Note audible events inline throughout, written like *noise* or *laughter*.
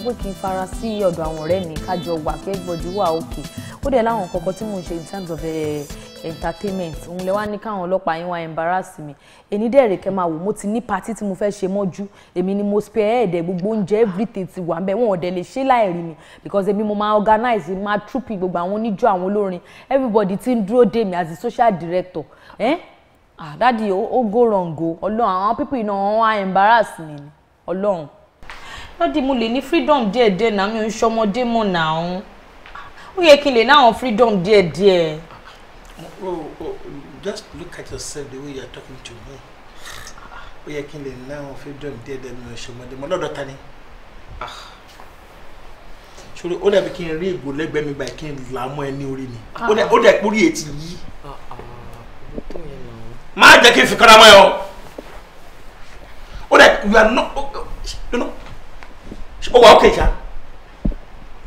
kan pé kì í fara sí ọ̀dọ̀ àwọn ọ̀rẹ́ mi kájọ wà pé gbọ̀dú wà òkè ó dẹ̀ láwọn kọ̀ọ̀kan tí mò ń ṣe in terms of eh, entertainment òun lè wá ní káwọn ọlọ́pàá yín wá embarrass mi èní dẹ̀rẹ̀ kẹ́ máa wò mo ti ní party tí mo fẹ́ ṣe mọ́jú èmi ni mo spare ẹ̀ẹ́dẹ̀ gbogbo oúnjẹ everything ti wà mbẹ́ wọn ò dẹ̀ lè ṣe láìrí mi because èmi mo máa organize máa troupe gbogbo àwọn oníjó àwọn olórin everybody ti ń dúró dè mí as a social director eh? ah, dádì ó go wrong o ọlọ́run àwọn pípì náà wọ́n wá embarrass mi ọlọ́run dádì mo lè ní freedom díẹ̀díẹ̀ náà mi ò ń ṣọmọdé mọ̀ náà ó yẹ kí n lè náà freedom díẹ̀díẹ̀. Oh, oh, oh, just look at yourself the way you are talking to me ó yẹ kí n lè náà freedom díẹ̀díẹ̀ mi ò ṣọmọdé mọ̀ lọ́dọ̀ ta sori ah. ó dàbí kí n rí ìgò lẹ́gbẹ̀ẹ́ mi báyìí kí n là á ẹni orí mi ah. ó dà ìpórí etí yìí má jẹ́ kí n fi kára mọ́ ẹ o ó dà you are not you know ó wà okay ṣá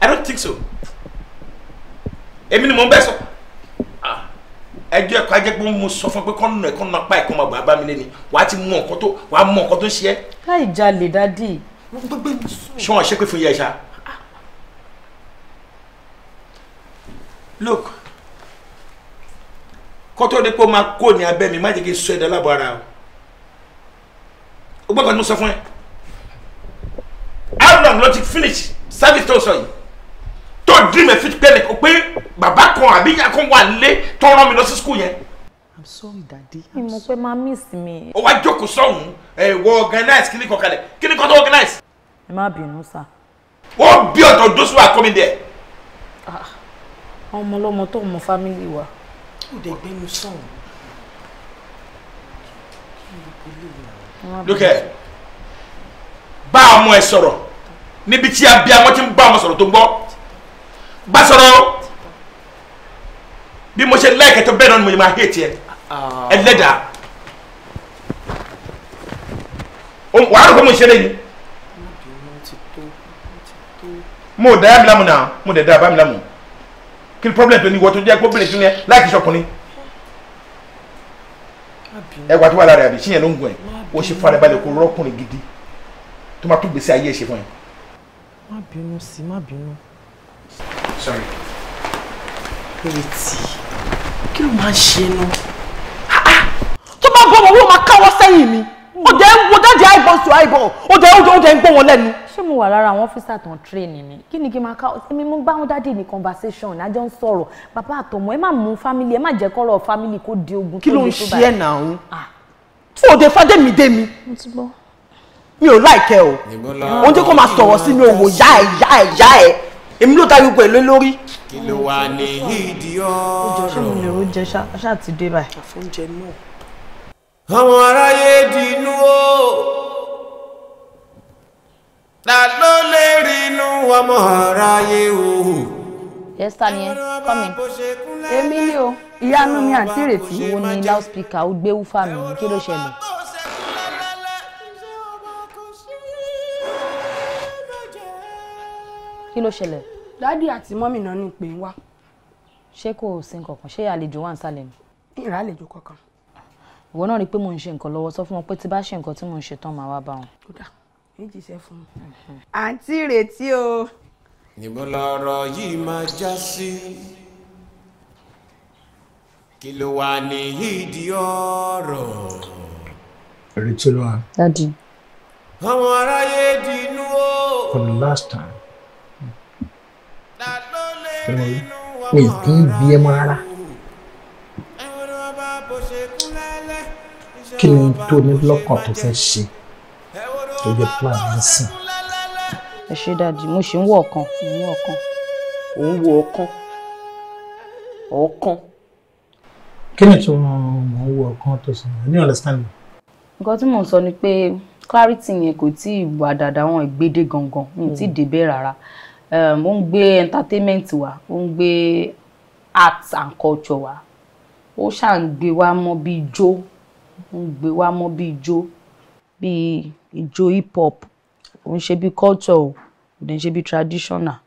i don't think so èmi ni mò ń bẹ́ sọ ah, ẹjọ́ ẹ̀kọ́ ajẹ́gbọ́n mo sọ fún pé kọ́nà ẹ̀kọ́ náà pa ẹ̀kọ́ máa gbà bá mi lé ni wà á ti mú nǹkan tó wà á mú nǹkan tó ń ṣe é. láì jalè dádì. ṣé wọn ṣe pé fún yẹ ṣá. look kó tó di pé ó máa kó ní abẹ́ mi má jẹ́ kí n sọ ẹ̀dá lábọ̀ ara o. ó gbọ́dọ̀ ni mo sọ fún ẹ how long ló ti finish service tó sọ yìí tó dream ẹ fit. pẹ́lẹ̀ kó pé bàbá kan àbí ìyá kan wà lé tó rán mi lọ sí school yẹn. i'm sorry daddy. mi mọ̀ pé máa miss mi. ó wá jókòó sọ́hún ẹ wọ organize kíní kan kalẹ̀ kíní kan tó organize. ẹ má bínú sá. wọ́n bí ọ̀dọ̀ those who are coming there. Ah, ọmọ ọlọ́mọ tó mọ family wa. ó dẹ̀ gbẹ́nu sọ̀hún. look here bá ọmọ ẹ sọ̀rọ̀ níbi tí abíamọ ti ń bá ọmọ sọ̀rọ̀ tó ń gbọ́ bá sọ̀rọ̀ bí mo ṣe láìkẹ́ tó bẹ́ẹ̀ náà ni mo yẹ máa hé tiẹ̀ ah. ẹlẹ́dà wàá rò pé mo ṣe lé ni mo dá yà mí lámù náà mo dẹ̀ dá bá mi lámù kí ni problem tó ní wọ́n tó jẹ́ gbóbìnrin tó ní ẹ láìkí sọkùnrin ẹwà tó wà lára ẹ̀ àbí ṣíyẹn ló ń gùn ẹ̀ ó ṣe farabalẹ̀ kó rọ́kùnrin gidi tó máa tún gbèsè ayé ẹ̀ ṣe fún ẹ. má bínú sí má bínú. sorry. retí kí ló máa ń ṣe nu. Ah, ah! tó bá bọ́ wọn wọ́n máa káwọ́ sẹ́yìn mi ó hmm. dẹ̀ ń wo jáde àìbọ̀ sí àìbọ̀ ó dẹ̀ ó dẹ̀ ń gbọ́ wọn lẹ́nu. ṣé mo wà lára àwọn ọ́fíìsà tó ń tírèènì ni kí ni kí n máa ká ọtí mi mú bá wọn dáàdì ní conversation lájọ ń sọ̀rọ̀ bàbá àtọmọ ẹ má mú family ẹ má jẹ́ kọ́rọ̀ family kó di ogun tó di tó báyìí. kí ló ń ṣe ẹ̀ náà ń. fún òde fàdémidémi. mo ti gbọ́ mi ò láìkẹ́ o ohun tí kò máa sọ̀rọ̀ sí mi ò wò yá ẹ̀ yá ẹ̀ yá ẹ̀ èmi ló ta gbogbo ẹ̀ lé lórí. kí ló wà ní ìdí ọ̀rọ̀. ṣé mi lè oúnjẹ ṣáà ti dé báyìí. ọmọ aráyé dínú o ta ló lè rí inú ọmọ aráyé o. yẹ́sà ni ẹ kọ́mi èmi ni o ìyanu mi àti ìrètí wo ni loudspeaker ó gbé wúfà mi kí ló ṣẹlẹ̀. kí ló ṣẹlẹ̀. dádì àti mọ́mì náà ní ìpè wá. ṣé kò sí nǹkankan ṣé àlejò wà ń sálẹ̀ ni. ìrà àlejò kankan. ìwọ náà rí i pé mò ń ṣe nǹkan lọ́wọ́ sọ fún wọn pé tí bá ṣe nǹkan tí mò ń ṣe tán máa wá bá wọn. kódà méjì ṣe fún mi. Mhm. àǹtí retí o. níbo lọ̀rọ̀ yìí máa já sí kí ló wà ní ìdí ọ̀rọ̀. retí ló dádì. ọmọ aráyé dinú o. for the last time mi kì í bí ẹ mọ́ rárá kí ni tó ní lọ́kàn tó fẹ́ ṣe tó yẹ plan ní sìn. ẹ ṣe dájú mo ṣì ń wọ ọkàn mo ń wọ ọkàn. ò ń wo mo ń wo ọkàn tó sọ understand me. nǹkan tí mò ń sọ ni pé clarity yẹn kò tí ì wà dáadáa wọn ìgbédè gangan mi ò tí ì Mm Um, ó ń gbé entertainment wa ó ń gbé art and culture wa ó ṣáà ń gbé wa mọ́ bí ijó ń gbé wa mọ́ bí ijó bí ijó hip hop ó ń ṣe bí culture o kò dẹ̀ ń ṣe bí traditional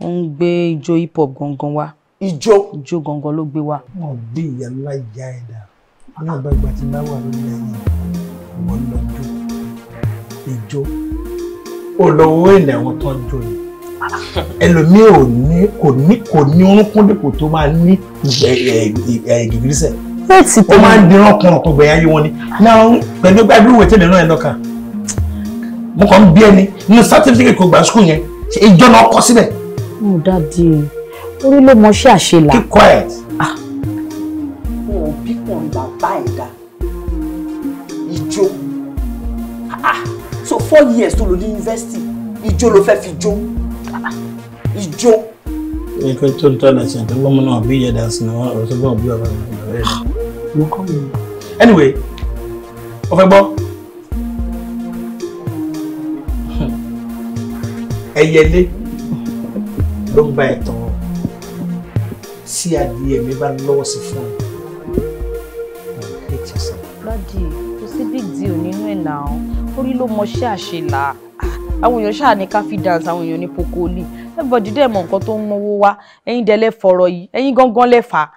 ó ń gbé ijó hip hop gangan wa. ijó ijó gangan ló gbé wa. mo bí ìyá ńlá ìyá ẹ̀dá ní àgbàgbà tí bá wà lórí ẹ̀yìn wọn lọ jó ijó olówó ìlẹ̀ wọn tó ń jó ni ẹlòmíì ò ní kò ní kò ní orúnkún dípò tó máa ní gìgírísẹ̀ ó máa ń dirán kan ọ̀kan gbẹ̀yà yé wọn ni náà pẹ̀lú gbàgbé ìwé tẹ̀lé náà ẹ̀ lọ́kàn mo kàn ń bí ẹni nínú sátífíkì kò gbà skul yẹn ìjọ náà kọ síbẹ̀. mo oh, dáàdi orí ló mọ ṣé àṣelà. keep quiet. mo ah. ò bí kùn bàbá ẹ̀ dá ijó ah, so four years tó lò ní yunifásitì ijó ló fẹ́ fi jó. Ijó. Ẹ̀kọ́ tó ń tọ́lá ṣe àti gbọ́mọ náà bí ìyẹ̀dá sí ni wọ́n ọ̀rọ̀ tó gbọ́n ọ̀rọ̀ rẹ̀. Mo kọ́ mi. Anyway, o fẹ́ gbọ́? Ẹyẹlé ló ń gba ẹ̀tàn tí adìyẹ mi bá lọ́wọ́ sí fún ọ. Lọ́dì, kò sí big deal nínú ẹ̀ náà, orí ló mọṣẹ́ àṣelà. Ah, àwọn èèyàn ṣáà ní káfí dance àwọn èèyàn ní pokoli everybody dẹ̀ mọ̀ nǹkan tó ń mówó wá ẹ̀yin dẹ̀ lẹ fọ̀rọ̀ yìí ẹ̀yin gangan lẹ fà á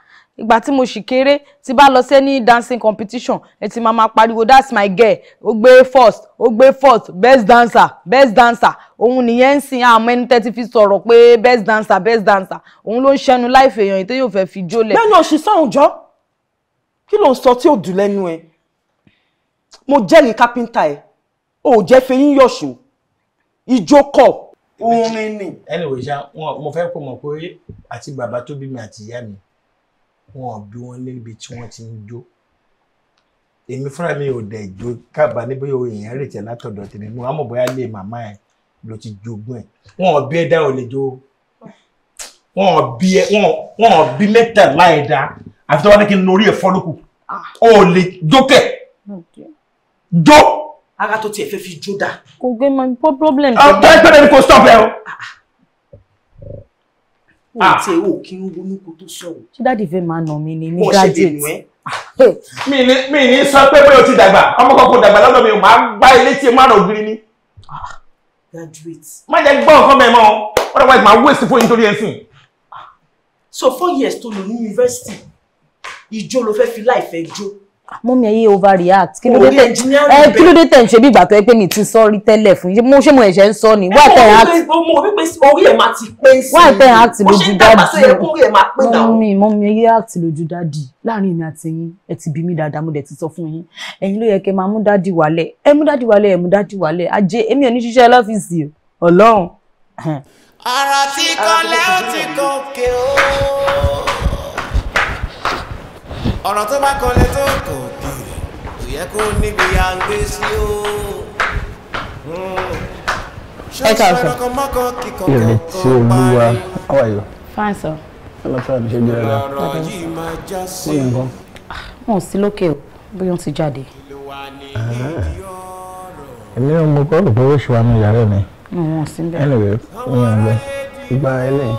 ìgbà tí mo sì kéré tí bá lọ sí dancing competition ẹ ti máa ma pariwo that's my girl ó gbé first ó gbé first best dancer best dancer òun nìyẹn ń sin àmọ́ ẹni tẹ́tí fi sọ̀rọ̀ pé best dancer best dancer òun ló ń ṣẹnu láìfẹ́ èèyàn èyí tó yóò fẹ́ fi jólẹ̀. lẹ́nu òṣìṣẹ́ òòjọ́ kí ló ń sọ tí ò dùn lẹ́nu ẹ̀ mo jẹ́rìí kápẹ́ńtà ẹ̀ ò jẹ́ fẹ́yìn yọ̀ṣùn ìjókọ̀ orin ni. anyway ṣá mo fẹ́ kó mọ̀ pé àti bàbá tó bí mi àti ìyá mi wọn bí wọn níbi tí wọ́n ti ń jó èmi fúnra mi ò dẹ̀ jó kábà níbi èèyàn rètí látọ̀dọ̀ tèmi mo àmọ̀ bóyá lè màmá ẹ̀ ló ti jogún ẹ̀ wọn bí ẹ̀dá ò lè jó wọn bí ẹ wọn bí mẹ́tàlá ẹ̀dá àfi tí wọ́n ní kí n lórí ẹ̀ fọ́lùkù ah. ó lè jókè oh jó ara tó tiẹ̀ fẹ́ fi jó dà. kò gbé mọ ní problem. ọ̀pẹ ìpẹ́lẹ̀ ni kò stop ẹ o. o ah. ti ẹ̀ wò kí n ronú kó tó sọ̀rọ̀. ṣé dáàdì fẹ́ máa nà mí ni ní graduate. Ah. mi ni mi ni sọ pé bóyá o ti dàgbà ọmọ kan kò dàgbà lọ́dọ̀ mi ò máa gbá ilé tí mo rà ògiri ni. Ah, graduate. má jẹ́ gbọ́ nǹkan mẹ́mọ́ wọ́n dàgbà máa waste fún nítorí ẹ̀sìn. so four years tó lò ní yunifásitì ìjó ló fẹ́ fi láì fẹ́ jo mọ́mí ẹyẹ overreact kí ló dé tẹ̀ kí ló dé tẹ̀ ń ṣe bí ìgbà tó yẹ pé mi ti sọ rí fún yín mo ṣé mo ẹ̀ṣẹ̀ ń sọ ni wá tẹ̀ á ti orí ẹ̀ máa ti pé sí i wá tẹ̀ á ti lójú dádì mọ́mí mọ́mí ẹyẹ á ti lójú dádì láàrin èmi àti yín ẹ ti bí mi dáadáa mo dẹ̀ ti sọ fún yín ẹ̀yin ló yẹ kẹ́ máa mú dádì wálẹ̀ ẹ mú dádì wálẹ̀ ẹ mú dádì wálẹ̀ ajé èmi ò ní ṣiṣẹ́ lọ́fíìsì ọlọ́run. ara tí kọ́lẹ́ ó ti gòkè ó ọ̀rọ̀ tó bá kanlẹ̀ tó kò bìrì kò yẹ kó níbi à ń gbé sí o. Hmm. ẹ káàsán ìrìn tí olúwa how are you. fine sir. ọlọ́pàá mi ṣe jẹ́ ẹ̀rọ. ọ̀rọ̀ yìí máa já sí. Ah, wọn ò sí lókè o bóyá wọn ti jáde. Ah. èmi náà mo kọ́ lóko oṣù wa mi yàrá mi. wọn ò sí bẹ́ẹ̀. anyway mi ò ń bẹ igba eléyìí.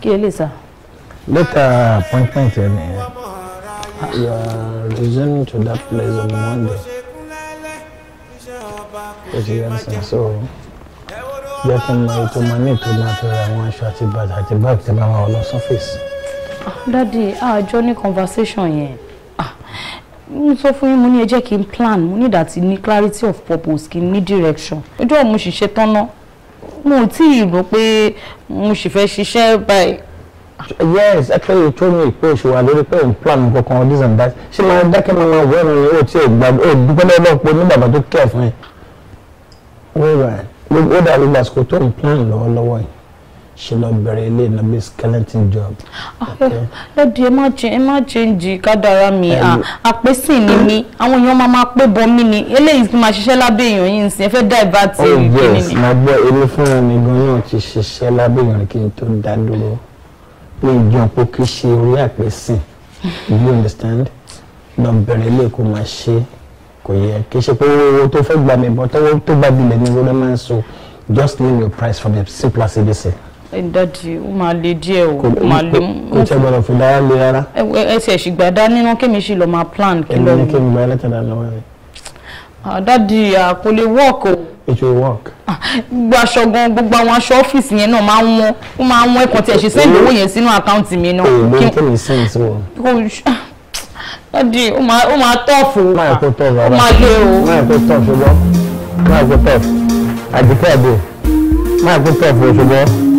kí eléyìí sá later appointment ẹ ni. you are resuming to that place on Monday. o ah, ah, ti yẹn so jẹ́ kí n mọ ètò máa ní ètò to fẹ́ra àwọn aṣọ àti bàtà àti báàgì tí bá wà lọ sọ́fíìsì. dádì àjọ conversation here. mo sọ fún yín mo ní ẹ jẹ́ kí n plan mo ní ìdàtí ní clarity of purpose kí n ní direction ojú ọ̀ mo sì ṣe tán ná mo ò tí ì rò pé mo sì fẹ́ ṣiṣẹ́ báyìí yes actually you told me pé o wà lórí pé o plan kankan this and that ṣé máa dákẹ́ máa máa wẹ́nu ni o ti ò gbà o dúpẹ́ lọ́dọ̀ pé ní bàbá tó kẹ́ fún ẹ. wíwá ó dàbí lásìkò tó ń plan lọ́wọ́lọ́wọ́ yìí ṣe lọ bẹ̀rẹ̀ ilé iná bíi skeleton job. lọ́dún ah, eh, ẹ má jẹ ẹ má jẹ ń jí kádàrá mi ah, àpèsè ni mi àwọn èèyàn máa máa pé bọ mí ni eléyìí ti máa ṣiṣẹ́ lábẹ́ èèyàn yìí nsìn ẹ fẹ́ dá ìbá tí èyí kí ni. oh yes mo gbọ́ ilé fúnra mi gan-an ti ṣiṣẹ́ lábẹ́ èèyàn kí n tó dá dúró mi jẹun pé kí ṣe orí àpèsè you understand lọ bẹ̀rẹ̀ ilé kó máa ṣe kò yẹ kí ṣe pé owó tó fẹ́ gbà mí bọ́ tọ́wọ́ tó bá dilẹ̀ ní owó lọ́mọ so just name your price from the simple as ABC. ẹ dájú ó máa le díẹ̀ o ó máa le mú. kò tẹ gbọ́dọ̀ fi dára lé rárá. ẹsẹ̀ ṣùgbọ́n dání náà kémi ṣì lọ máa plan kí lọ. èmi ni kémi gba ẹlẹ́tẹ̀dá lọ́wọ́ rẹ̀. àdádì àpò lè wọ́ọ̀kì o it will work. Ah, gbogbo aṣọ gan gbogbo àwọn aṣọ ọ́fíìsì yẹn náà máa ń wọ́n ó máa ń wọ́n ẹ̀kan tí ẹ̀ ṣe sẹ́ńdì oh. owó yẹn sínú àkáǹtì mi náà. èyí ló ń tẹ̀lé sẹ́yìn sí wọn. Ah, dádì ó máa tọ́ọ̀fù. máa kó tọ́ọ̀fù rárá ó máa lé o. máa kó tọ́ọ̀fù ṣùgbọ́n máa kó tọ́ọ̀fù àdìkẹ́ àdè máa kó tọ́ọ̀fù ṣùgbọ́n.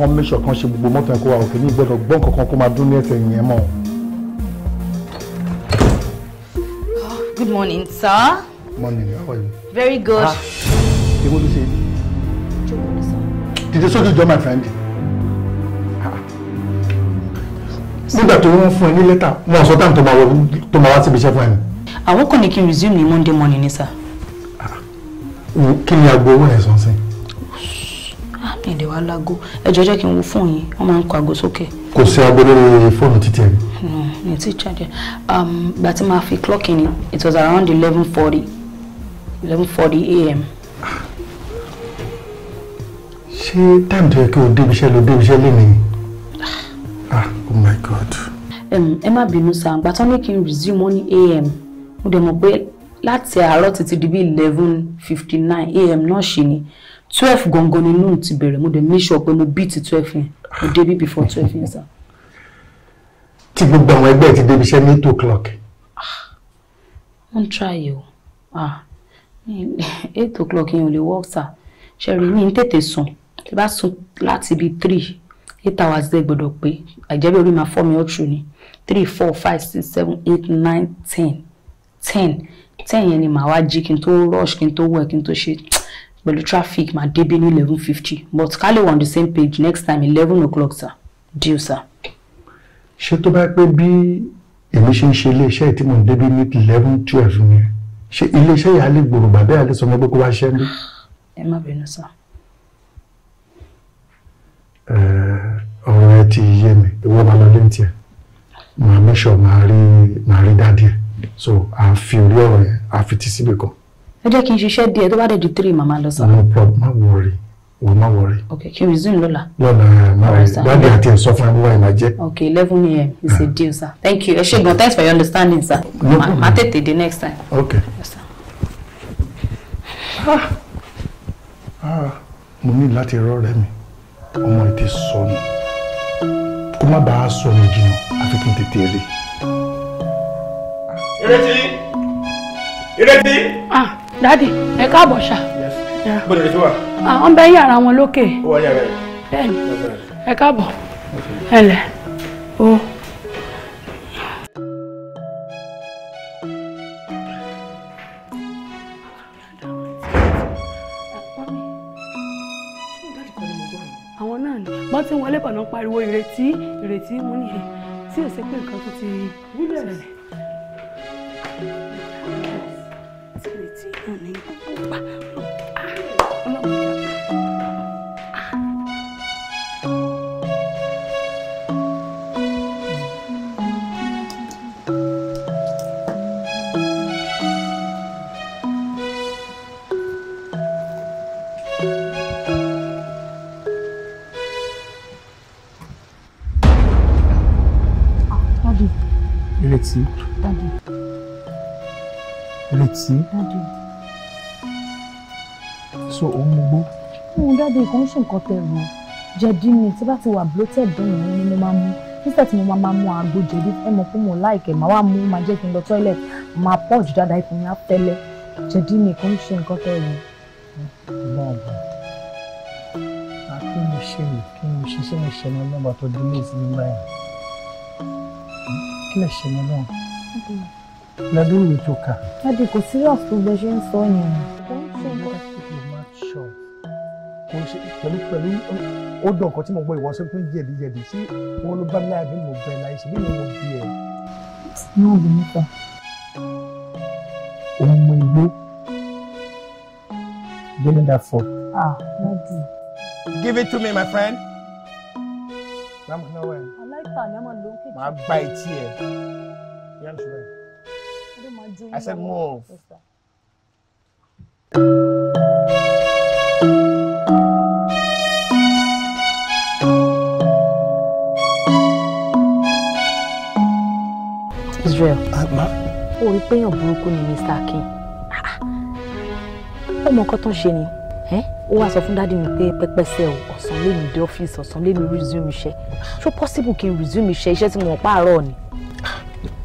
kan make kan ṣe gbogbo mọ́tò ẹ̀kọ́ wa òkè ní ìgbẹ́dọ̀ gbọ́n kankan kó máa dún ní ẹsẹ̀ yẹn mọ́. Good morning, sir. Morning, how are you? Very good. Èwo ah, ló ṣe? Dìde sójú jọ my friend. Ah, nígbà tó ń fún ẹ ní lẹ́tà, mo sọ táwọn tó máa wá síbi iṣẹ́ fún ẹ ni. Àwọn kan ní kí n resume ní Monday morning ni sir. Ah, kí ni aago owó ẹ̀ sọ sí? ìdè wa lágó ẹjọ jẹ́ kí n wo fóònù yìí wọ́n máa ń kọ aago sókè. kò sí aago lórí fóònù títí ẹ. ní um, tí charge gba tí máa fi clock in it was around eleven forty eleven forty a.m. ṣé táìmù tó yẹ kí o débi iṣẹ́ lo débi iṣẹ́ lénìí. Ah. ah oh my god. ẹ má bínú sáà gbà tán ní kí n resume ní a.m. mo dẹ̀ mọ̀ pé láti àárọ̀ títí di bí eleven fifty nine a.m. náà ṣì ni twelve gangan ni noon ti bẹ̀rẹ̀ mo dẹ̀ make sure pé mo beat twelve yẹn mo débi before twelve yẹn sir. tí gbogbo àwọn ẹgbẹ́ ti débi iṣẹ́ ní eight o'clock. Ah, wọ́n ń try o ah, eight o'clock yẹn ò lè work sir ṣẹ́rí mi ń tètè sùn tí bá sùn láti bíi three eight hours dé gbọ́dọ̀ pé àjẹbẹ́ orí máa fọ́ mi ọ̀tún ni three four five six seven eight nine ten ten ten yẹn ni màá wá jí kí n tó rush kí n tó wẹ̀ kí n tó ṣe pẹ̀lú traffic máa débí ní eleven fifty but ká lè on the same page next time eleven o'clock sir deal sir. ṣé tó bá pẹ́ bí èmi ṣe ń ṣe iléeṣẹ́ tí mò ń débí ní eleven twelve yẹn ṣé iléeṣẹ́ yà á lè gbòòrò bàbá yà á lè sọ ọmọ pé kó wá ṣẹ́ ní. ẹ má bínú sir. ọ̀rọ̀ ẹ ti yé mi ìwọ máa lọ lé ní tiẹ̀ màá mẹ́sọ̀ máa rí máa rí dádì ẹ̀ so à ń fi orí ọ̀rọ̀ yẹn à ń fi ti síbì kan ẹ jẹ́ kí n ṣiṣẹ́ díẹ̀ tó bá dẹ̀ ju three màmá lọ sọ. no problem má worry wò má worry. ok kí n resume lọ́la. lọ́la dáàbì àti ẹ̀sọ́ fún abúlé àìmá jẹ́. ok eleven am is a ah. deal sir thank you ẹ ṣé gan thanks for your understanding sir No problem. má tètè dé next time. ok. Ah. Ah. mo ní láti rọ́ọ̀rẹ́ mi ọmọ ètè sọnù kó má bàa sọnù jìnnà àfi kí n tètè rí. ìrètí ìrètí. ah dádì ẹ káàbọ̀ ṣá. bọ́dọ̀ lè ti wà. àwọn bẹ́ẹ̀ yàrá wọn lókè. ó wà yàrá rẹ̀. bẹ́ẹ̀ni ẹ káàbọ̀ ẹ lẹ̀ o. àwọn náà ni wọ́n ti wọlé bọ̀nà pariwo ìrètí ìrètí mo ní ẹ̀ tí ò sí pé nǹkan tó ti ṣẹlẹ̀. ọtí so òun mú gbó. mo ń dáadé nǹkan ṣe nǹkan tẹ̀rù jẹ̀dí ni tí bá ti wà bloated bẹ́ẹ̀ yẹn ni mo máa mú nígbà tí mo máa máa mú àgbo jẹ̀dí ẹ mọ̀ pé mo láìkẹ̀ máa wá mú máa jẹ́ kí n lọ toilet máa pọ̀ jù dáadáa ikùn mi á fẹ́lẹ́ jẹ̀dí ni nǹkan ṣe nǹkan tẹ̀rù. bọ́ọ̀bù akínú ṣe lè kí n ṣiṣẹ́ ìṣẹ̀lẹ̀ ọlọ́ba tó délé ìsinmi báyìí kí lè ṣe mọ́ náà lọ́dún mi tó kà. ẹ̀dì kò serious tó gbẹ ṣe ń sọ yẹn. pẹ̀lú pẹ̀lú ó dọ̀ nǹkan tí mo gbọ́ ìwọ sọ pé jẹ̀díjẹ̀dí sí wọn ló bá mi láàbí mo bẹ̀ láì sí bí mo bí ẹ̀. ní obìnrin kan. ọmọ igbó giving that for. ah no do. give it to me my friend. Ramkinawa. aláìsàn ni a máa lo ń kéde. màá gba etí ẹ. yẹn ṣùgbọ́n. I said, move. Yes, Israel. ó ah, rí pé èèyàn burúkú ni Mr. Akin ó ah, ah. mọ nǹkan tó ń ṣe ni ó wá sọ fún dáàdi mi pé pẹ́pẹ́sẹ́ o ọ̀sán lé mi dé ọ́fíìsì ọ̀sán lé mi resume iṣẹ́ ṣó possible kí resume iṣẹ́ iṣẹ́ tí mo ń pààrọ̀ ni.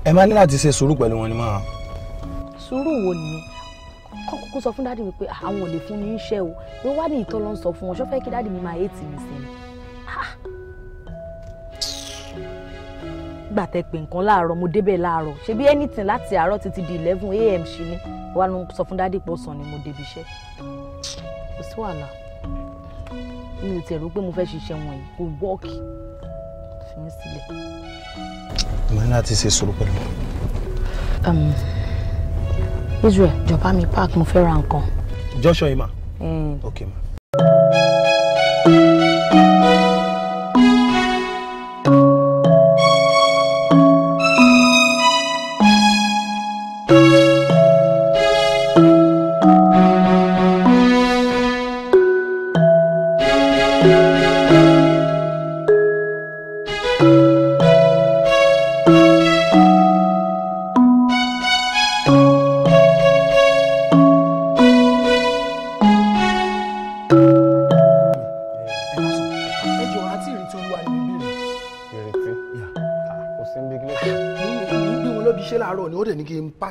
ẹ máa ní láti ṣe sùúrù pẹ̀lú wọn ni máa sùúrù wo nìyẹn kọ́kọ́ sọ fún dáàdì mi pé ah, àwọn ò lè fún mi iṣẹ́ o pé wá ní ìtọ́ ló ń sọ fún wọn ṣọ́fẹ́ kí dáàdì mi máa hẹ́ẹ̀tì mi sí ni. Ah! gbà tẹ pé nǹkan láàárọ̀ mo débẹ̀ láàárọ̀ ṣebí anything láti àárọ̀ títí di eleven a.m. ṣì ni wà ló ń sọ fún dáàdì pé ọ̀sán ni mo débi iṣẹ́ kò sí wàhálà mi ò tiẹ̀ pé mo fẹ́ ṣiṣẹ́ wọn kò wọ́ọ̀kì fi mí sílẹ̀. mo ní láti ṣe sùúrù pẹ̀lú. Um, Israel jọba mi park mo fẹ́ ra nǹkan. Joshua Emma. Mm. Eh. Okay ma.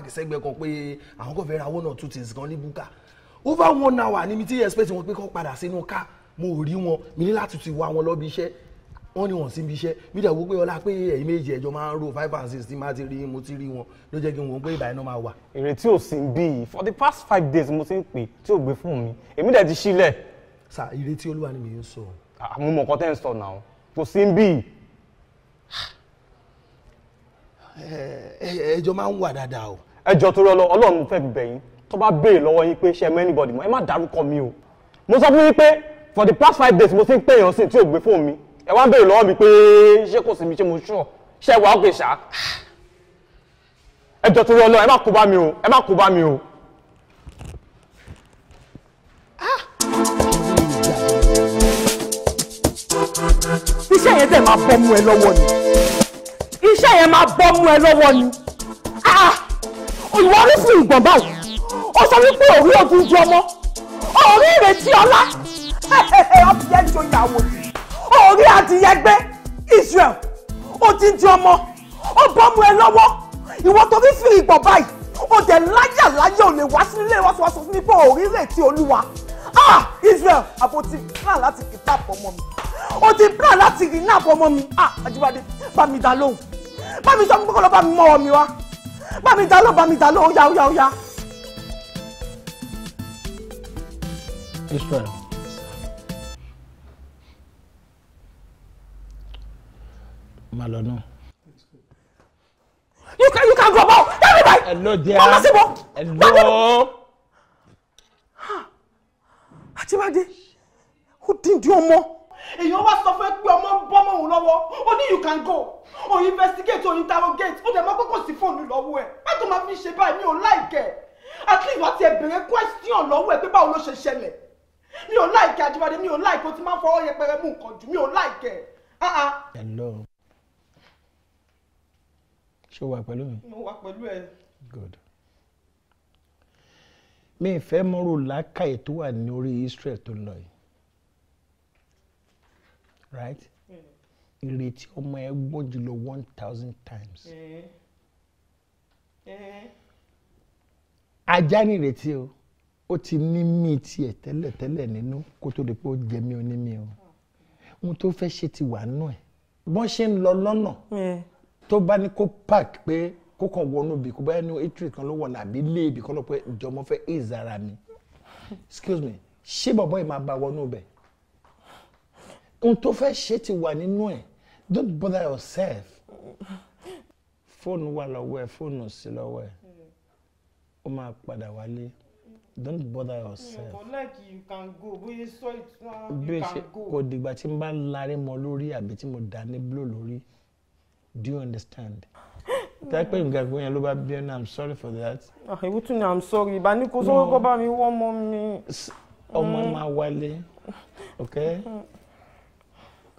flag sẹ́gbẹ́ kan pé àwọn kò fẹ́ ra one or two things kan ní búkà over one hour ni mi ti expect wọn pé kọ́ padà sínú ká mo ò rí wọn mi ní láti ti wá wọn lọ́bi iṣẹ́ wọ́n ní wọ́n sí ibi iṣẹ́ mi dẹ̀ wò pé ọlá pé ẹ̀yin méjì ẹ̀jọ́ máa ń ro five and six tí máa ti rí mo ti rí wọn ló jẹ́ kí n wò pé ìbàyẹn náà máa wà. ìrètí ò sí bí yìí for the past five days mo ti ń pè tí ò gbé fún mi èmi dẹ̀ ti sílẹ̀. sà ìrètí olúwa ni mi ń sọ. àmọ́ ah, mo kọ́ ń sọ náà kò sí bí yìí. ẹ̀jọ̀ máa ń wà dáadáa o ẹjọ́ torí ọlọ́run mo fẹ́ fi bẹ̀yìn tó bá béèrè lọ́wọ́ yín pé ṣe mọ anybody mọ́ ẹ má dárúkọ mi o mo sọ fún yín pé for the past five days mo ti ń pè yàn sí tí ò gbé fóònù mi ẹ wá ń béèrè lọ́wọ́ mi pé ṣé kò sí mi ṣé mo ṣọ ṣe wàá pè ṣá ẹjọ́ torí ọlọ́run ẹ má kó bá mi o ẹ má kó bá mi o. iṣẹ́ yẹn tẹ̀ máa bọ́ mú ẹ lọ́wọ́ ni iṣẹ́ yẹn máa bọ́ mú ẹ lọ́wọ́ ni. Ah! ìwọ rí sí ìgbọ̀n báyìí ó sọ wípé òrí òbí ju ọmọ òrí ìrètí ọlá ọtí *laughs* ẹjọ ìyàwó òrí àtìyẹgbẹ Israel ó ti di ọmọ ó bọ́mu ẹ lọ́wọ́ ìwọ tó fi fi ìgbọ̀n báyìí ó dẹ̀ láyà láyà ò lè wá sí ilé ìwọ́sowọ́sọ fún mi pé òrí ìrètí olúwa ah Israel àbò ti plan láti kidnap ọmọ mi ó ti plan láti kidnap ọmọ mi ah Ajíbádé bá mi dá lóhùn bá mi sọ fún pé kó lọ bá mi mọ́ ọ mi wá bá mi dá lọ bá mi dá lọ ó yá you can you can go about everybody. hello dear mama sibo. hello. Ah. àtibáde ó dín dín èèyàn wá sọ fún pé ọmọ ń bọ́ òun lọ́wọ́ ó ní you can go ó investigate ó interrogate ó dẹ̀ mọ́ pé sí fóònù lọ́wọ́ ẹ̀ má tó máa fi ṣe báyìí mi ò láìkẹ́ àti ìwà ti ẹ̀ question lọ́wọ́ ẹ̀ pé báwo ló ṣe ṣẹlẹ̀ mi ò láìkẹ́ àjíbádé mi ò láìkẹ́ ó ti máa fọwọ́ yẹpẹrẹ mú nǹkan jù mi ò láìkẹ́. Ah, ah. hello ṣé o wà pẹ̀lú mi. mo wà pẹ̀lú ẹ. good mi ìfẹ́ mọ́rò làákàyè tó wà ní orí Israel tó lọ yìí right hmm. ìrètí ọmọ ẹ gbọ́ jùlọ one thousand times hmm. Hmm. ajá ní ìrètí o ó ti ní mí tiẹ̀ tẹ́lẹ̀tẹ́lẹ̀ nínú kó tó di pé ó jẹ mí onímí o ohun tó fẹ́ ṣe ti wà nù ẹ̀ bọ́n ṣe ń lọ lọ́nà tó bá ní kó park pé kó kàn wọnú ibì kó bá ní atri kan ló wọ̀ nàbí lé ibì kan lọ pé ìjọmọ fẹ́ èzara mi excuse me ṣé bàbá yìí máa bá wọnú bẹ́ẹ̀ ohun tó fẹ́ ṣe ti wà nínú ẹ̀ don't bother yourself fóònù wà lọ́wọ́ ẹ̀ fóònù sí lọ́wọ́ ẹ̀ ó máa padà wálé don't bother yourself. kò like you can go bóyá sọ ìtura you can go. kò dìgbà tí n bá ń larí mọ lórí àbí tí mo dà ní blow lórí do you understand *laughs* tẹ́pẹ́ ìgbàgbọ́ yẹn ló bá bí ẹni i'm sorry for that. ìwú ah, tún ni i'm sorry ìbá ní kó sọ́wọ́ kọ́ bá mi wọ́n mọ́ mi. ọmọ mm. máa wálé ok. Mm -hmm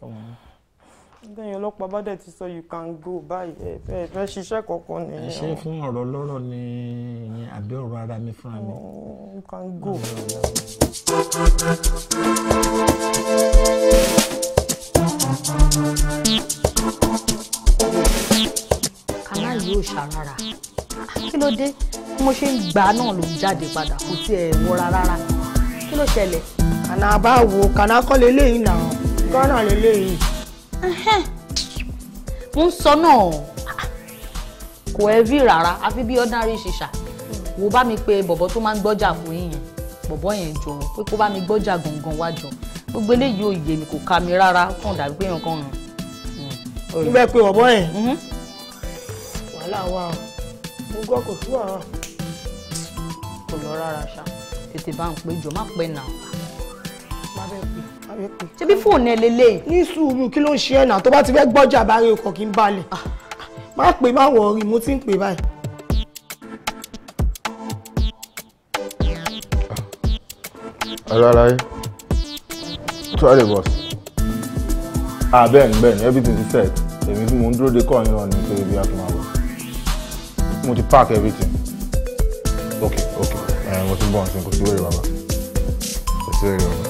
lẹ́yìn ọlọ́pàá bá dẹ̀ ti sọ you can go báyìí ẹ fẹ́ ṣiṣẹ́ kankan nìyẹn. ṣé fún ọ̀rọ̀ lọ́rọ̀ ni ìyẹn àbí ọ̀rọ̀ ara mi fúnra mi. Oh, you can go. kàmá yìí ò ṣàrara kí ló dé bí mo ṣe ń gbà náà ló jáde padà kò tiẹ̀ wọra rárá kí ló ṣẹlẹ̀. kànáà bá wo kànáà kọ́ lélẹ́yìn náà. Ghana lélẹ́yìí. mo ń sọ náà kò ẹ́vì rárá àfi bí ordinary ṣìṣà wo bá mi pé bọ̀bọ̀ tó máa ń gbọ́jà fún yín yẹn bọ̀bọ̀ yẹn jọ pé kó bá mi gbọ́jà gangan wá jọ gbogbo eléyìí ò mi kò ká mi rárá fún ọ̀dà pé yàn ràn. ibẹ̀ pé bọ̀bọ̀ yẹn mm-hmm. wàhálà wa o mo gbọ́ kò sí wàhálà. kò lọ rárá ṣá tètè bá ń pé jọ má pẹ́ nà. má bẹ́ẹ̀ pè é ṣé bí fóònù ẹ lélẹ́yìí. ní sùúrù kí ló ń ṣe ẹ̀nà tó bá ti fẹ́ gbọ́jà bá rí ọkọ̀ kí n balẹ̀ má pè má wọ̀ rí mo ti ń pè báyìí. alalaye trolley bus ah bẹ́ẹ̀ ni everything is set èmi tí mo ń dúró de kọ́ yín lọ́nà nítorí bí akínmá wọ̀ mo ti pack everything ok ok eh, mo ti bọ̀ ǹsìn kò sí wèrè bàbá kò sí wèrè bàbá.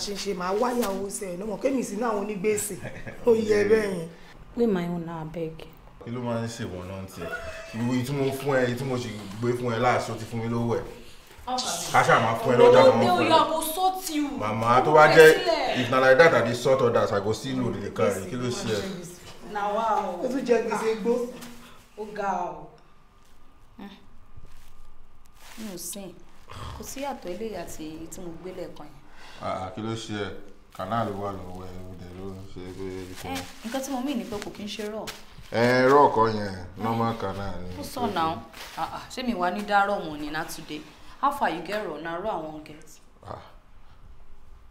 ṣe ń ṣe máa wáyà owó sẹ́yìn lọ́mọ kémi sí náà àwọn onígbèsè ó yẹ bẹ́ẹ̀ yẹn. pé my own na abeg. kí ló máa ń ṣèwọ náà tiẹ̀ ìwé tí mo fún ẹ tí mo sì gbé fún ẹ láàṣọ ti fún mi lówó ẹ káṣá máa fún ẹ lọ́jà máa fún ẹ màmá tó bá jẹ́ if na like that i dey sort others i go still load the car kí ló ṣe ẹ. o. ó tún jẹ gbèsè gbó. ó ga o. Hmm. mi ò sìn kò sí àtọ̀ eléyà tí mo gbé lẹ́ẹ̀kan yẹn. Ah, kí ló ṣe ẹ kanáàlì wà lọ́wọ́ ẹ ó dẹ̀ ló ń ṣe pé ikùn. Eh, nǹkan tí mo mí ni pé kò kí ń ṣe rọ. ẹ rọ ọkọ yẹn normal eh, canal ni. ó sọ náà ah, ah, ṣé mi wá ní dárọ̀ mọ̀ ní na today how far you get run na raw i wan get. ah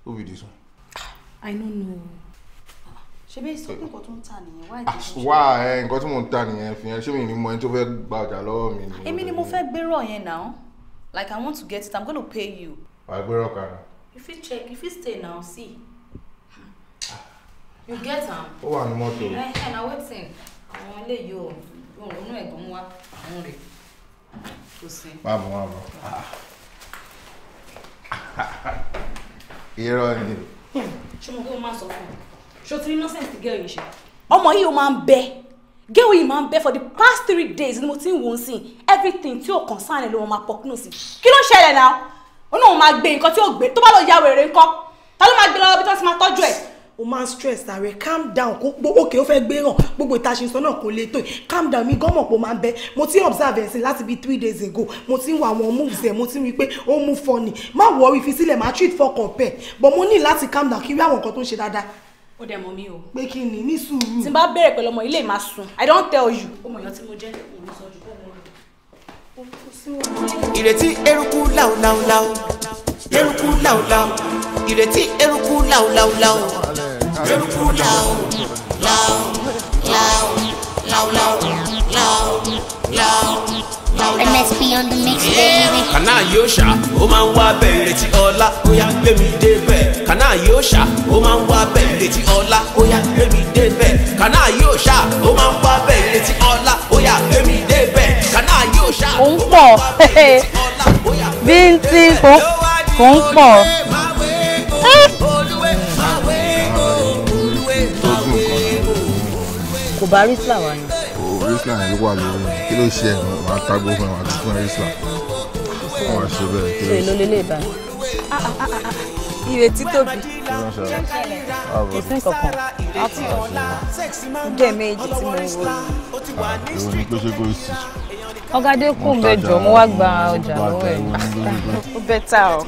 who be this one. i no know ṣe bẹ́ẹ̀ sọ pé nǹkan tó ń ta nìyẹn wá ẹ eh, nǹkan tí mò ń ta nìyẹn fi hàn ṣé mi ni mo ẹni tó fẹ́ gba ọjà lọ́wọ́ mi ni. èmi ni mo fẹ́ gbérò yẹn náà like i want to get it i'm gonna pay you. wàá gbérò kan náà you fit check you fit stay now see ah. you get am. ó wà ní mọ́tò. ẹ ẹ na wetin àwọn ilé yìí o òun ẹ̀gbọ́n wa àwọn rẹ̀ kò sí. má bọ̀ má bọ̀ ah. *laughs* irọ́ ni. ṣé mo kí o máa sọ fún un ṣé o ti rí nọ́sẹ̀ǹtì gẹ́rù yìí ṣe. ọmọ yìí ó máa ń bẹ gẹ́wò yìí máa ń bẹ for the past three days ni mo ti ń wò ó sìn everything tí ò kàn sáà ni ló máa pọ̀ kí ló ń ṣẹlẹ̀ náà ó náà máa gbé nǹkan tí ó gbé tó bá lọ ya wèrè ńkọ́ ta ló máa gbé lọ́wọ́ bí tó ti máa tọ́jú ẹ̀. o máa ń stress ààrẹ calm down kó gbó òkè ó fẹ́ gbé hàn gbogbo ìta ṣe sọ náà kò lè tó calm down mi gọ́mọ̀ pé ó máa ń bẹ mo ti observe ẹ̀sìn láti bíi three days ago mo ti ń wo àwọn moves ẹ̀ mo ti rí i pé ó mú funny má worry fi sílẹ̀ má treat for compare but mo ní láti calm down kí rí àwọn nǹkan tó ń ṣe dáadáa ó dẹ̀ mọ̀ mí o. pé kí ni ní sùúrù. tí n bá bẹ̀rẹ̀ pẹ̀lú ọmọ ilé ìmásùn i don tell you ìrètí eruku láúláúláú eruku láúláú ìrètí eruku láúláúláú eruku láú láú láú láúláú láú láú. MSP on the mix baby. Kàná yóò ṣá, ó máa ń wá bẹ́ẹ̀ ìrètí ọlá, ó yá gbé mi débẹ̀. Kàná yóò ṣá, ó máa ń wá bẹ́ẹ̀ ìrètí ọlá, ó yá gbé mi débẹ̀. Kàná yóò ṣá, ó máa ń wá bẹ́ẹ̀ ìrètí ọlá, kò ń pọ̀ bíntín kò ń pọ̀. kò bá rísílà wá ni. o rísílà yẹn ló wà lórí kí ló ṣe ẹ̀rọ wà á tágbó fún ẹ wà tún fún ẹ rísílà. ṣe ló ṣe. èlò lélẹ̀ ìrètí tóbi ìsìn kankan láti mo wá gba ọjà lọ́wọ́ ẹ̀ ó bẹ tà ọ́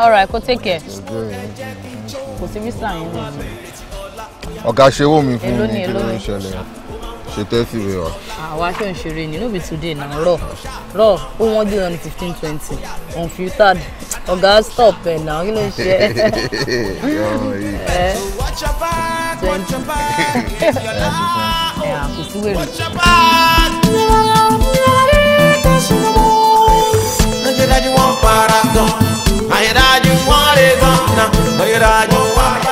all right kò take care kò sí mísà yín. ọ̀gá ṣe owó mi fún mi kí ló ń ṣẹlẹ̀ ṣe thirty wey wa. àwa aṣọ ìṣeré ni no be today na raw raw ó wọ́n dé on fifteen twenty unfiltered ọ̀gá stop ẹ̀ náà kí ló ṣe ẹ́. ayẹ̀dájú wọn para gan ayẹ̀dájú wọn lè gan na ayẹ̀dájú wọn para.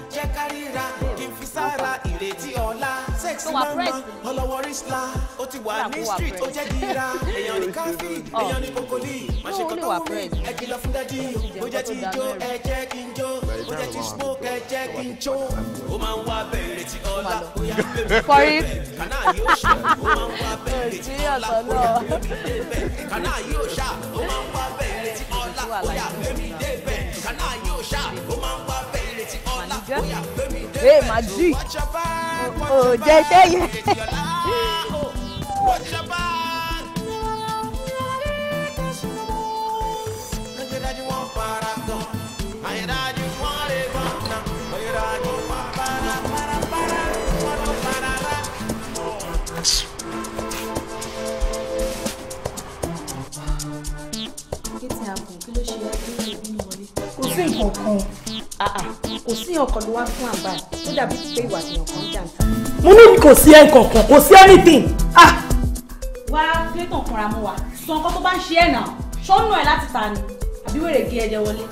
tó wà fresh. ọlọ́wọ́ rísílà ó ti wà ní street ó jẹ́ gíra èèyàn ní káfí *laughs* oh. èèyàn ní kókólì má ṣe wù mí ẹ kìlọ̀ fún dájú bó jẹ́ ti jó ẹ jẹ́ kí n jó bó jẹ́ ti smoke ẹ jẹ́ kí n jó. ó máa ń wá bẹ̀rẹ̀ tí ọlá ó bẹ̀rẹ̀ bẹ̀rẹ̀ kàná yìí ó ṣá ó máa ń wá bẹ̀rẹ̀ tí ọlá ó bẹ̀rẹ̀ bẹ̀rẹ̀ kàná yìí ó ṣá ó máa ń wá bẹ̀rẹ̀ tí ọlá ó bẹ̀rẹ̀ Ei, Magic. Oh, JJ. O que te happened? Que lo she sí nǹkan kan. Ah, ah, kò sí ọkàn ló wá fún àbá tó dàbí pé ìwà èèyàn kan jà ń ta. mo ní kò sí ẹnìkan kan kò sí anything. Ah. wá clayton kanra mú wa sọ nǹkan tó bá ń ṣe ẹ̀ náà ṣọ́nù ẹ̀ láti ta ni àbí wèrè gé ẹ̀jẹ̀ wọlé.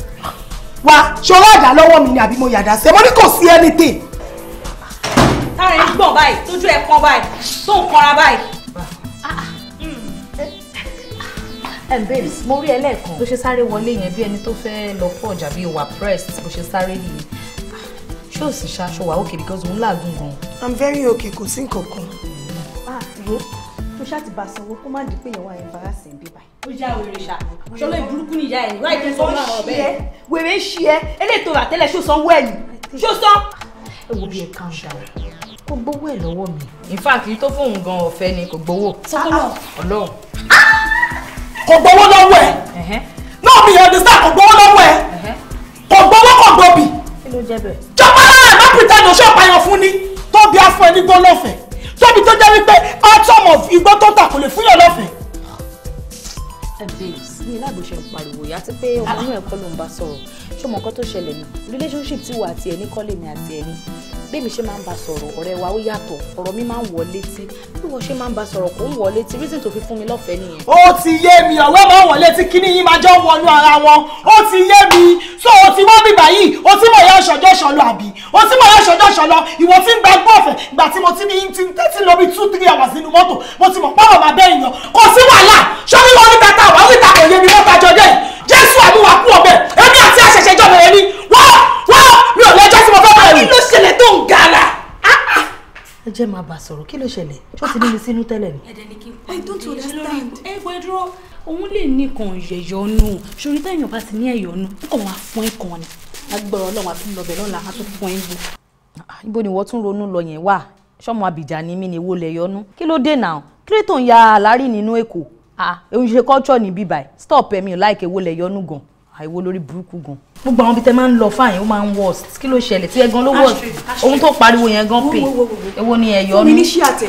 wá ṣọwọ́ àdá lọ́wọ́ mi ni àbí mo yàdá sí ẹ mo ní kò sí anything. tára ń gbọ̀n báyìí tójú ẹ̀ kan báyìí tó ń kanra báyìí ẹn babes mo rí ẹlẹ́ẹ̀kan bó ṣe sáré wọlé yẹn bí ẹni tó fẹ́ lọ pọ̀ ọjà bí wà pressed bó ṣe sáré nìyẹn ṣé ò sì ṣaṣọ wà okay because òun làágùn gan. i'm very okay kò sí nǹkan kan. àbúrò tó ṣáàtì bá sanwó kó má di pé ìyàwó àyè bàrà sí bí báyìí. ó já wèrè ṣá ṣọlọ ìburúkú nìyá ẹ láì tó sanwó àwọn ọbẹ yẹn. wèrè ṣí ẹ eléyìí tó rà tẹ́lẹ̀ ṣó sanwó ẹ̀yìn ṣó san. ẹ wo bí ẹ calm down kò gbowó ẹ lọ́wọ́ mi. in fact èyí tó fóun gan ọ̀fẹ́ ni kò gbowó. sọkọlọ Ọlọ́run. Ah! kò gbowó lọ́wọ́ ẹ̀ náà mi understand kò gbowó lọ́wọ́ ẹ̀ kò gbowó kò gbòbì jọba lára má pìtà ní oṣù ọ̀páyàn fún ni tó bí afọ ẹni gbọ́ lọ́fẹ̀ẹ́ tóbi tó jẹ́ wípé atom of igbó tó tà kò lè fúyàn lọ́fẹ̀ẹ́. ẹ bẹ́ẹ̀ ní ìlàgbọ̀nsẹ̀ ń pariwo yá ti pé ọmọ inú ẹ̀kọ́ ló ń bá sọ̀rọ̀ ṣé ọmọ nǹkan tó ṣẹlẹ̀ ni relationship ti wà àti ẹni kọ́lé mi àti ẹni bẹ́ẹ̀mi ṣe máa ń bá sọ̀rọ̀ ọ̀rẹ́ wa ó yàtọ̀ ọ̀rọ̀ mi máa ń wọ létí bí wọ́n ṣe máa ń bá sọ̀rọ̀ kò ń wọ létí reason tó fi fún mi lọ́fẹ̀ẹ́ nìyẹn. ó ti yé mi ọ̀rọ̀ máa ń wọ létí kíní yín máa jọ wọnú ara wọn ó ti yé mi so o ti wá bìbà yìí o ti mọ̀ ya ṣọjọ́ ṣọlọ àbí o ti mọ̀ ya ṣọjọ́ ṣọlọ ìwọ ti ń gba gbọ́ọ̀fẹ̀ ìgbà tí mo ti ní ti ń tẹ́tí lọ bí two three hours nínú mọ́tò mo ti mọ̀ pọ́nrọ̀ máa bẹ́ẹ̀ yàn kò sí wàhálà ṣọ́ni wọn níta ta àwọn níta kò yé mi lọ́ta jọjọ́ yìí jésù àmúwà kú ọ̀bẹ èmi àti àṣẹ̀ṣẹ̀ jọ̀bẹ̀rẹ̀ ni ẹ jẹ́ máa bà sọ̀rọ̀ kí ló ṣẹlẹ̀ ṣó ti ní mi sínú tẹ́lẹ̀ ni. ẹ̀dẹ̀ ni kí n pa ìdíje lórí ẹ̀wọ̀ ẹ̀dúró òun lè nìkan yẹ̀yọ́nù ṣòrí tẹ̀yàn bá ti ní ẹ̀yọ́nù kàn wá fún ẹ̀kan ni agbára ọlọ́run àti lọ́bẹ̀ lọ́la á tún fún ẹ̀ bù. Ah, ibo ni wọ́n tún ronú lọ yẹn wà ṣọ́mọ àbìjà ni mí ni ewo lẹ̀ yọnú kí ló dé náà kí ló tó ń ya àlárí nínú èkó ah èyí ṣe culture ní bíbáyìí stop ẹ̀mí ò láìkè ewo lẹ̀ àìwo lórí burúkú gan. gbogbo àwọn ibi tẹ máa ń lọ fáyín ó máa ń worst kí ló ṣẹlẹ̀ tí ẹ gan ló worst ohun tó pariwo yẹn gan pè èwo ni ẹ̀yọ́ ní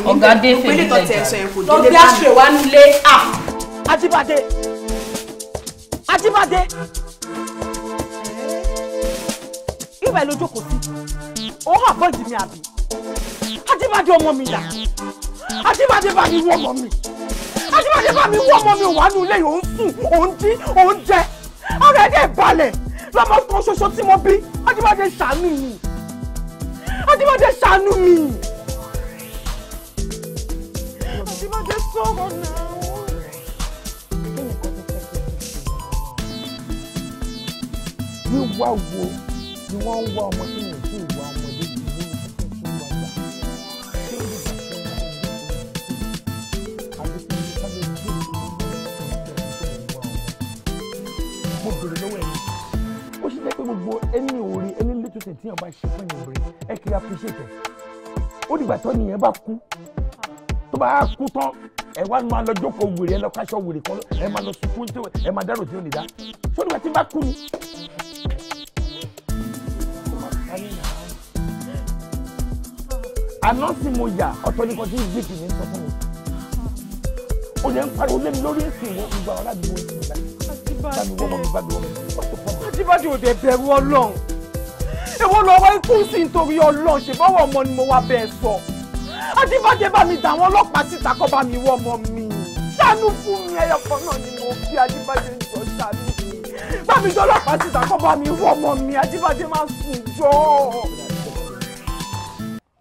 ọ̀gá dé fèmí lẹ́jà. lọ bí àṣẹ wa nílé à. Ah! Ajíbádé Ajíbádé ibẹ̀ ló jókòó sí ó wà bọ́ọ̀dì mi àbí Ajíbádé ọmọ mi dà Ajíbádé bá mi wọ́ ọmọ mi Ajíbádé bá mi wọ́ ọmọ mi wà nínú ilé yìí òun sùn òun dín òun jẹ ọ̀rẹ́ ẹ̀dẹ̀ balẹ̀ lọ́mọ kan ṣoṣo tí mo bí ọdúnmọ́dé ṣàánú mi ọdúnmọ́dé ṣàánú mi ọdúnmọ́dé sọ̀rọ̀ náà. wíwá wo ni wọ́n ń wá ọmọ tí mi mo bèrè lọ́wọ́ ẹ̀yìn ó ṣe jẹ́ pé gbogbo ẹni orí ẹni létòsí tí yàrá ṣe fún yẹn bèrè ẹ kì í appreciate ó dìgbà tó nìyẹn bá kú tó bá kú tán ẹ wá máa lọ jókòó wèrè ẹ lọ káṣọ wèrè kan ẹ máa lọ sunkún tó ẹ máa dárò tí ó lè dá ṣó dìgbà tí bá kú ni. àná tí mo yà ọ̀tọ̀ nìkan tí gbèsè ní sọ fún mi ó lè ń pariwo lé mi lórí èsì ìwọ ìgbà ọ̀la mi wọ́n ti yìí bámi wọ́n mọ̀ mi bámi wọ́n mi. àjíbádé ò dẹ̀ èwo lọ wá ikú sí nítorí ọlọ́run ṣèbọ̀wọ̀ ọmọ ni mo wá bẹ́ẹ̀ sọ àjíbádé bá mi dà wọ́n síta kọ́ bá mi wọ́ ọmọ mi ṣàánú fún mi ẹyọkọ náà ni mo fi àjíbádé jọ ṣàánú bá mi jọ ọlọ́pàá síta kọ́ bá mi wọ́ ọmọ mi àjíbádé má sùn jọ.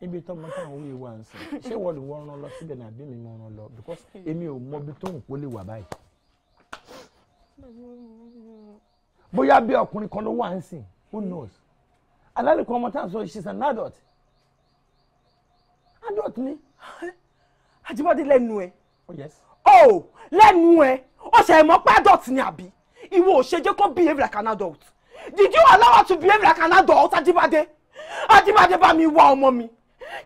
ibi tọ́mọ táwọn òye wa ń sìn ṣé wọ́n lè wọ́n rán lọ síbẹ̀ ní àbí mi rán lọ because èmi ò mọ ibi tó ń kó lè wà báyìí bóyá bí ọkùnrin kan ló wà ń sìn who knows alálùkò ọmọ tá à ń sọ she's an adult adult ni. Àjíbọ́dé lẹ́nu ẹ̀. oh lẹ́nu ẹ̀ ó ṣe mọ̀ pé adult ni àbí ìwọ ò ṣe jẹ́ kó behave like an adult did you allow her to behave like an adult Àjíbọ́dé Àjíbọ́dé bá mi wá ọmọ mi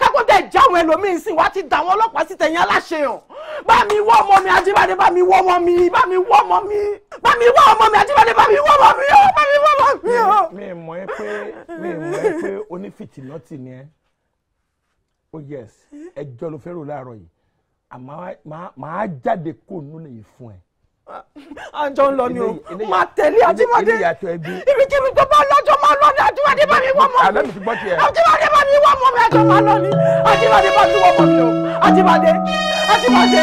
kákótẹ́ ìjáwọ̀ ẹlòmíín sìn wá ti dà àwọn ọlọ́pàá sí tẹ̀yìn aláṣẹyàn bá mi wọ́ ọmọ mi Ajíbádé bá mi wọ́ ọmọ mi bá mi wọ́ ọmọ mi bá mi wọ́ ọmọ mi Ajíbádé bá mi wọ́ ọmọ mi oh, bá mi wọ́ ọmọ mi ó. Oh. mi mọ̀ ẹ́ pé mi mọ̀ ẹ́ pé onífìtìnọ́tì ni ẹ́ oh yes ẹjọ́ ló fẹ́ rò láàárọ̀ yìí àmọ́ màá jáde kó nínú yìí fún ẹ àjọ ń lọ ni o máa tẹ̀lé Ajímọ̀dé ibikíbi tó bá lọ́jọ́ máa lọ ni Ajímọ̀dé bá mi wọ́n mọ́ mi Ajímọ̀dé bá mi wọ́n mọ́ mi àjọ máa bá mi wọ́n mọ́ mi o Ajímọ̀dé Ajímọ̀dé.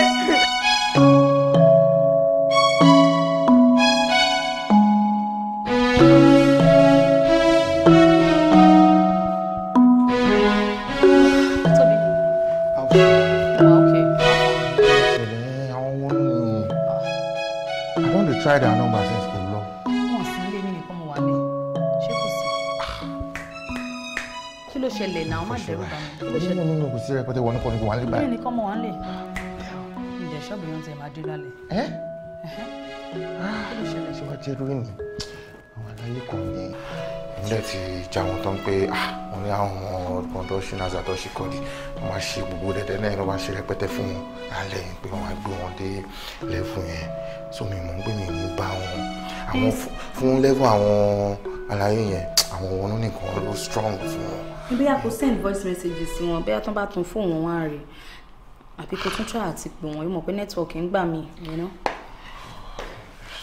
tried her number since kò lọ. wọn sì ń lé ní nìkan mo wà lẹ ṣé kò sí. kí ló ṣẹlẹ̀ náà má dẹ̀rù bá mi. kí ló ṣẹlẹ̀ nínú kò sí rẹpẹtẹ wọn nìkan wà lẹ báyìí. ilé nìkan mo wà lẹ. ǹjẹ́ ṣọ́ọ̀bù yóò tẹ̀ máa dé lálẹ́. ẹ́ kí ló ṣẹlẹ̀ nílẹ̀ ti jàwọn tán pé wọ́n ah, ní àwọn kan tó ṣe nàza tó ṣe kọ́ọ̀dì wọ́n máa ṣe gbogbo dẹ́dẹ́ náà ló ṣe rẹpẹtẹ fún wọn alẹ́ yìí pé wọ́n máa gbé wọn dé lẹ́fún yẹn sómi mọ̀ ń gbé ní bá wọn àwọn fún lẹ́fún àwọn aláyé yẹn àwọn wọn nìkan ló strong fún wọn. ibi a kò send voice messages sí wọn bí a tán bá tún fóònù wọn á rí àbí kò tún try àti pè wọn yóò mọ̀ pé network ń gbà mí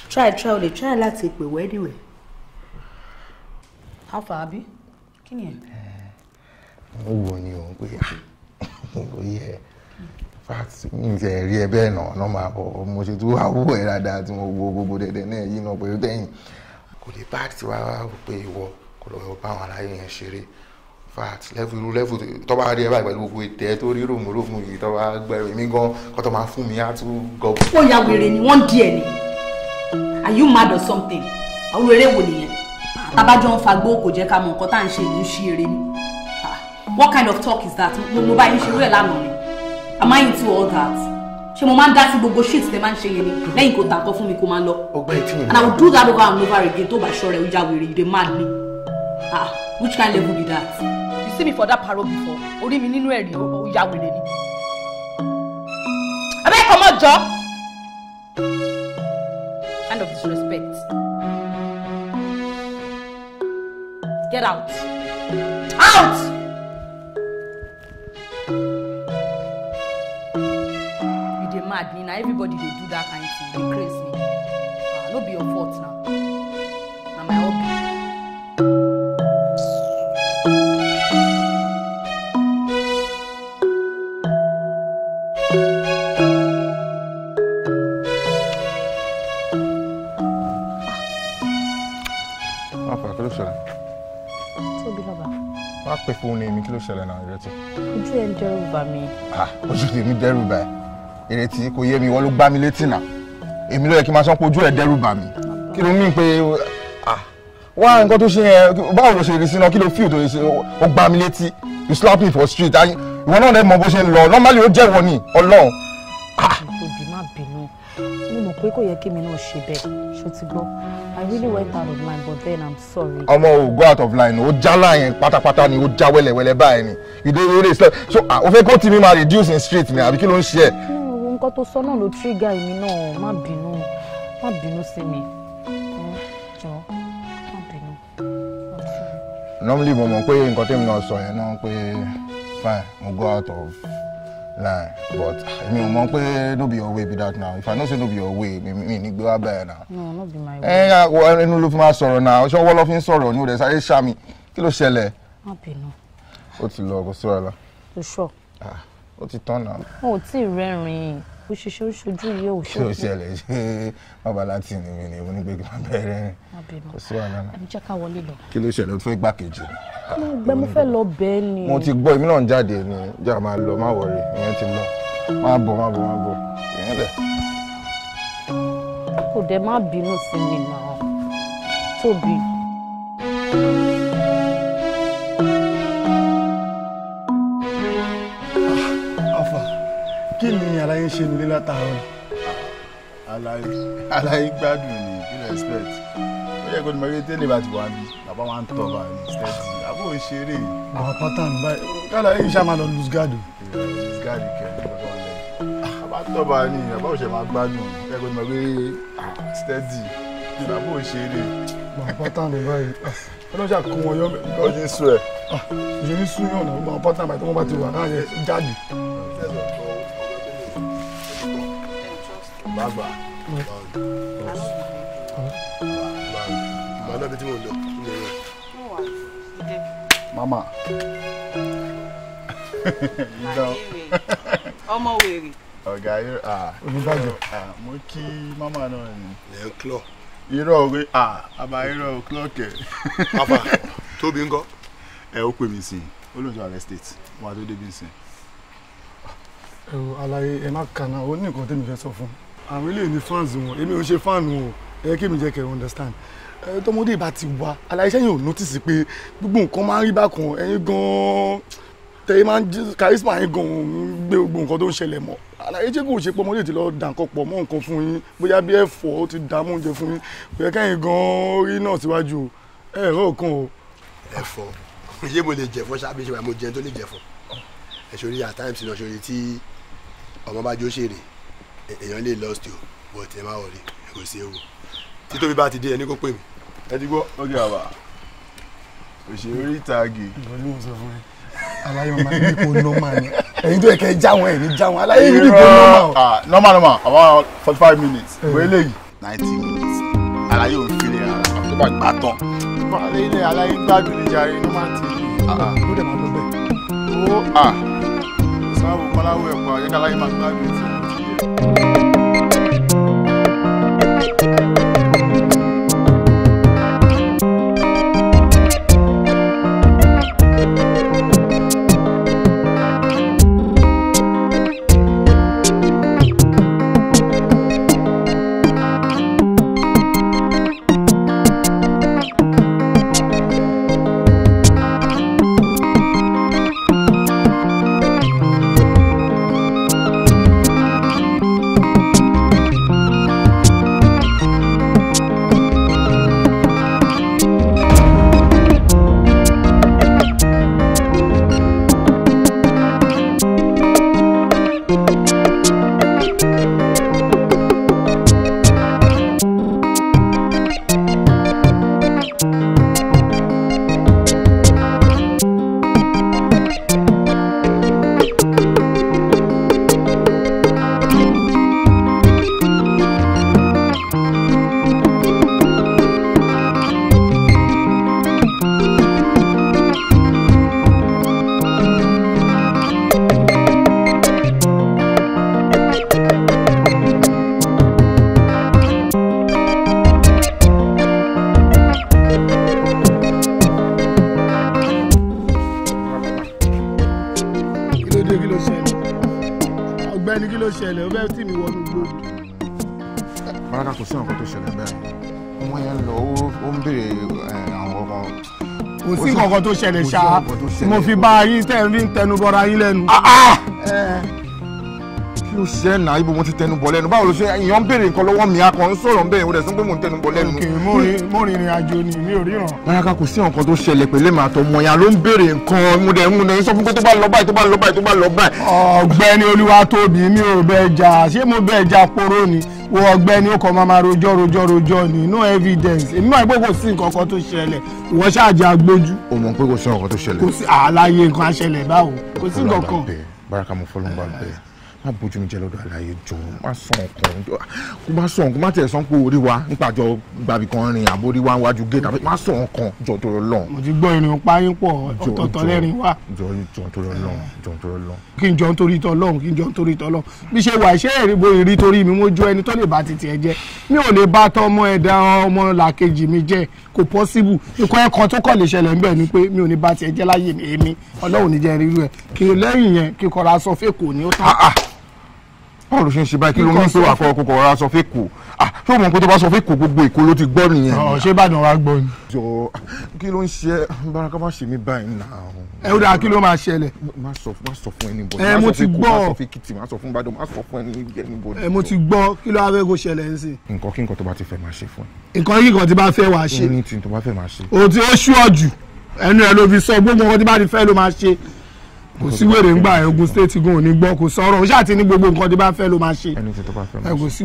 try try o lè try láti pè wẹ́ẹ́dìwẹ̀ẹ́ How afa àbí kí ni *laughs* ẹ. mo wò ni òun pé ó yẹ fact mi ti rí ẹ bẹ́ẹ̀ náà náà máa bọ̀ mo ṣe tún àwọ̀ ẹ̀ dáadáa tí mo wo gbogbo dẹ̀dẹ̀ náà yìí náà pé ó tẹ̀yìn kò lè bá àti wá wò pé ìwọ kò lọ́ọ́ bá àwọn aráyé yẹn ṣeré fact level irú level tó bá rí ẹ báyìí pẹ̀lú gbogbo ètè tó rí ròmù ròmù yìí tó bá gbẹ̀rù mi gan kó tó máa fún mi á tún gọ. ó ya wèrè ni wọ́n ń di ẹ̀ ni are you mad or something àwọn eré wo nìyẹn tabajọ ń fagbó kò jẹ́ ká mọ nǹkan tá à ń ṣe ìlú ṣe eré ni ah, what kind of talk is that mo mo bá yín ṣe wúlẹ̀ e lánàá ni am I into all that ṣé mo máa ń dá sí gbogbo shit tẹ máa ń ṣe yẹn ni lẹ́yìn kò tàkọ́ fún mi kó máa lọ and I will do that over and over again tó bá ṣọ́ọ̀rẹ́ ìjà wèrè you dey mad ni ah which kind level be that. you see me for that parole before orí mi nínú ẹ̀rí ìyá wèrè ni abẹ́ẹ̀kọ́ mọ́ jọ kind of disrespect. Get out. Out! You dey mad me na everybody dey do that kind of thing. You dey craze me. Ah, no be your fault now. Na my hobby. pè fóònù mi kí ló ṣẹlẹ̀ náà ìrètí. ojú ẹ ń dẹ́rù bà mí. ojú tèmi dẹ́rù bà ẹ́ ìrètí kò yé mi wọ́n ló gbá mi létí nà èmi ló yẹ kí n máa sọ pé ojú ẹ dẹ́rù bà mí kí ló mí pé ah, wá nǹkan tó ṣe yẹn báwo ló ṣe rí sí náà kí ló fíìl tó ṣe ó gbá mi létí you slap me for street ìwọ náà lè mọ bó ṣe ń lọ normally ó jẹ́wọ́ ni ọlọ́run. òbí má bínú mo mọ̀ pé kò yẹ kí mi náà ṣe bẹ́ẹ̀ ṣó ti gbọ́ i really went out of line but then i'm sorry. ọmọ o go out of line o jálá yẹn pátápátá ni o já wẹ́lẹ́wẹ́lẹ́ báyìí ni you dey really step so o ah, fẹ́ kó tí mi máa reduce in street ni àbí kí ló ń ṣe ẹ́. nǹkan tó sọ náà ló trigger èmi náà má bínú má bínú sí mi jọ má bínú. normally mo mọ̀ pé nǹkan tẹ́mi náà sọ yẹn náà pé fine mo go out of line but I mean, mọ̀ pé no be your way be that now if i know say no be your way mi mi ni gbé wá bẹ́ẹ̀ na. no no be my eh, way. ẹ ah, ẹ wọ ẹnu ló fi máa sọ̀rọ̀ náà ọṣọ wọ́lọ́ fi ń sọ̀rọ̀ ní òde sáré sàmì kí ló ṣẹlẹ̀. má bínú. ó ti lọ kó sóra la. o sọ. ó ti tán náà. o ò tí ì rẹ́rìn-ín ó ṣiṣẹ́ ó ṣojú yìí ò ṣe. ṣé o ṣẹlẹ̀ ṣé babaláti ni mi ni mo ní pé kí n kò sí wàhálà náà. jẹ́ ká wọlé lọ. kí ló ṣẹlẹ̀ fún igbákejì. mo gbẹ mo fẹ́ lọ bẹ́ẹ̀ ni. mo ti gbọ́ èmi jáde ni jẹ́ àmà lọ má wọrí ìyẹn ti lọ má bọ̀ má bọ̀ má bọ̀ ìyẹn lẹ̀. kò dẹ̀ má bínú sí mi náà tóbi. kí ni aláyé ń ṣe nílé látàárọ̀. aláyé aláyé gbádùn ni kí respect ó yẹ kó ní mọ̀gẹ́ tẹ́lẹ̀ bá ti wà mí bàbá wa ń tọ́ bá mi steady àbó ìṣeré. bàbá pátá ní báyìí kálá yìí ṣáà máa lọ lose guard. lose guard kẹ́lẹ́ ah, bàbá wa lẹ́yìn. bàbá tọ́ bá ní bàbá òṣèlú máa gbádùn ó yẹ kó ní mọ̀gẹ́ ah, steady àbó ìṣeré. bàbá pátá ní báyìí *laughs* ọlọ́jà kó wọn yọ mẹ́rin. ó ti sùn ẹ̀. ìṣèlú sùn yàn náà bàbá pátá báyìí tó àgbà màá lọ́bi tí mo lọ mo lọ. mama ọmọ wèrè. ọ̀gá yóò ah ah mo kí mama náà ni. ẹ̀ ń klọ̀. irọ́ òwe ah àbá irọ́ klọ́ọ̀kì. bàbá tóbi ń kọ́. ẹ ó pè mí sí i ó lóun tó àrẹ state wọn àti ó débi sí i. ẹ wo aláyé ẹ má kànáà ó ní nǹkan tẹ́mi sọ fún un àwọn eléyìí ni fans wọn èmi ò ṣe fan wọn ẹ kí mi jẹ́ kẹ́ understand tọmọdé ìbá ti wá aláìṣẹ́ yìí ò notice pé gbogbo nǹkan máa ń rí bákan ẹ̀yin gan-an tẹ̀yìn máa ń charisma yín gan-an gbé gbogbo nǹkan tó ń ṣẹlẹ̀ mọ́ aláìṣẹ́ kò ṣe pé ọmọdé ti lọ dà nǹkan pọ̀ mọ́ nǹkan fún yín bóyá bí ẹ̀fọ́ ó ti dààmú oúnjẹ fún yín kò yẹ kẹ́yìn gan-an rí náà síwájú ẹ̀rọ kan o. ẹ̀fọ́ ṣé mo lè jẹ̀fọ́ ṣáàbí ṣe wà mo jẹun tó lè jẹ̀fọ́ ẹ̀ ṣorí at times náà ṣorí tí ọmọ bá jó ṣèrè èèyàn lè lost o but ẹ má wọlé ẹ kò sí ewu títóbi bá ti dé ẹni kó pè mí. ẹ ti gbọ́ ok bàbá òṣèré orí ìtàgé. ìbọ̀lú sọ fún mi aláyé ọmọ ní kò nọ́mà ni ẹ̀yin tó yẹ kẹ́ jáwọn ẹ̀ ní jáwọn aláyé ní kò nọ́mà o. Ah, normal normal about forty five minutes eh. wọ́n eléyìí ninety minutes aláyé òun kéré ara tó bá gbà tán. aláyé ilé aláyé gbádùn níjà rẹ ló máa ń tì í. Ah, ah. ó dẹ̀ máa lọ bẹ́ẹ̀. ó à sáwọ́ kọ́láwọ́ ẹ̀kọ́ ayẹ́kẹ́ aláyé máa gbádùn níjà. Thank you. tó ṣẹlẹ̀ ṣá mo fi bá yín tẹ̀ ń tẹnu bọra yín lẹ́nu. Ah, ah! kí ló ṣe ẹ̀ náà ibo mo ti tẹnu bọ̀ lẹ́nu báwo ló ṣe èèyàn ń béèrè nǹkan lọ́wọ́ mi akọ ń sọ̀rọ̀ ń bẹ̀rẹ̀ o dẹ̀ sọ pé mo ń tẹnu bọ̀ lẹ́nu. òkè mo rin ìrìn àjò ni mi ò ríran. baraka kò sí nǹkan tó ṣẹlẹ̀ pẹ̀lú èmi àtọmọ yẹn ló ń béèrè nǹkan mo dẹ̀ mo dẹ̀ sọ fún pé tó bá lọ báyìí tó bá lọ báyìí tó bá lọ báyìí. ọ̀gbẹ́ni Olúwatóbi mi ò bẹ́ẹ̀ jà ṣé mo bẹ́ẹ̀ jà poró ni wo ọ̀gbẹ́ni ó kọ máa máa rojọ́ rojọ́ rojọ́ ni no evidence èmi náà pé kò sí nǹkan kan tó ṣẹlẹ̀ ìwọ ṣáàjì agbójú. o mọ̀ pé kò sí nǹkan tó ṣẹlẹ̀. kò sí àlàyé nǹkan aṣẹlẹ̀ báwo kò sí nǹkan kan. baraka mo fọlọ́n bá bẹ́ẹ̀ má bójú mi jẹ́ lọ́dọ̀ àlàyé jọ má sàn ọkàn kó má sọ nǹkan má tẹ̀ sọ́n pé orí wa nípàjọ gbàbí kan rìn àbórí wa níwájú géètì àbí má sọ nǹkan jọ tó lọ lọ. mo ti gbọ́ irin parí pọ̀ ọ̀tọ̀ọ̀tọ̀ lẹ́rìn wa. jọ jọ tó lọ lọ jọ tó lọ lọ. kí n jọ nítorí tọ lọ́hùn kí n jọ nítorí tọ lọ́hùn bí ṣe wà ṣé èrìbó ìrí torí mi mo jó ẹni tó lè bá titi ẹ jẹ mi ò lè bá tọ ọmọ ẹ̀dá ọmọ làkejì mi jẹ kò pọ́síbù ni pé mi ò ní bá tiẹ̀ jẹ́ láyé èmi báwo ló ṣe ń ṣe báyìí kí ló ń pè wá fọ kókó ọ̀rá sọ fẹ́kù ah ṣé o mọ̀ pé tó bá sọ fẹ́kù gbogbo èkó ló ti gbọ́ nìyẹn. ọ̀ ṣé ìbàdàn wa gbọ́ ni. jọ kí ló ń ṣe baraka má ṣe mí báyìí náà. ẹ ó dáa kí ló máa ṣẹlẹ̀. má sọ má sọ fún ẹni bọ́dọ̀ ẹ mo ti gbọ́ má sọ fún kìtì má sọ fún ìbàdàn má sọ fún ẹni bọ́dọ̀. ẹ mo ti gbọ́ kí ló afẹ́ kó ṣẹlẹ̀ ń sìn. nǹkan kí nǹkan tó bá ti fẹ́ máa ṣe fún ẹ. nǹkan kí nǹkan tó bá fẹ́ wàá ṣe kò sí ń gbà Ogun State gan òní gbọ́ kò sọ̀rọ̀ ṣáà ti ní gbogbo nǹkan tí bá fẹ́ ló máa ṣe ẹ kò sí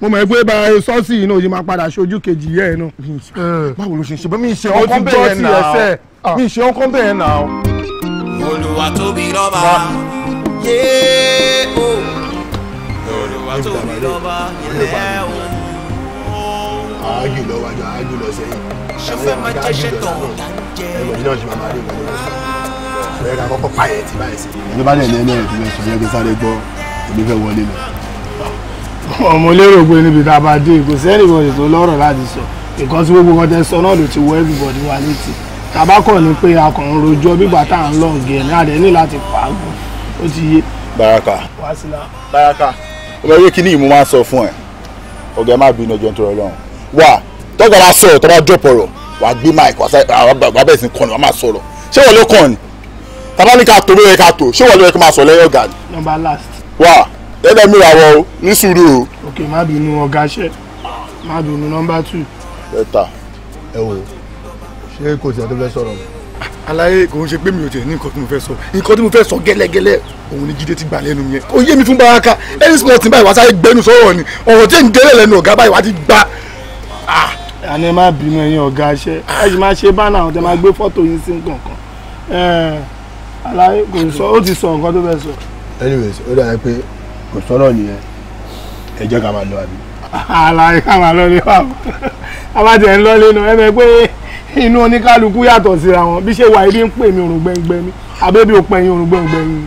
mo mọ̀ pé bá sọ́ọ̀sì yìí náà yìí máa padà ṣojú kejì yẹ́ ẹ náà. báwo ló ṣe ṣe bá mi ṣe ọkọ bẹ́ẹ̀ náà mi ṣe ọkọ bẹ́ẹ̀ náà. Olúwa tóbi lọ́ba yé o Olúwa tóbi lọ́ba ilẹ̀ o. àágì lọ wájú àágì lọ sẹ́yìn. ṣé fẹ́ máa jẹ́ ṣẹ́tọ̀ ọ̀gá jẹ́ ọ̀rẹ́ rẹ̀ àkọ́kọ́ pààyàn ti báyìí sí. ẹni bá dẹ̀ lẹ́nu ẹ̀rọ sáré gbọ́ èmi fẹ́ wọlé lọ. ọmọ lérò pé níbi tá a bá dé kò sẹ́ni ìwọ̀n ètò lọ́rọ̀ láti sọ nǹkan tí gbogbo kan tẹ sọ náà ló ti wọ everybody wa létí tàbá kọ̀ ni pé a rojọ́ bígbà tá à ń lọ gẹ̀ ní adẹ ní láti pààgùn ó ti yé. baraka baraka ọmọ eré kínní ìmú máa ń sọ fún ẹ ọgá má bínú ọjọ́ nítorí Ọlọ́run wà tọ́gbà bá sọ̀rọ̀ tọ́ bá jọ̀pọ̀ rọ̀ gbé máìkì wàá bẹ̀rẹ̀ sí kọ́ni wàá máa sọ̀rọ̀ ṣé wọ́n ló kàn ni tàbá ní ká tó ló yẹ ká tó ṣé wọ́n ló yẹ kó máa sọ lẹ́yìn ọ̀gá ni. number last. wà ẹlẹ́ mi ra wọ o ní sùúrù o. ok má bínú ọ̀gá ṣe má bínú number two. ẹ ta. ẹ wo ṣé kò tiẹ̀ tó fẹ́ sọ̀rọ̀ mi. aláyé kò ń ṣe pé mi ò tiẹ̀ ní nǹkan tí mo fẹ́ sọ nǹkan tí mo fẹ́ sọ gẹ́lẹ́gẹ́lẹ́ òun ni jíde ti gbà lẹ́nu yẹn kò yé mi fún baraka ẹni sinmi ọtí báyìí wá sáré gbẹnu sọ̀rọ̀ ni ọ̀rọ̀ tí ń délẹ̀ lẹ́nu ọ̀gá báyìí wá ti gbà. Ah. àná ẹ má bínú ẹ̀yin ọ̀gá ṣe ẹ sì máa ṣe báńà àwọn tẹ máa gbé fọ́tò yín sí nǹkan kan aláyé kò sọ ó ti sọ nǹkan tó fẹ́ sọ. anyways ó dàbí pé kò sọ̀rọ̀ nìyẹn ẹ jẹ́ ká máa lọ àbí. aláyé ká máa lọ ní wàhùn abájẹ́ ń lọ lẹ́nu ẹ mẹ́ pé inú oníkálukú yàtọ̀ síra wọn bí ṣe wà ibi ń pè mí òrùn gbẹngbẹ mi àbẹ́bí ò pẹ̀yìn òrùn gbẹngbẹ mi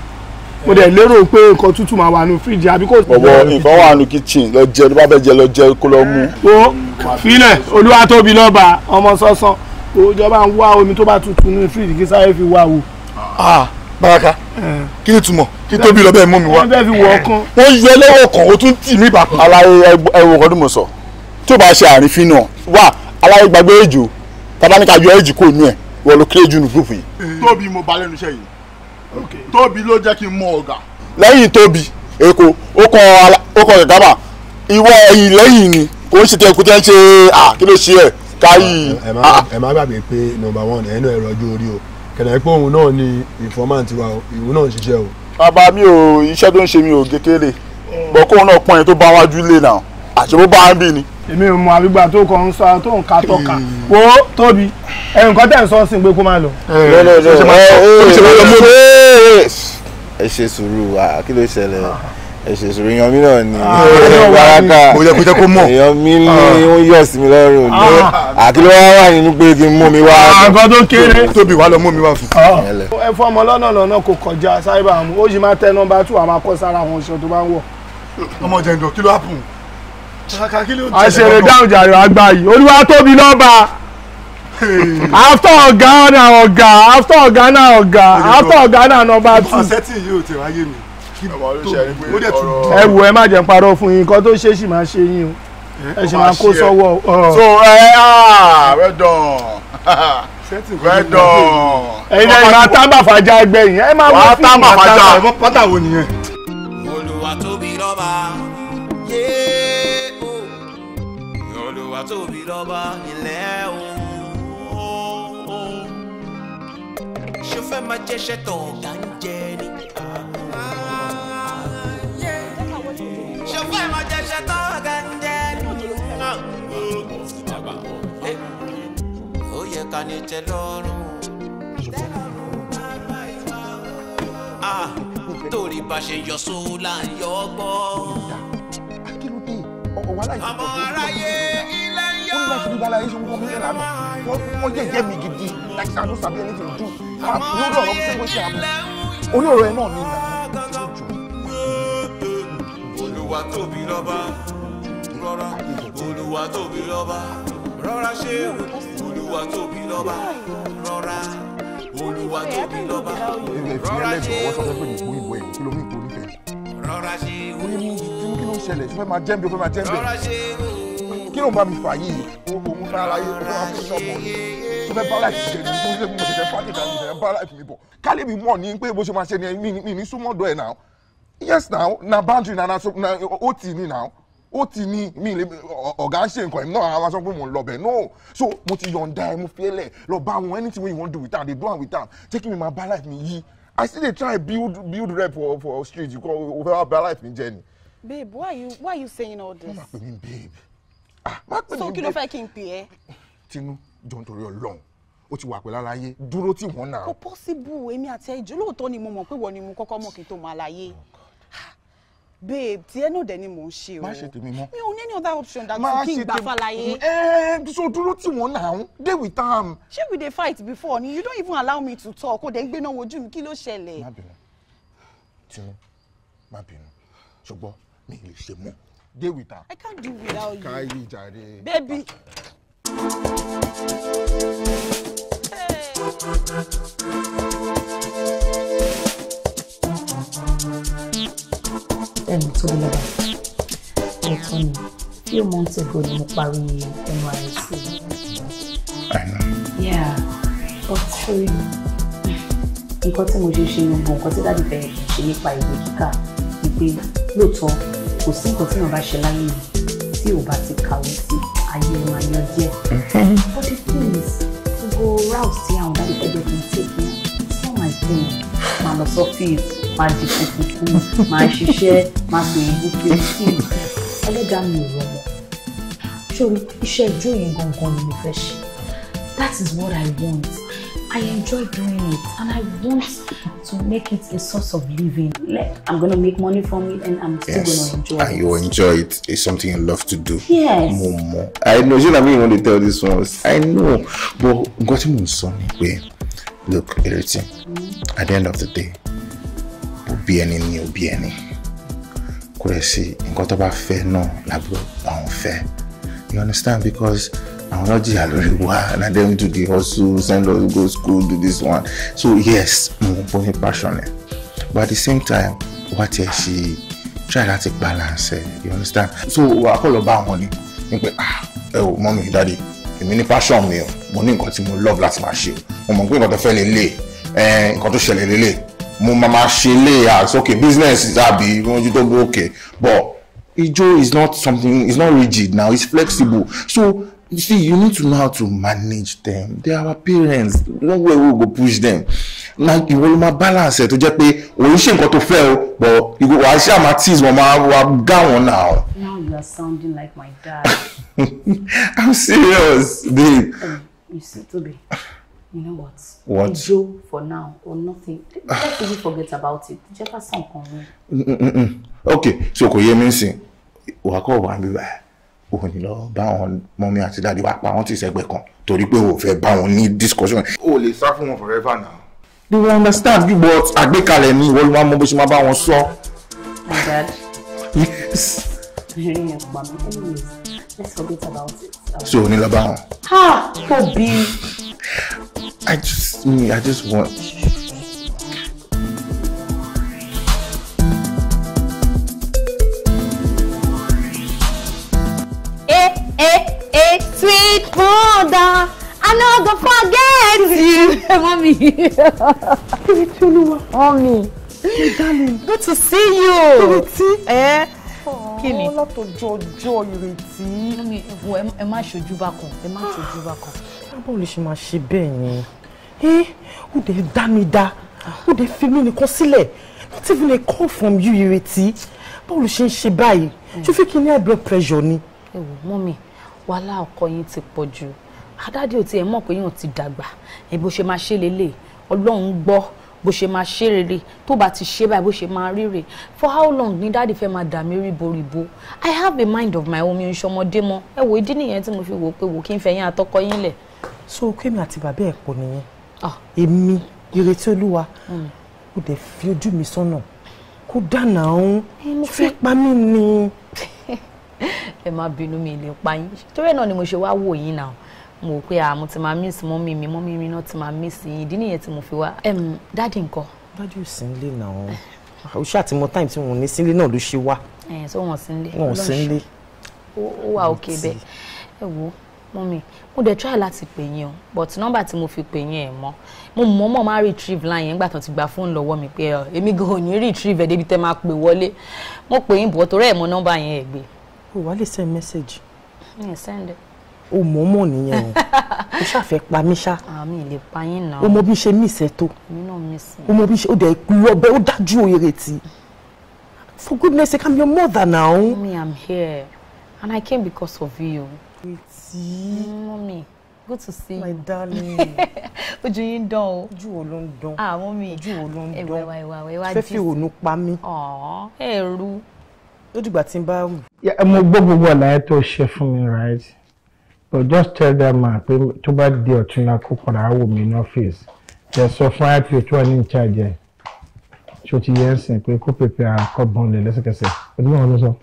mo dẹ̀ lérò pé nǹkan tútù máa wà nù fíríjì àbí kò. ọ̀bọ̀ nǹkan wà nù kitchen lọ jẹ ló bá fẹ́ jẹ lọ jẹ kó lọ mú. wo filẹ̀ olúwa tóbi lọ́ba ọmọ sọ́sán òjọba ń wá omi tó bá tutù nù fíríjì kí sáré fi wá wò ah baraka kí ni túmọ̀ kí tóbi lọ bẹ́ẹ̀ mú mi wá wọ́n yọ ẹlẹ́wọ̀ kan o tún tì mí bàbá. aláyé ẹwọ kan tó mọ̀ sọ tí o bá ṣe àrífín náà wà aláyé gbàgbé èjò tàbá ní ká yọ èjì kò nú ẹ̀ wọ́n ló kéré jù nù gúrùpù yìí. tóbi mo ba lẹ́nu iṣẹ́ yìí tóbi ló jẹ́ kí n mọ ọ̀gá. lẹ́yìn tóbi èkó ó kọ ìgábà ìwọ ẹ̀yìn lẹ́yìn ni kò ń ṣe tẹ̀kú tẹ́ ń ṣe à kí ló ṣe ẹ̀ káyì. ẹ má gbàgbé pé number one ẹ̀ náà ẹ̀rọ ojú orí o kẹ̀lẹ́ pé òun náà ni informant wa o ìwọ náà ń o. bàbá mi ò iṣẹ́ tó ń ṣe mi ò gékèrè bọ́ kóun náà pọ́n yẹn tó bá wájú lè nà àṣebó bá ń bì ni. èmi ò mọ àbígbà tó kàn ń sọ tó ń ka tọ́ka wo tóbi ẹ nǹkan tẹ̀ ń sọ sí pé kó máa lọ. ẹ ṣe sùúrù wa kí ló ṣẹlẹ̀. Ah ẹ̀ṣẹ̀ṣẹ̀ èèyàn mi náà ni baraka èèyàn mi ni ah. ó yọ̀ sí mi lọ́rùn ní ah. àkílẹ̀ wá wà nínú pé kí n mú mi wá. àgọ́ ah, tó kéré tóbi wà lọ mú mi wá fún. ẹ fún ọmọ lọ́nà lọ́nà kò kọjá sáíbà mu ó sì máa tẹ nọmba two àmọ́ akọ́ sára àwọn oṣù tó bá ń wọ̀. ọmọ jẹ̀ǹdọ̀ kí ló hàpùn. àṣẹrẹ dáhùn jàre àgbà yìí olúwa tóbi lọ́ba after ọ̀gá náà ọ̀gá after ọ̀gá náà ọ̀gá after ọ̀gá náà nọmba two. ọ̀sẹ̀ tí yóò tẹ̀ wáyé mi kí tó ẹ wò ẹ má jẹ́ n parọ́ fún yín nǹkan tó ṣe sì máa ṣe yín o ẹ sì máa kó sọ́wọ́. so ẹ ah well done *laughs* well done. ẹ̀yin náà máa tábà fàájà ẹgbẹ́ yìí ẹ máa wọ́n fún ìwà tábà ẹ̀fọ́ pátá wo nìyẹn. olúwa tóbi lọ́ba olúwa tóbi lọ́ba ilẹ̀ òun ṣe fẹ́ máa jẹ́ṣẹ́ tó ọ̀gá ń jẹ ta ni tẹ́ ah, torí bá ṣe yọ sólà ń yọ gbọ́. ọmọ aráyé ilé ń yọ. wọ́n jẹ́ jẹ́ mi gidi like I no sabi anything do. lórí ọ̀rọ̀ tí wọ́n ṣe àmọ́ orí ọ̀rọ̀ náà ní ìlànà. olúwa tóbi lọ́ba rọra olúwa tóbi lọ́ba rọra ṣe olúwa tóbi lọ́ba rọra olúwa tóbi lọ́ba rọra ṣe o rọra ṣe o kí ló ń ṣẹlẹ̀ fẹ́ máa jẹ́ǹbẹ̀ fẹ́ máa jẹ́ǹbẹ̀ kí ló ń bá mi fà yìí òun fara láyé òun máa fún ṣọ́ọ̀bù tó fẹ́ bá láìpẹ́ jẹ́ ní tó ṣe mo ṣẹ̀ṣẹ̀ fàdé ìdáhùn ìṣẹ̀lẹ̀ bá láìpẹ́ mi bọ̀ kálí mi mọ̀ ní pé bó ṣe máa ṣe ni mi ní súnmọ́ dọ̀ ẹ̀ náà yes now na boundary na na ot ni now ó ti ní mi lè ọ̀gá ṣe nǹkan ẹ̀mí náà àwọn aṣọ pé mò ń lọ bẹ̀ no so mo ti yọ̀ǹda ẹ̀ mo fẹ́lẹ̀ lọ bá wọn anything wey you wan do with am dey do am with am jẹ́ kí mi máa life mi yí i still dey try build build rep for for street you call over bá life mi jẹ ni. babe why you why you saying all this. má pè mí babe ah má pè mí babe. so kí ló fẹ́ kí n pè ẹ́. tinú jọ nítorí ọlọ́run ó ti wà pẹ̀lú aláyé dúró tí wọ́n nà. kò pọ́sibú èmi àti ẹ̀jọ́ lóòótọ́ ni mo mọ̀ pé wọ́n ni mo kọ́kọ́ mọ̀ kí n tó máa láyé babe tí ẹ náà dẹ ni mò ń ṣe o má ṣe tèmi mọ́ mi ò ní any other option than to kí n gbà fàlàyé. ẹ ẹ so dúró tí wọn náà dey with am. ṣé we dey fight before ni you don't even allow me to talk o dẹ̀ ń gbéná wojú mi kí ló ṣẹlẹ̀. má bínú tinú má bínú ṣùgbọ́n mi lè ṣe mọ́ dey with am. i can't do without you. káyé jàre. baby. Hey. ẹ̀mí tó lọ bá ọ̀tọ̀ ni few months ago ni mo I know. yeah but sorry nǹkan tí mo ṣe ṣe ni mo nǹkan tí dáàbì bẹ̀rẹ̀ kì í ṣe nípa ìwé kíkà ni pé lóòótọ́ kò sí nǹkan tí wọn bá ṣe láyé yìí tí ò bá ti kàwé sí ayé wọn ayọ díẹ̀. Mm-hmm. but the thing is gbogbo rouse tí àwọn dáàbì bẹ̀rẹ̀ kì í ṣe fún some my thing máa lọ sọ fíìsì máa di kùkùkù máa ṣiṣẹ́ máa pè é gbogbo sí i ẹlẹ́dàá mi ò rọmọ sórí iṣẹ́ ijó yẹn gangan ni mo fẹ́ ṣe that is what I want I enjoy doing it and I want to make it a source of living like I'm gonna make money from it and I'm still yes. gonna enjoy and it. you enjoy it it's something you love to do. yes mo I know You na me you wan dey tell this one I know but nǹkan tí mo look everything mm. at the end of the day òbí ẹni ni òbí ẹni kò rẹ̀ sí nǹkan tó bá fẹ́ náà làbúrò àwọn fẹ́ you understand because àwọn náà jìyà lórí wa na dem do the hustle send us go school do this one so yes mo bọ́ ní passion but at the same time wá tiẹ̀ ṣe try láti balance ẹ̀ you understand so wà á kọ́ lọ bá wọn ni nípa ah ẹ o mọ́mí dáadé èmi ní passion mi o mo ní nǹkan tí mo love láti máa ṣe o mo mọ̀ pé nǹkan tó fẹ́ lè lè eh, nǹkan tó ṣẹlẹ̀ lè lè mo máa ma ṣe lé as okay business tàbí ojú to gbó okay. but ijó is not something it's not rigid now it's flexible so you see you need to know how to manage them they are our parents no way we go push them na ìwọ ló máa balance ẹ tó jẹ́ pé òun ṣe nǹkan tó fẹ́ o but ìwọ wàá ṣe àmà tease wọn máa wà gá wọn náà. now you are sounding like my dad. *laughs* i'm serious babe. Um, you see Tobi. You know what? What? A for now or nothing. Let's even forget about it. Jefferson kan wọ́n. Okay, so kò yé mi nsìn, wàá kọ̀ wá bíbá òun ni lọ bá àwọn mọ́mí àti dáàdi wá pa wọ́n ti sẹ́gbẹ̀ kan torí pé o fẹ́ bá wọn ní discussion. O lè sá fún wọn forever now. Do you understand bí but àgbékalẹ̀ ni ìwọ ló máa mọ bó ṣe máa bá wọn sọ. My dad. Yes. Let's forget about it. So, o ní lọ bá Ha! for bí. I just me, I just want Hey, eh, eh, hey, eh, hey, sweet Buddha, I no go forget you, *laughs* mommy. Chulua, mommy. darling. Good to see you. Pretty. Eh? kí ni. látọjọ́ ọjọ́ ìrètí. mọ́mí ẹ má ṣojú bákan ẹ má ṣojú bákan. báwo lè ṣe máa ṣe bẹ́ẹ̀ yẹn ẹ eh, ó dẹ̀ dá mi dá ó dẹ̀ fi mí nìkan not even a call from you ìrètí báwo ló ṣe ń ṣe báyìí ṣó fi kí ní high blood pressure ni. ẹ wò mọ́ mi wàhálà ti pọ̀ jù adáde ò tiẹ̀ mọ̀ pé yín ò ti dàgbà ẹ bó ṣe máa ṣe lélẹ̀ ọlọ́run gbọ́ bó ṣe máa ṣe rere tó bá ti ṣe báyìí bó ṣe máa ríre for how long ni dáàdì fẹ́ máa dà mí ríboríbo i have a mind of my own mi ò ṣọmọdé mọ ẹ wò ìdí nìyẹn tí mo fi wò pé wò kí n fẹ́ yín àtọkọ yín so kémi àti bàbá ẹ̀ pọ̀ nìyẹn Ah. èmi ìrètí olúwa ó hmm. dẹ̀ fi ojú mi sọ́nà kó dànà òun fẹ́ pa mí ni. *laughs* ẹ má bínú mi lè pa yín torí ẹ náà ni mo ṣe wá wò yín náà mo rò pé àmọ́ ti máa miss mọ́mí mi mọ́mí mi náà ti máa miss yín ìdí nìyẹn tí mo fi wá. dáàdì ńkọ́. dájú sí nílé náà o ṣáà ti mọ táìmù tí wọn ní sílé náà ló ṣe wá. ẹ sọ wọn sí nílé. wọn ò sí nílé. ó wà òkè bẹ́ẹ̀ ẹ wò ó mummy mo dẹ̀ try láti pè yín o but number tí mo fi pè yín ẹ̀ mọ́ mo mọ̀ mọ̀ máa retrieve line yẹn nígbà tó ti gba fóònù lọ́wọ́ mi pé ẹ èmi gan ò ní retrieve ẹ̀ débi tẹ́ máa pè wọlé mo pè yín bọ̀ torí ẹ̀ mọ number? yẹn ẹ̀ gbé. o wá lè send message. ẹ send it. o mọ̀ mọ̀ nìyẹn o *laughs* o ṣàfẹ́ pa mí ṣá. àmì ah, ìlè pa yín náà. o mọ bí ṣe mí ìṣẹ́ tó. èmi náà mí sí. o mọ bí ṣe o dẹ̀ rọbẹ ó dájú òye For goodness sake, I'm your mother now. Mommy, I'm here. And I came because of you sí. mọ́mì good to see you. my darling. *laughs* ojú yín dán o. ojú wo ló ń dán. ah mọ́mì ojú wo ló ń dán. ẹ̀wẹ̀ ẹ̀wẹ̀ ẹ̀wẹ̀ ẹ̀wẹ̀ jíìsì. fẹ́fì ònú pa mí. ọ̀ọ́ ẹ̀rú. ó dìgbà tí n bá wù. mo gbọ́ gbogbo àlàyé tó ṣe fún mi right but just tell that ah, man pé tó bá di ọ̀túnla kó padà wò mí ní ọ́fíìsì jẹ́ sọ fún ipo tí wọ́n ní ìcharge ẹ̀ ṣó ti yẹ ń sìn pé kó pèpè àkọ́bọ̀n lè lẹ́sẹ̀kẹsẹ̀ ẹ̀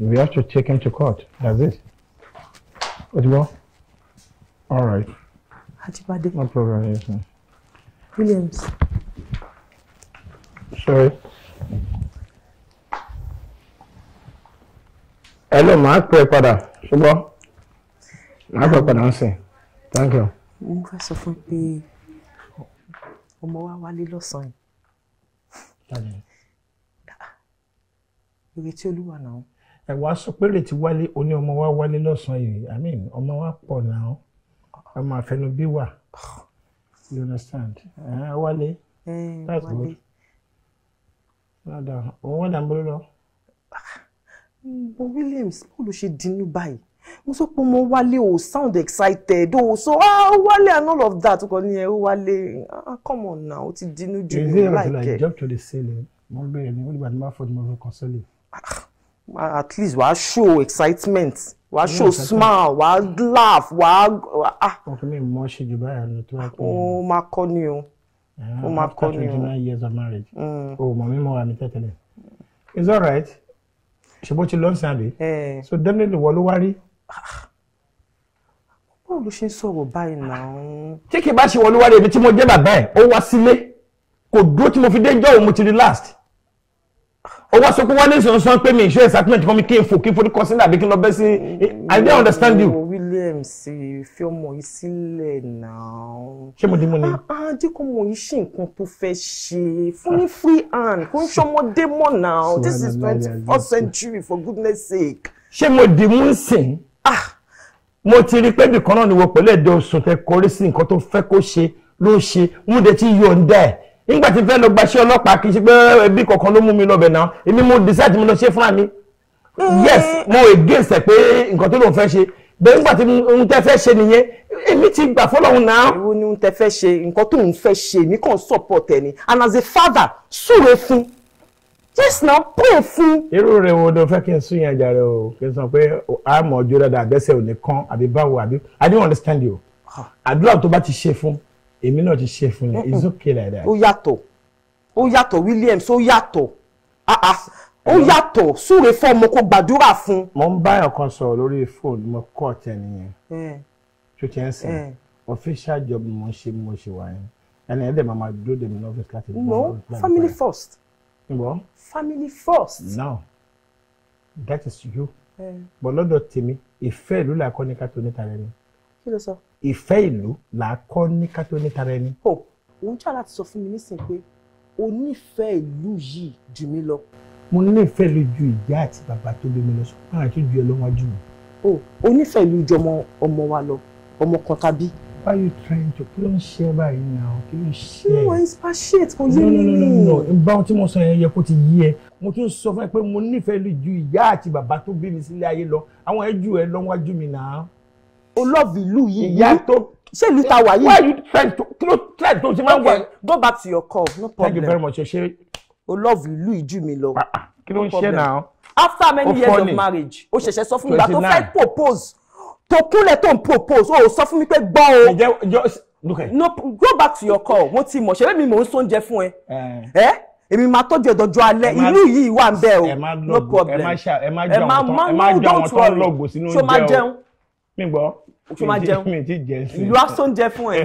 we have to take him to court that's it o ti gbọ́ all right. Ajibade. no problem yes Williams. sorry. Hello, ló máa pè é padà ṣùgbọ́n máa pè thank you. mo fẹ́ sọ fún pé ọmọ wa wálé lọ́sàn-án yìí ìrètí olúwa náà ẹ wá sọ pé retí wálé oní ọmọ wa wálé lọ́sàn-án yìí i mean ọmọ wa pọ̀ náà ọmọ àfẹnubí wà you understand ẹ wálé that's good dáadáa òun wọ́n dàbọ̀ lọ. bo williams báwo ló ṣe dínú báyìí mo sọ pé mo wálé o sound excited o so ah o wálé and all of that kò ní ẹ o wálé ah come on now o ti dínú jù mí láìpẹ́. ìdílé rẹ̀ ti la jump to the ceiling mo ń bẹ̀rẹ̀ ní olùbàdàn bá fọ́ọ̀dù mo fi kàn sọ́lẹ̀. Ah at least wàá show excitement wàá show smile wàá laugh wàá. wọn kì í mọ ṣe jù báyà lọ tó wà pé. ó máa kọ́ ni o eh, ó máa kọ́ ni o. after twenty nine years of marriage. o mọ̀ mi mọ̀ wà mí tẹ́tẹ́lẹ̀ it's alright ṣe bó ti lọ sàn bí. Eh. so definitely wọ́n ló wá rí. báwo ló ṣe ń sọ̀rọ̀ báyìí náà. tí kì í bá ṣe wọ́n ló wá rí ibi tí mo jẹ́ bàbá ẹ̀ ó wá sílé kò dúró tí mo fi dé jọ́ òun mo ti rí last ó wá sọ pé wọ́n ní sọ sọ pé mi ìṣó excitement kan mi kí n fò kí n forúkọ sílẹ̀ àbí kí n lọ bẹ́ sí i don't understand you. Williams fi ọmọ yìí sílẹ̀ náà. ṣé mo dín mọ́ ni. àdínkù ọmọ yìí ṣe nǹkan tó fẹ́ ṣe fún ní free hand kò ń ṣọmọdé mọ́ náà this is twenty first century for goodness sake. ṣé mo dì mú sìn. Ah! mo ti rí pé ibìkan náà ni wo pẹ̀lú ẹ̀dẹ̀ oṣù tẹ kọrí sí nǹkan tó fẹ́ kó ṣe ló ṣe wúndẹ̀ tí yọ̀ǹda ẹ̀ nígbà tí fẹ́ lọ gbaṣẹ́ ọlọ́pàá kì í ṣe pé ẹbí kankan ló mú mi lọ bẹ̀ náà èmi mo decide mo lọ ṣe fúnra mi yes mo against ẹ pé nǹkan tó lòun fẹ́ ṣe bẹ́ẹ̀ nígbà tí n tẹ́ fẹ́ ṣe nìyẹn èmi ti gbà fọlọ́hún náà. ìwọ ni n tẹ́ fẹ́ ṣe nǹkan tó ń fẹ́ ṣe èmi kàn support ẹ ni and as a father súre fún Just now, pray fún. irú rẹ̀ wo ló fẹ́ kí n sún yẹn jàre o kí n sọ pé àmọ́ ojú dáadáa àbẹ́sẹ̀ ò ní kán àbí báwo àbí i don't understand you ah. àdúrà tó bá ti ṣe fún èmi náà ti ṣe fún ẹ it's okay like that. ó yàtọ̀ ó yàtọ̀ Williams ó yàtọ̀ ah, ah. ó yàtọ̀ súre fún ọmọ kó gbàdúrà fún. mo ń báyọ̀ kan sọ̀rọ̀ lórí fóònù mo kọ́ ọ̀tẹ̀ nìyẹn tó eh. ti ń sìn eh. official job ni mo ń ṣe mo ṣe wà yẹn ẹni ẹ̀dẹ̀ máa dúró dèmi ní ọ́fíìsì láti no family first. ǹbọ. family first. now that is you. Eh. bọ̀ lọ́dọ̀ tèmi ìfẹ́ ìlú làkọ́ ní ká tó níta lẹ́nu. kí ló sọ ìfẹ́ ìlú là á kọ́ ní kátó ní tara ẹni. o òun ṣáà láti sọ fún mi nísìnyí pé o nífẹ̀ẹ́ ìlú yìí jù mí lọ. mo nífẹ̀ẹ́ ìlú ju ìyá àti bàbá tó bí mi lọ sọ fún àti ju ọlọ́wọ́ jù mí. o nífẹ̀ẹ́ ìlú ju ọmọ wa lọ ọmọ kan tàbí. why are you trying to kí ló ń ṣe báyìí náà kí ló ń ṣe. no i spatiate kò yé mi. no no no no n bá ohun tí mo sọ yẹn yẹ kó ti yé ẹ mo tún sọ fún ẹ pé mo nífẹ̀ẹ́ ìlú ju ìyá àti bàbá tó bí mi sílé ayé lọ àwọn ẹ jù ẹ lọ́wọ́ o love ìlú yìí ìyá ṣé ìlú ta wà yìí. why you try to no try to ṣe máa ń wà. go back to your call no problem. thank you very much ṣe. o love ìlú ìjú mi lọ. Ah, ah, kí ló ń ṣe náà. after many years of marriage o ṣẹ̀ṣẹ̀ sọ fún mi ìgbà tó fẹ́ propose tó kúnlẹ̀ tó ń propose o sọ fún mi pé gbọ́ o. no go back to your call mo ti mọ̀ ṣe mi mò ń sóúnjẹ fún ẹ eh. Eh? èmi máa tọ́jú ẹ̀dọ̀jọ́ alẹ́ ìlú yìí wà ń bẹ̀ o no problem ẹ má jẹun ẹ má tó ń lọ́gbò sínú oúnjẹ o mi gbọ́ òfin máa jẹun ìlú asán jẹ fún ẹ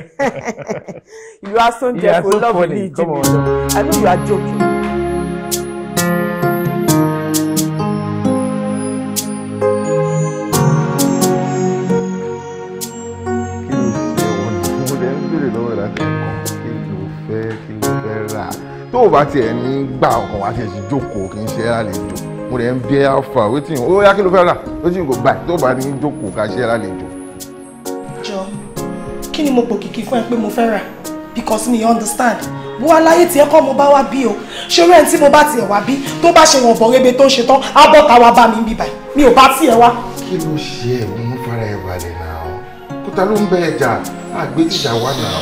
ìlú *laughs* asán jẹ fún lọ́bìnrin ìjìnlẹ̀ I know you are joking. tó o bá tiẹ̀ ní gbà ọkàn wá tiẹ̀ sí jókòó kì í ṣe é lálejò mo rẹ̀ ń bẹ́ alpha wetin ó yá kí ló fẹ́ rà wetin kò gbà tó bá ní jókòó ká ṣe lálejò. jọ kí ni mo pòkìkí fún ẹ pé mo fẹ́ rà because me understand wo aláyé tiẹ̀ kọ́ mo bá wá bí o ṣerú ẹ̀ tí mo bá tiẹ̀ wá bí tó bá ṣe wọ̀n bọ̀rẹ́bẹ tó ń ṣe tán á bọ̀ táwa bá mi ń bíbà mi ò bá tiẹ̀ wá. kí ló ṣe ẹ òun fara ẹ balẹ̀ náà kúta ló ń bẹ ẹja àgbéjìjà wà náà.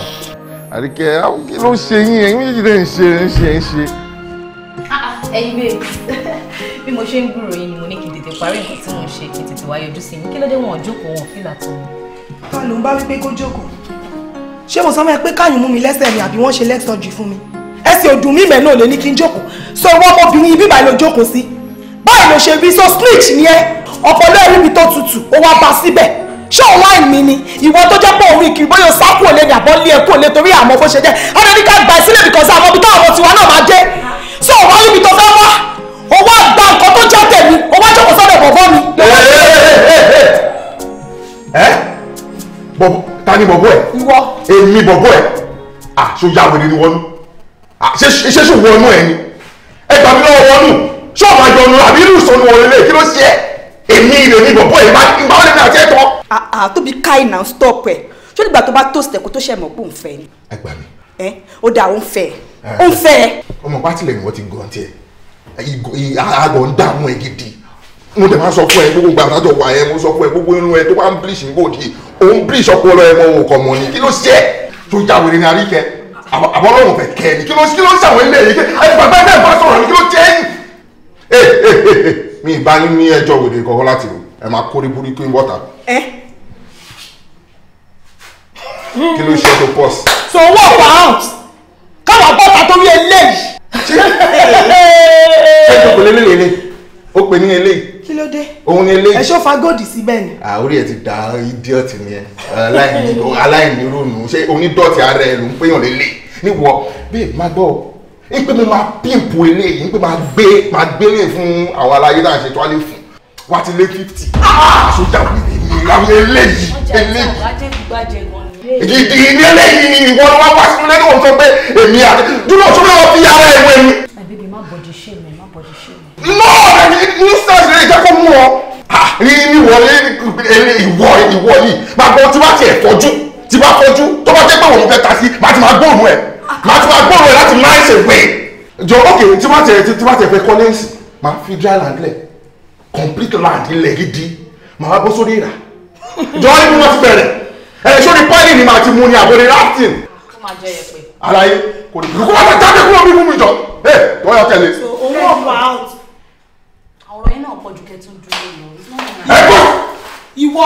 àríkẹ́ kí ló ṣe yín ẹ̀yin méjèèjì lè ń ṣe ń ṣe ń ṣe ẹyin babe bí mo ṣe ń gbúrò yín ni mo ní kí n tètè parí nǹkan tí mo ń ṣe kí n tètè wá yọjú sí yín kí ló dé wọn ò jókòó wọn fìlà tó mi. ta ló ń bá wípé kó jókòó ṣé mo sọ fún ẹ pé káyùn mú mi lẹ́sẹ̀ mi àbí wọ́n ṣe leg surgery fún mi ẹsẹ̀ òdùn mi mẹ́ẹ̀ náà lè ní kí n jókòó so ìwọ ọmọbìnrin ibi báyìí ló jókòó sí báyìí ló ṣe rí so snitch ni ẹ ọpọlọ ẹrí mi tó tutù ó wá bá síbẹ̀ ṣé online mi ni ìwọ tó jẹ́ pé òun ìkiri bóyá sákò lè ní àbọ̀ lé ẹ̀kọ́ lè e torí àmọ́ bó ṣe jẹ́ ọ̀dọ̀ ní ká gbà sílẹ̀ bìkọ́sí àwọn ibi táwọn tiwa náà máa dé sọ wá níbi tó fẹ́ wá o wá gba nǹkan tó já tẹ̀mí o wá jókòó sọ́dọ̀ bọ̀bọ̀ mi. ẹ bọ̀bọ̀ ta ni bọ̀bọ̀ ẹ̀. ìwọ. èmi bọ̀bọ̀ ẹ̀ àṣọ ya wèrè ni wọnú ṣé ṣe wọnú ẹ ni ẹ gbà mí lọ́wọ́ wọnú ṣé ọmọ àjọ ọ̀nà àbí irú ìsọnù ọ̀rẹ́ lè kí ló ṣe ẹ èmi ìrè ni bọ̀bọ̀ ẹ̀ ìgbà wọlé mi àti ẹ̀ tán. àtòbí káì náà stop ẹ̀ ṣé nígbà tó bá tó ṣẹ̀kú tó ṣẹ̀ mọ̀ pò ń fẹ́ ni. ẹ gbà mí. ẹ ó dà ó ń fẹ́ ẹ ó ń fẹ́ ẹ. ọmọ pátì lẹ́yìn wọ́n ti gan tiẹ̀ àgọ̀ ń dààmú ẹ gidi mo dẹ̀ máa sọ fún ẹ gbogbo ìgbà àtàjọ wà ẹ mo sọ fún ẹ gbogbo irun ẹ tó bá ń bleach ń bòdì òun bleach ọpọlọ ẹ mọ òun kọ mọ ni kí ló ṣe é tó já wèrè ní àríkẹ àbọ̀ lọ́wọ́ fẹ̀ kẹ́ ni kí ló kí ló ṣàwọn ilé yìí kí àti bàbá náà bá sọ̀rọ̀ ni kí ló jẹ́ yìí. ẹ ẹ ẹ mi ì bá ní ní ẹjọ́ wèrè kọ̀ọ̀kan láti rò ẹ máa kórè burúkú ń bọ̀tà. ẹ kí ló ṣe tó pọ̀ sí. so wọ́n wà káwa bọ́ta torí eléyìí. ṣé ìjọba lè lè lè ó pè ní eléyìí. kí ló dé òun ni eléyìí. ẹ̀ṣọ́ fagóòdì síbẹ̀ ni. àórí ẹ̀ ti da idiot ni ẹ aláìnírònú ṣé onídọ̀tí ara ẹ̀ ló ń péyàn lélẹ̀ níwọ̀ bíi má gbọ́ ń pé mo máa pimpu eléyìí ń pé máa gbé máa gbélé fún àwọn aláyé náà ṣe tó á lè fún wa ti lé fifty. aṣọ dàbí ni àwọn eléyìí eléyìí. ọjà ìta wàá jẹ́ gbàjẹ́ gan ìdí ìdílé yìí ìwọ ni wọn wá sí mi lẹ́nu òun sọ pé èmi àti dúró tó lọ fi ara ìwé mi. my baby má body shame mi má body shame mi. no ẹni ní sẹ́ẹ̀sì lè jẹ́ kó mú ọ. ní ìwọlé ìwọ ìwọ yìí máa gbọ́ tí wàá tiẹ̀ fọ́jú tí wàá fọ́jú tó bá jẹ́ pé òun fẹ́ ta sí máa ti máa gbóòrùn ẹ̀ máa ti máa gbóòrùn ẹ̀ láti máa ṣe wé. jọ ok tí wàá tiẹ̀ tí wàá tiẹ̀ fẹ́ kọ́lé ẹ̀sìn máa fi dry land lẹ̀ complete land ilẹ̀ gidi máa bọ́ sórí ìrà jọ ọ́ ní bí ti bẹ̀rẹ̀ ẹ sórí pọ́ìlì ni màá ti mú ni àbọ̀lẹ̀ rafting. kó máa jẹ yẹpẹ. alaye kò ní kó máa jáde kúrò bí mímú jọ ẹ tó yọ tẹlẹ. so owó ọ̀fà out ọ̀rọ̀ yẹn náà pọ̀ ju kẹtù dúró lọ. ẹ kọ́. ìwọ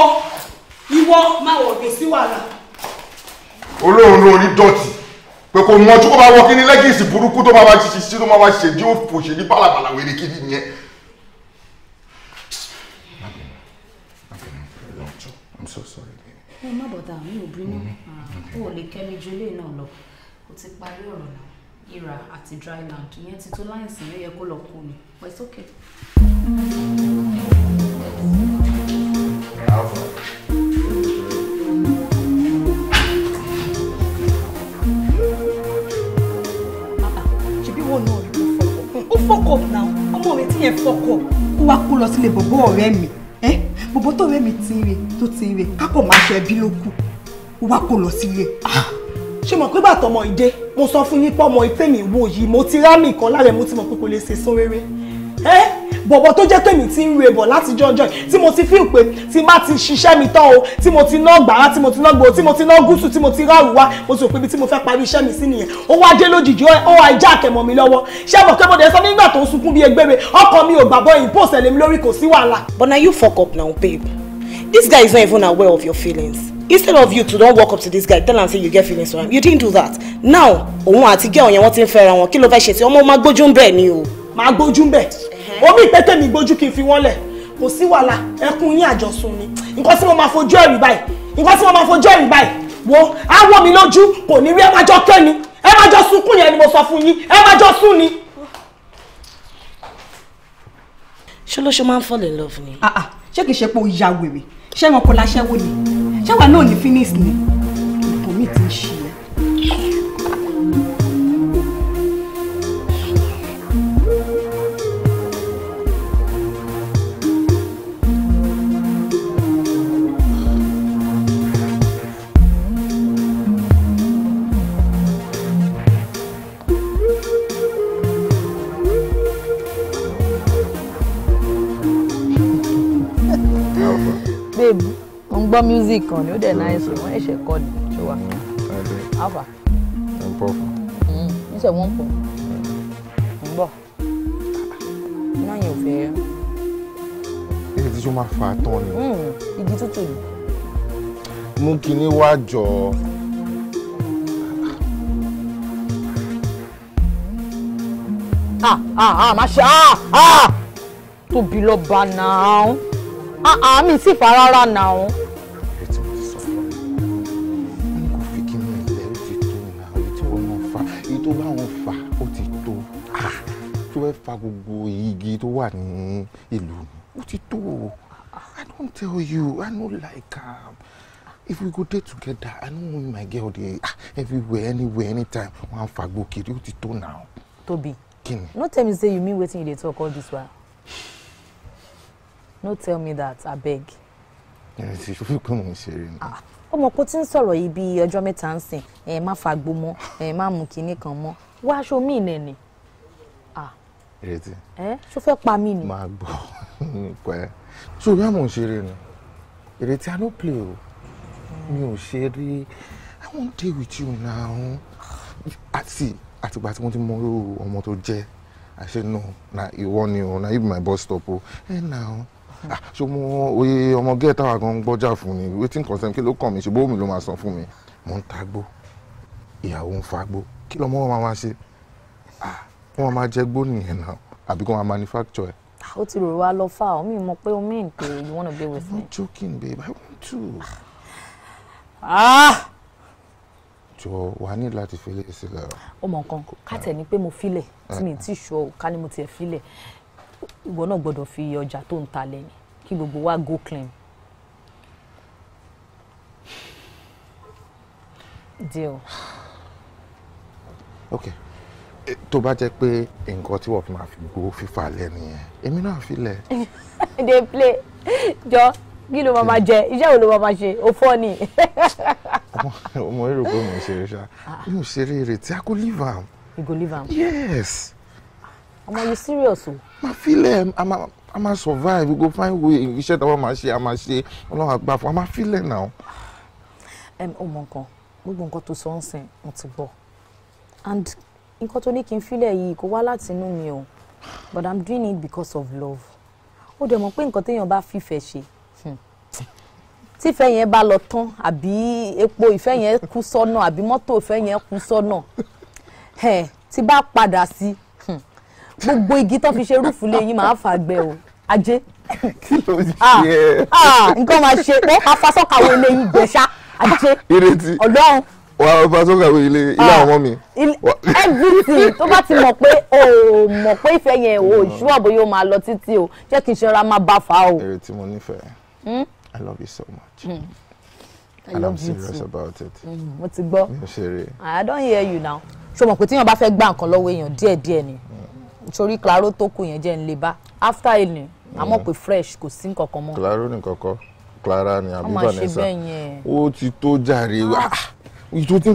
ìwọ máa wọ̀ gbé sí wàhálà. olóhùn ló ní dọ̀tí pé kò mọ̀ tí kò bá wọ kí ni lẹ́gìsì burúkú tó máa wá ṣiṣẹ́ tó máa wá ṣèdí òfò ṣèdí bálabàlà wèrè kí nìyẹn ẹ má bọ̀dà mi ò bínú ó mm. ah, mm, lè kẹ́mi ju ilé náà lọ ó ti parí ọ̀rọ̀ náà ira àti dryland ìyẹn ti tó láìsí ló yẹ kó lọ kú ni pẹ̀ sókè. Bravo. ó fọkọ̀ náà ọmọ mi tí yẹn fọkọ̀ kó wá kú lọ sílé bọ̀bọ̀ ọ̀rẹ́ mi ẹ eh, bọ̀bọ̀ tó rẹ̀ mi ti rè tó ti rè kápọ̀ máa ṣe ẹbí ló kù wá kó lọ sílé. Ah. ṣé mo pé bàtọ̀ ọmọ ìdè mo sọ fún yín pé ọmọ ìfẹ́ mi wò yìí mo ti rámì kan lára mo ti mọ̀ pé kò lè ṣe sún rere. Eh? bọ̀bọ̀ tó jẹ́ pèmí ti ń rebọ̀ láti jọjọ́ tí mo ti feel pé tí má ti ṣiṣẹ́ mi tán o tí mo ti ná gbàrà tí mo ti ná gbòó tí mo ti ná gúúsù tí mo ti rá òrùwá mo ti rò pé ibi tí mo fẹ́ parí iṣẹ́ mi sí nìyẹn ó wá dé lójijì ó wá ìjà àkẹ́mọ̀ mi lọ́wọ́ ṣé mo kẹ́ mo dẹ̀ sọ nígbà tó ń sunkún bí egbére ọkọ mi ò gbàgbọ́ ìpòsẹ̀ lèmi lórí kò sí wàhálà. but na you fuck up now babe this guy is not even aware of your feelings instead of you to don't walk up to this guy tell am say you get feelings for am you didn't do that now òun àti gẹ́ ọ̀yẹ́ wọ́n ti ń fẹ́ra wọn kí ló fẹ́ ṣe sí ọmọ máa gbójú ń bẹ̀ ni o. máa gbójú ń bẹ̀ omi ìpẹ́tẹ́ mi gbójú kí n fi wọ́n lẹ̀ kò sí wàhálà ẹkún yín àjọsùn ni nǹkan tí mo máa fojú ẹ̀rí báyìí nǹkan tí mo máa fojú ẹ̀rí báyìí wo àwọ̀ mi lójú kò ní rí ẹ máa jọ kẹ́ni ẹ máa jọ sunkún yẹn ni mo sọ fún yín ẹ máa jọ sùn ni. ṣé ló ṣe máa ń fall in love ni. Ah, ah, ṣé kìí ṣe pé o ya wèrè ṣé wọn kò láṣẹ́wó ni ṣé wà náà ní phoenix ni nǹkan mi ti ń ṣe é. lónìí mo ń gbọ́ music kan ni ó dẹ̀ náà ẹ̀sùn wọ́n ẹ̀ṣẹ̀ kọ́ ni ṣé wà. alfa. ń pọ̀ fún. níṣẹ́ hmm, wọ́n ń pọ̀ ń bọ̀ iná yẹn ò fẹ́. èyí tí ó máa fà tán ni. Hmm, igi tútù ni. mú kinní wá jọ. ah ah ah máa ṣe ah ah tóbi lọ́ba náà àmì ah, ah, sì fà rárá nà ó. tó bá wọn ah, igi tó wà ní ìlú ó ti tó I don tell you I no like am. Um, if we go dey together i no want my girl dey ah everywhere anywhere anytime wan fagbo kiri o ti to now. tobi no tell me say you mean wetin you dey talk all this while no tell me that abeg. ẹ ti fi pé mò ń ṣeré ni. Ah, ọmọ kò tí ń sọ̀rọ̀ yìí bí ọjọ́ mẹ́ta ń sìn ẹ má fàgbó mọ́ ẹ má mú kinní kan mọ́ wá aṣọ mi nẹ̀ ni. ìrètí. Ah. ẹ ṣó fẹ́ pa mí ni. máa gbọ́ pẹ́ ṣó yá mò ń ṣeré ni ìrètí i no play o mi ò ṣeré i wan dey with you now àti àtìgbà tí mo ti mọ ọmọ tó jẹ́ àṣẹ náà na ìwọ ni o na you be my bus stop o ẹ nà ṣo ah, mo oye ọmọ gẹ́ẹ̀ táwa gan gbọ́jà fún ni wetin concern kí ló kàn mí ṣe bómi ló máa san fún mi mò ń tagbó ìyàwó ń fagbó kí lọ́mọ wọn máa ṣe ah, wọn máa jẹ gbó nìyẹn náà àbí kí wọn máa manufacture ẹ. Ah, ó ti rò wá lọ fà ọ́ mi mọ̀ pé o mean pé you wanna be with me. I'm not joking babe I want to. ah jọ wà ní láti filẹ̀ sílẹ̀. ó mọ nǹkan ká tẹ̀ pé mo filẹ̀ tí mi ti sọ ká ní mo tiẹ̀ filẹ̀ ìwọ náà gbọ́dọ̀ fi ọjà tó ń ta lẹ́yìn kí gbogbo wa go clean. deal. ok e, tó bá jẹ́ pé nǹkan tí wọ́n fi máa fi gbó fífà lẹ́nu yẹn èmi náà fi lẹ̀. *laughs* dey play jọ kí ló máa máa jẹ iṣẹ́ wo ló máa máa ṣe ó fọ́ ni. *laughs* ọmọ èrò pé mo ń ṣeré ṣá ah. mi ò ṣeré rè tí a kò leave am. you go leave am. yes ọmọ you serious o. ma filẹ̀ eh, a ma a ma survive we go find way iṣẹ́ tí wọ́n máa ṣe a máa ṣe ọlọ́run àgbà fún a ma filẹ̀ náà. ẹ ò mọ nǹkan gbogbo nǹkan tó sọ ń sìn mo ti gbọ́ and nǹkan tó ní kí n filẹ̀ yìí kò wá láti inú mi o but i'm doing it because of love ó dẹ̀ mọ̀ pé nǹkan téèyàn bá fìfẹ́ ṣe hmm, tífẹ́ yẹn bá lọ tán àbí epo ìfẹ́ yẹn kú sọ́nà àbí mọ́tò ìfẹ́ yẹn kú sọ́nà *laughs* eh, tí bá padà sí i gbogbo igi tó fi ṣe rúfù yín máa fà gbẹ o ajé. kí ló ń ah, ṣe ẹ. Ah, nǹkan máa ṣe pé afasọ́kàwé ilé yín gbẹ̀ṣá ajé ọlọ́run. wà á fasọ́kàwé ilé ilé ah, ọmọ mi. everything tó bá ti mọ̀ pé o mọ̀ pé ìfẹ́ yẹn o ìṣúwà bóyá o máa lọ títí o jẹ́ kí n ṣe máa bá fa o. èrè mo nífẹ̀ẹ́ hmm? I love you so much. Hmm. I and I'm serious too. about it. Hmm, mo ti gbọ́. I don't hear you now. ṣo mọ̀ pé tíyàn bá fẹ́ gbà nǹkan lọ́wọ́ èèyàn díẹ̀díẹ̀ ni torí claro tó kù yẹn jẹ́ ń bá after evening a mọ̀ mm. pé fresh kò sí nǹkan mọ́. claro ni kọ́ clara ni àbí vanessa ó ti tó jàre wá ah! ìtò tí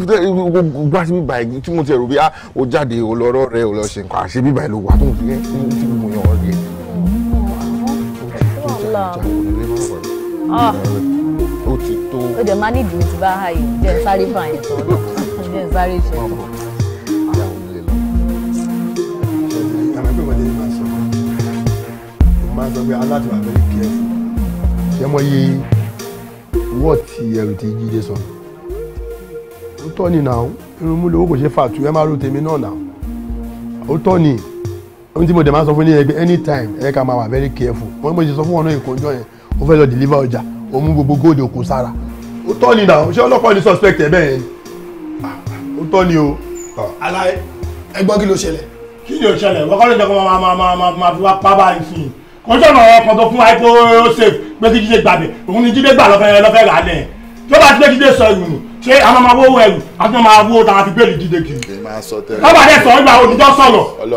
gbà sí bíbá yìí tí mo ti rò bí ó ah, jáde ó lọ rọrẹ ó lọ ṣe nǹkan àṣẹ bíbá yìí ló wà tó ń fi ẹ tí mo yàn ọ rí ẹ. ó ti tó. ó dẹ̀ máa ní ti bá háyì jẹ́ sáré fún àyẹ̀tọ̀ ọ̀dọ́ jẹ́ sáré ṣe. máa sọ pé aláti wà very careful ṣé mo yí wọ́ọ̀tì ẹ̀rù ti jíde sọ ó tọ́ ni náà irun mú lówó kò ṣe fàtú ẹ máa ro tèmi náà náà ó tọ́ ni ohun tí mo dẹ̀ máa sọ fún yín ẹgbẹ́ anytime ẹ ká máa wà very careful wọ́n mo ṣe sọ fún wọn náà ìkọjọ́ yẹn ó fẹ́ lọ deliver ọjà ó mú gbogbo góòdì òkú sára ó tọ́ ni náà ṣé ọlọ́pàá ni suspect ẹ bẹ́ẹ̀ ni ó tọ́ ni o. aláì ẹgbọ́n kí ló ṣẹlẹ̀. kí ni ò ṣẹlẹ̀ wọ́n kọ́ ló jẹ́ kó máa máa máa máa fi wá pábà yìí kò ń ọkọ̀ tó fún àìkó safe pé gbàgbé òun ni jíde gbà lọ́fẹ́ lọ́fẹ́ rà lẹ̀ tó bá ti pé sọ ẹrù ṣé àwọn máa wó ẹrù àti wọn máa wó tara bẹ́ẹ̀lì jíde kiri. lọ́ba dẹ̀ sọ ìgbà oníjọ́ sọ̀rọ̀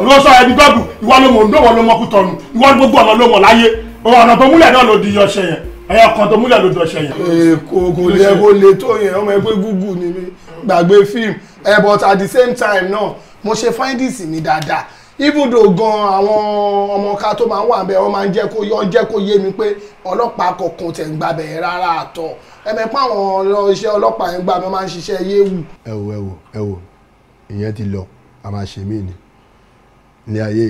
ló sọ ẹbí gọ́dù ìwọ ló mọ̀ ndówó ló mọ̀ kú tọ̀nù ìwọ gbogbo ọ̀nà ló mọ̀ láyé ọ̀nà tó múlẹ̀ náà ló di ọṣẹ yẹn ẹyọ kan tó múlẹ̀ ló di ọṣẹ yẹn. kò lè kó lè tó yẹn ọmọ ẹgbẹ́ gúgù ni mi gbàgbé fíìmù but at the same time náà mo ṣe findings mi dáadáa ibùdó gan àwọn ọmọ ká tó máa ń wà ń bẹ wọn máa ń jẹ́ kó yọ jẹ́ kó yé mi pé ọlọ́pàá kọ̀ọ̀kan tẹ̀ ń gbàbẹ̀ rárá àtọ̀ ẹ̀mẹ̀ pa àwọn iṣẹ́ ọlọ́pàá yẹn gbà mí máa ń ṣiṣẹ́ yéwu. ẹ wo ẹ wo ẹ wo ìyẹn ti lọ a máa ṣe míì ni ní ayé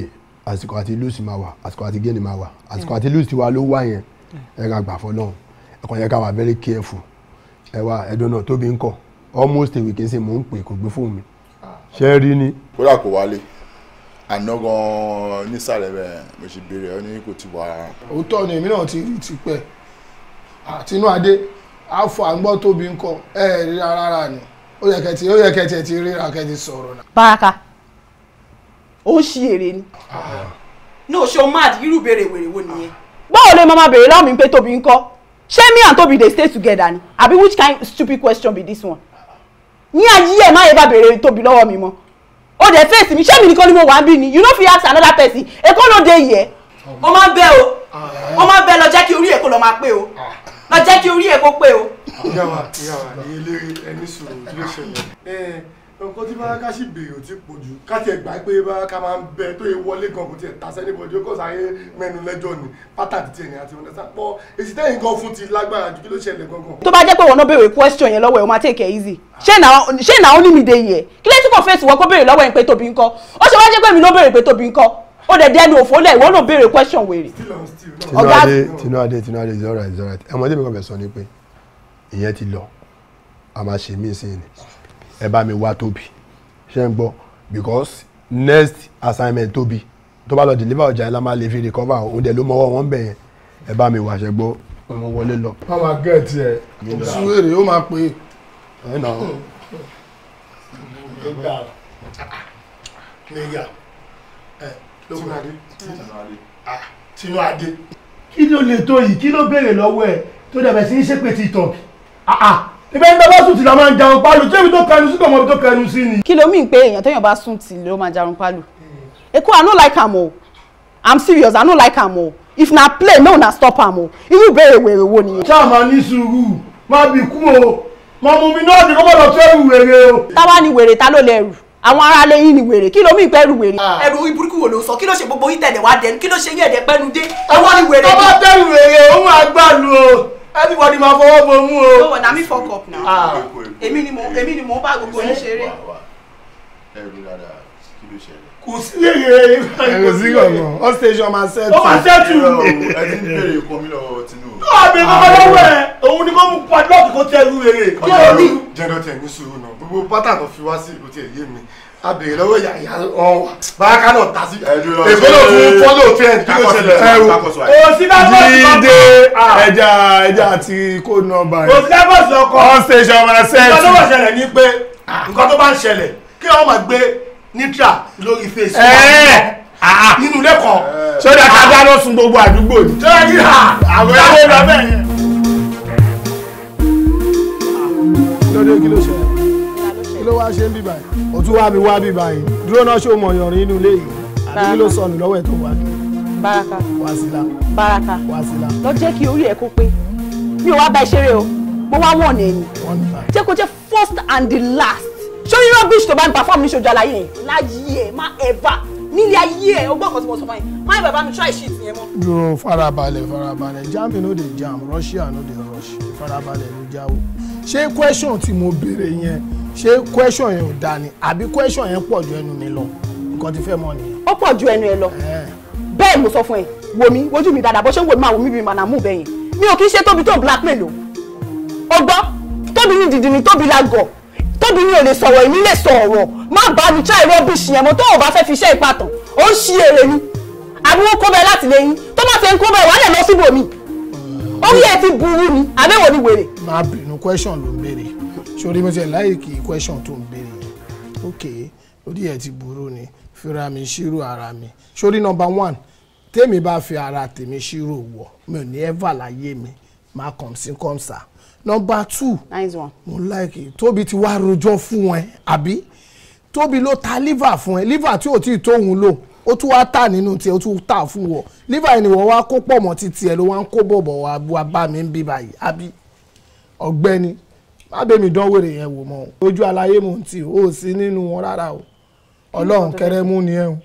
àsìkò àti lùsì máa wà àsìkò àti gẹ́ni máa wà àsìkò àti lùsì wa ló wà yẹn ẹ ká gbà fọlọ́run ẹ kàn yẹ ká wà very careful ẹ wá ẹdùn náà tóbi ń kọ almost a week ṣe mò ń pè kò gbé fóònù mi ah. ṣe é rí ni. kódà kò wálé. ànágan nísàlẹ̀ bẹ́ẹ̀ mo ṣe bèrè ọ ní kò ti wà. òótọ́ ni èmi náà ti rí tipẹ́ àtinú adé àfọ àgbọ́ tóbi ń kọ ẹ rí rárá ni ó yẹ kẹtì ó yẹ kẹtì ẹ ti ríra kẹtì sọ̀rọ̀ náà. baraka ó ń ṣí èrè ni. no ṣe o mad irú béèrè wèrè wo nìyẹn. báwo lè mama Bèrè, lọ́wọ́ mi pé tóbi ń ṣé me and tobi dey stay together ni àbí which kind stupid question be this one. ní ayé ẹ̀ má yẹ bá tóbi lọ́wọ́ mi mọ́ o dẹ̀ fèsì mi ṣé mi nìkan ni mo wà ń bí ni you no fit ask another person èkó ló dé yẹ. ó máa ń bẹ o ó máa ń bẹ lọ jẹ́ kí orí èkó lọ máa pé o lọ jẹ́ kí orí èkó pé o. ìyá wa ìyá wa ẹni sùn ló ṣẹlẹ̀ nǹkan tí báraká sì béèrè ò ti pọ̀ jù ká tiẹ̀ gbà pé báraká máa ń bẹ tó yẹ wọlé gan kò tiẹ̀ tàṣẹ níbo ojú kò sáyé mẹ́nu lẹ́jọ́ ni pátàkì tiẹ̀ ní àti ọ̀nà sápọ̀ èsì tẹ́yìn gan fún ti lágbára ju kí ló ṣẹlẹ̀ gangan. tó bá jẹ́ pé wọn náà béèrè question yẹn lọ́wọ́ ẹ̀ o máa take it easy ṣé ìnáwó ní mi dé yẹ kí lẹ́tí kò fèsì wọ́n kó béèrè lọ́wọ́ ẹ̀ pé tóbi ńkọ́ ó ṣe wá jẹ́ pé mi ló béèrè pé tóbi ńkọ́ ó dẹ̀ dẹ́nu òfò lẹ̀ ìwọ náà béèrè question wèrè. tinuade tinuade is alright is alright ọmọdé mi kàn fẹ́ sọ ni pé ìyẹn ti lọ a máa ṣe mí sí ni ẹ bá mi wá tóbi ṣe ń gbọ́ because next assignment tóbi tó bá lọ deliver ọjà yẹn la máa lè fi recover òun dẹ̀ ló mọ́wọ́ wọn bẹ̀ yẹn ẹ bá mi wá ṣe gbọ́ wọn wọlé lọ. wọ́n máa gẹ̀ ẹ́ tiẹ̀ ìṣúwèrè ó máa pè é. nígbà tinú adé. kí ló lè tó yìí kí ló béèrè lọ́wọ́ ẹ̀ tó dàbẹ̀ sí ṣépè ti tàn. Ah, ah ibẹ̀ nígbà bá sùn tì la máa ń jarun pálù tí èmi tó kẹnu sí kò mọ tó kẹnu sí ni. kí ló mìín pé èèyàn téèyàn bá sùn tì ló máa jarun pálù Eko I no like am o I'm serious I no like am o if na play make una stop am o irú ìbéèrè wèrè wo nìyẹn. ṣáà máa ní sùúrù má bì kú o má mú mi náà ní kó lọ tó ẹrù wèrè o. táwa ni wèrè ta ló lè rù àwọn ará lẹ́yìn ni wèrè kí ló mú ìpẹ́rù wèrè. Ah. ẹrù ìburúkú wo ló sọ kí ló ṣe gbogbo yìí tẹ̀lé wa dẹ̀ kí ló ṣe yín ẹ̀dẹ̀ pẹ́nu dé. àwọn ni wèrè. tọ́ bá tẹ̀rù wèrè ó máa lù o everybody máa fọwọ́ bomú o. no na mi fọk up na ah. èmi ni mo èmi ni mo bá gbogbo yín ṣeré. kò sí lèrè kò sí gbọ̀ngàn all stage ọmọ sẹ́tù. ọmọ sẹ́tù. ẹni ń bèrè ikọ̀ mi lọ́wọ́ Tinubu. kọ́ àbẹ̀ kọ́kọ́ lọ́wọ́ ẹ̀ òun ni kò mú padlock kó tẹ́ ẹrú rere. jẹ́dọ̀ tẹ̀ ní sùúrù náà gbogbo pátá tó fi wá sí ìlú tẹ̀ yé mi a bèrè lọ́wọ́ yàyà ọ̀hún báyà ká lọ ta sí èkó ló fún fọ́lọ̀ trend kí ló ṣẹlẹ̀ ẹrù dídé ẹja ẹja àti kó nọmba yìí. òsínàbọ̀sì ọkọ on station ma ṣẹ́ẹ̀tì. nǹkan tó bá ṣẹlẹ̀ ni pé nǹkan tó bá ń ṣẹlẹ̀ kí wọ́n máa gbé nítra lórí face. Ah, ah. nínú lẹ́kọ̀ọ́. sọ́dọ̀ ká dáná sun gbogbo àdúgbò yìí. sọ́dọ̀ ah. kí ló ṣẹlẹ̀ kí ló wáá ṣe ń bíbà yìí o tún wáá mi wá bíbà yìí dúró náà ṣó mọ̀ yọ̀rìn inú ilé yìí àbí ló sọnù lọ́wọ́ ẹ̀ tó wá kí. baraka wasila baraka wasila lọ jẹ́ kí orí ẹ̀ kó pé mi ò wá bá ẹ ṣeré o mo wá wọ̀n ní ẹni jẹ́ kó jẹ́ first and the last sórí rubbish tó bá ń perform ní ṣojú àlàyé yẹn láyé ẹ̀ má ever nílé ayé ẹ̀ ọgbọ́n kan tí mo sọ fún yín má yẹ bàbá mi try shit yẹn mọ́. dúró farabalẹ̀ farabalẹ̀ germany no dey jam russia no dey rush farabalẹ̀ ló jáwó ṣé question tí mo béèrè yẹn ṣé question yẹn ò dáa ni àbí question yẹn pọ̀ ju ẹnu mi lọ nǹkan tí fẹ́ mọ̀ nìyẹn. ó pọ̀ ju ẹnu ẹ lọ bẹ́ẹ̀ mo sọ fún ẹ wò mí wojú mi dáadáa bó ṣe ń wò mí máa wò mí bí màná mú bẹ́yìn mi ò kí ń ṣe tóbi tó blackmail o ó tóbi ní dìdì ní tóbi lágọ̀ọ́ tóbi ní ò sọ̀rọ̀ èmi lè sọ má bá mi try rubbish yẹn mo tó ò bá fẹ́ fi iṣẹ́ ìpàtàn ó ń ṣí èrè ni àbí wọ́n kó bẹ́ẹ̀ láti lẹ́yìn tó má fẹ́ ń kó bẹ́ẹ̀ wà lọ síbòmí orí ẹ ti burú ni àbẹ́wò ni wèrè má bínú question ló ń béèrè sórí mo ti e láìkí question tó ń béèrè yẹn ok lórí ẹ̀ e ti burú ni fira mi ṣírò ara mi sórí number one tèmi bá fi ara tèmi ṣírò wọ̀ mi ò ní ever láyé mi má kàn sí kàn sá number two mo láìkí tóbi ti wá rojọ́ fún ẹ àbí tóbi ló ta liver fún ẹ liver tí ò tí ì tóhun lò ó tún wá tà nínú tiẹ̀ ó tún tà fún wọ liver ẹni wọ́n wá kó pọ̀ mọ́ títí ẹ ló wá ń kó bọ̀bọ̀ wá bá mi ń bí báyìí àbí ọ̀gbẹ́ni má bèmi dánwò rè yẹn wò mọ́ ojú aláyé mò ń tì ó sí nínú wọn rárá o ọlọ́run kẹrẹ́mú ni ẹ̀ o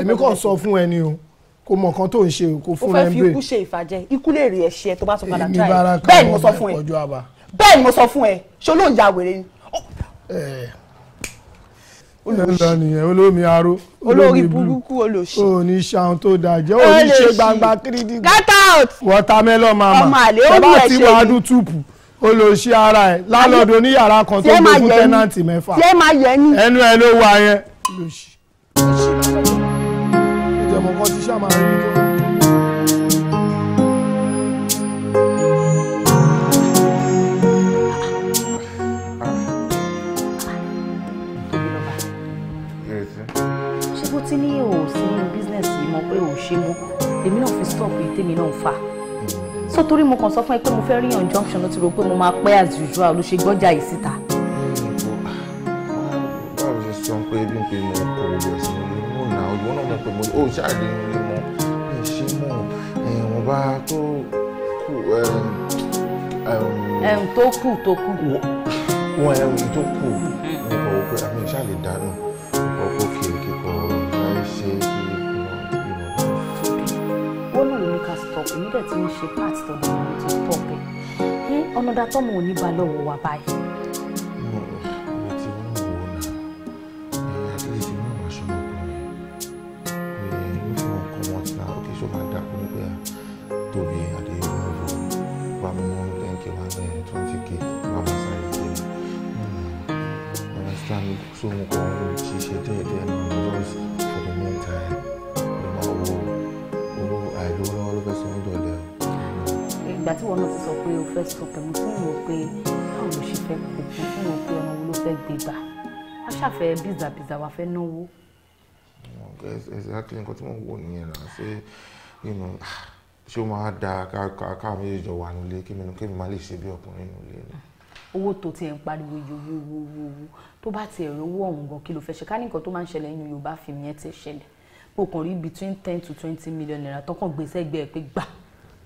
èmi kàn sọ fún ẹ ni o kò mọ nǹkan tó ń ṣe kò fún ẹ ń bè. ó fẹ́ fi ikú ṣe ìfàjẹ́ ikú lè rí ẹ̀ṣẹ̀ tó bá tún padà try bẹ́ẹ̀ ni mo sọ fún ẹ bẹ́ẹ̀ ni mo sọ fún ẹ ṣé olóhùn ya wèrè ni. olùsọ nìyẹn olómi aró olórí burúkú olóṣì. o ní ṣàwọn tó dáa jẹ́ o ní ṣe gbangba kiri dìgbà. get out. watermelon mama ọmọ àlè ó ní ẹ̀ṣẹ̀ yìí. tó bá ti máa dún túùpù olóṣì ara ẹ̀ lálọ́ọ̀dù oníyàrá kan tó gbé fún tẹ́nàntì mẹ́fà ẹnu ẹ ló wà yẹn. ìjọba kan ti ṣàmà rí i tó. ṣé bó ti ní òsínú business yìí mọ̀ pé òṣèlú èmi náà fi stop ètè mi náà fà so torí mo kàn sọ fún ẹ pé mo fẹ́ rí yan junction ló ti rò pé mo máa pẹ́ as usual ló ṣe gbọ́jà yìí síta. báwo ṣe sọ pé bí n pe mo kò lè sí ní mò ń nà ọgbọ́n náà mo pè mo ò ṣáàdì ní mo mi ṣe mọ̀ ẹ̀wọ̀n bá tó kù ẹ̀m tó kù tó kù. wọ́n ẹ̀rù tó kù nípa òkú àmì ìṣàlẹ̀ dànù. èmi dẹ̀ ti ń ṣe part tọ́dọ̀ mi ti pọ̀ bẹ́ẹ̀ ọ̀nà dàtọ́ mo ò ní balọ̀ wò wá báyìí. wọn náà ti sọ pé o fẹ́ sọ pẹ̀lú tí mo pé báwo ló ṣe fẹ́ kó fún fún wọn pé ọmọ wo ló fẹ́ gbé gbà á ṣàfẹ́ bìzàbìzà wa fẹ́ náwó. exactly nǹkan tí mo wò nìyẹn náà ṣé ṣé ó máa da ká méjì jọ wà nílé kí mi má lè ṣe bí ọkùnrin nílé ni owó tó tiẹ̀ ń pariwo yòówó owó owó tó bá tiẹ̀ rówó ọ̀hún gan kí ló fẹ́ ṣe ká ní nǹkan tó máa ń ṣẹlẹ̀ nínú yorùbá fìmí ẹ̀ ti ṣẹlẹ̀ mo kàn rí between ten to twenty million naira tọkàn gbèsè ẹgbẹ́ ẹ pé gbà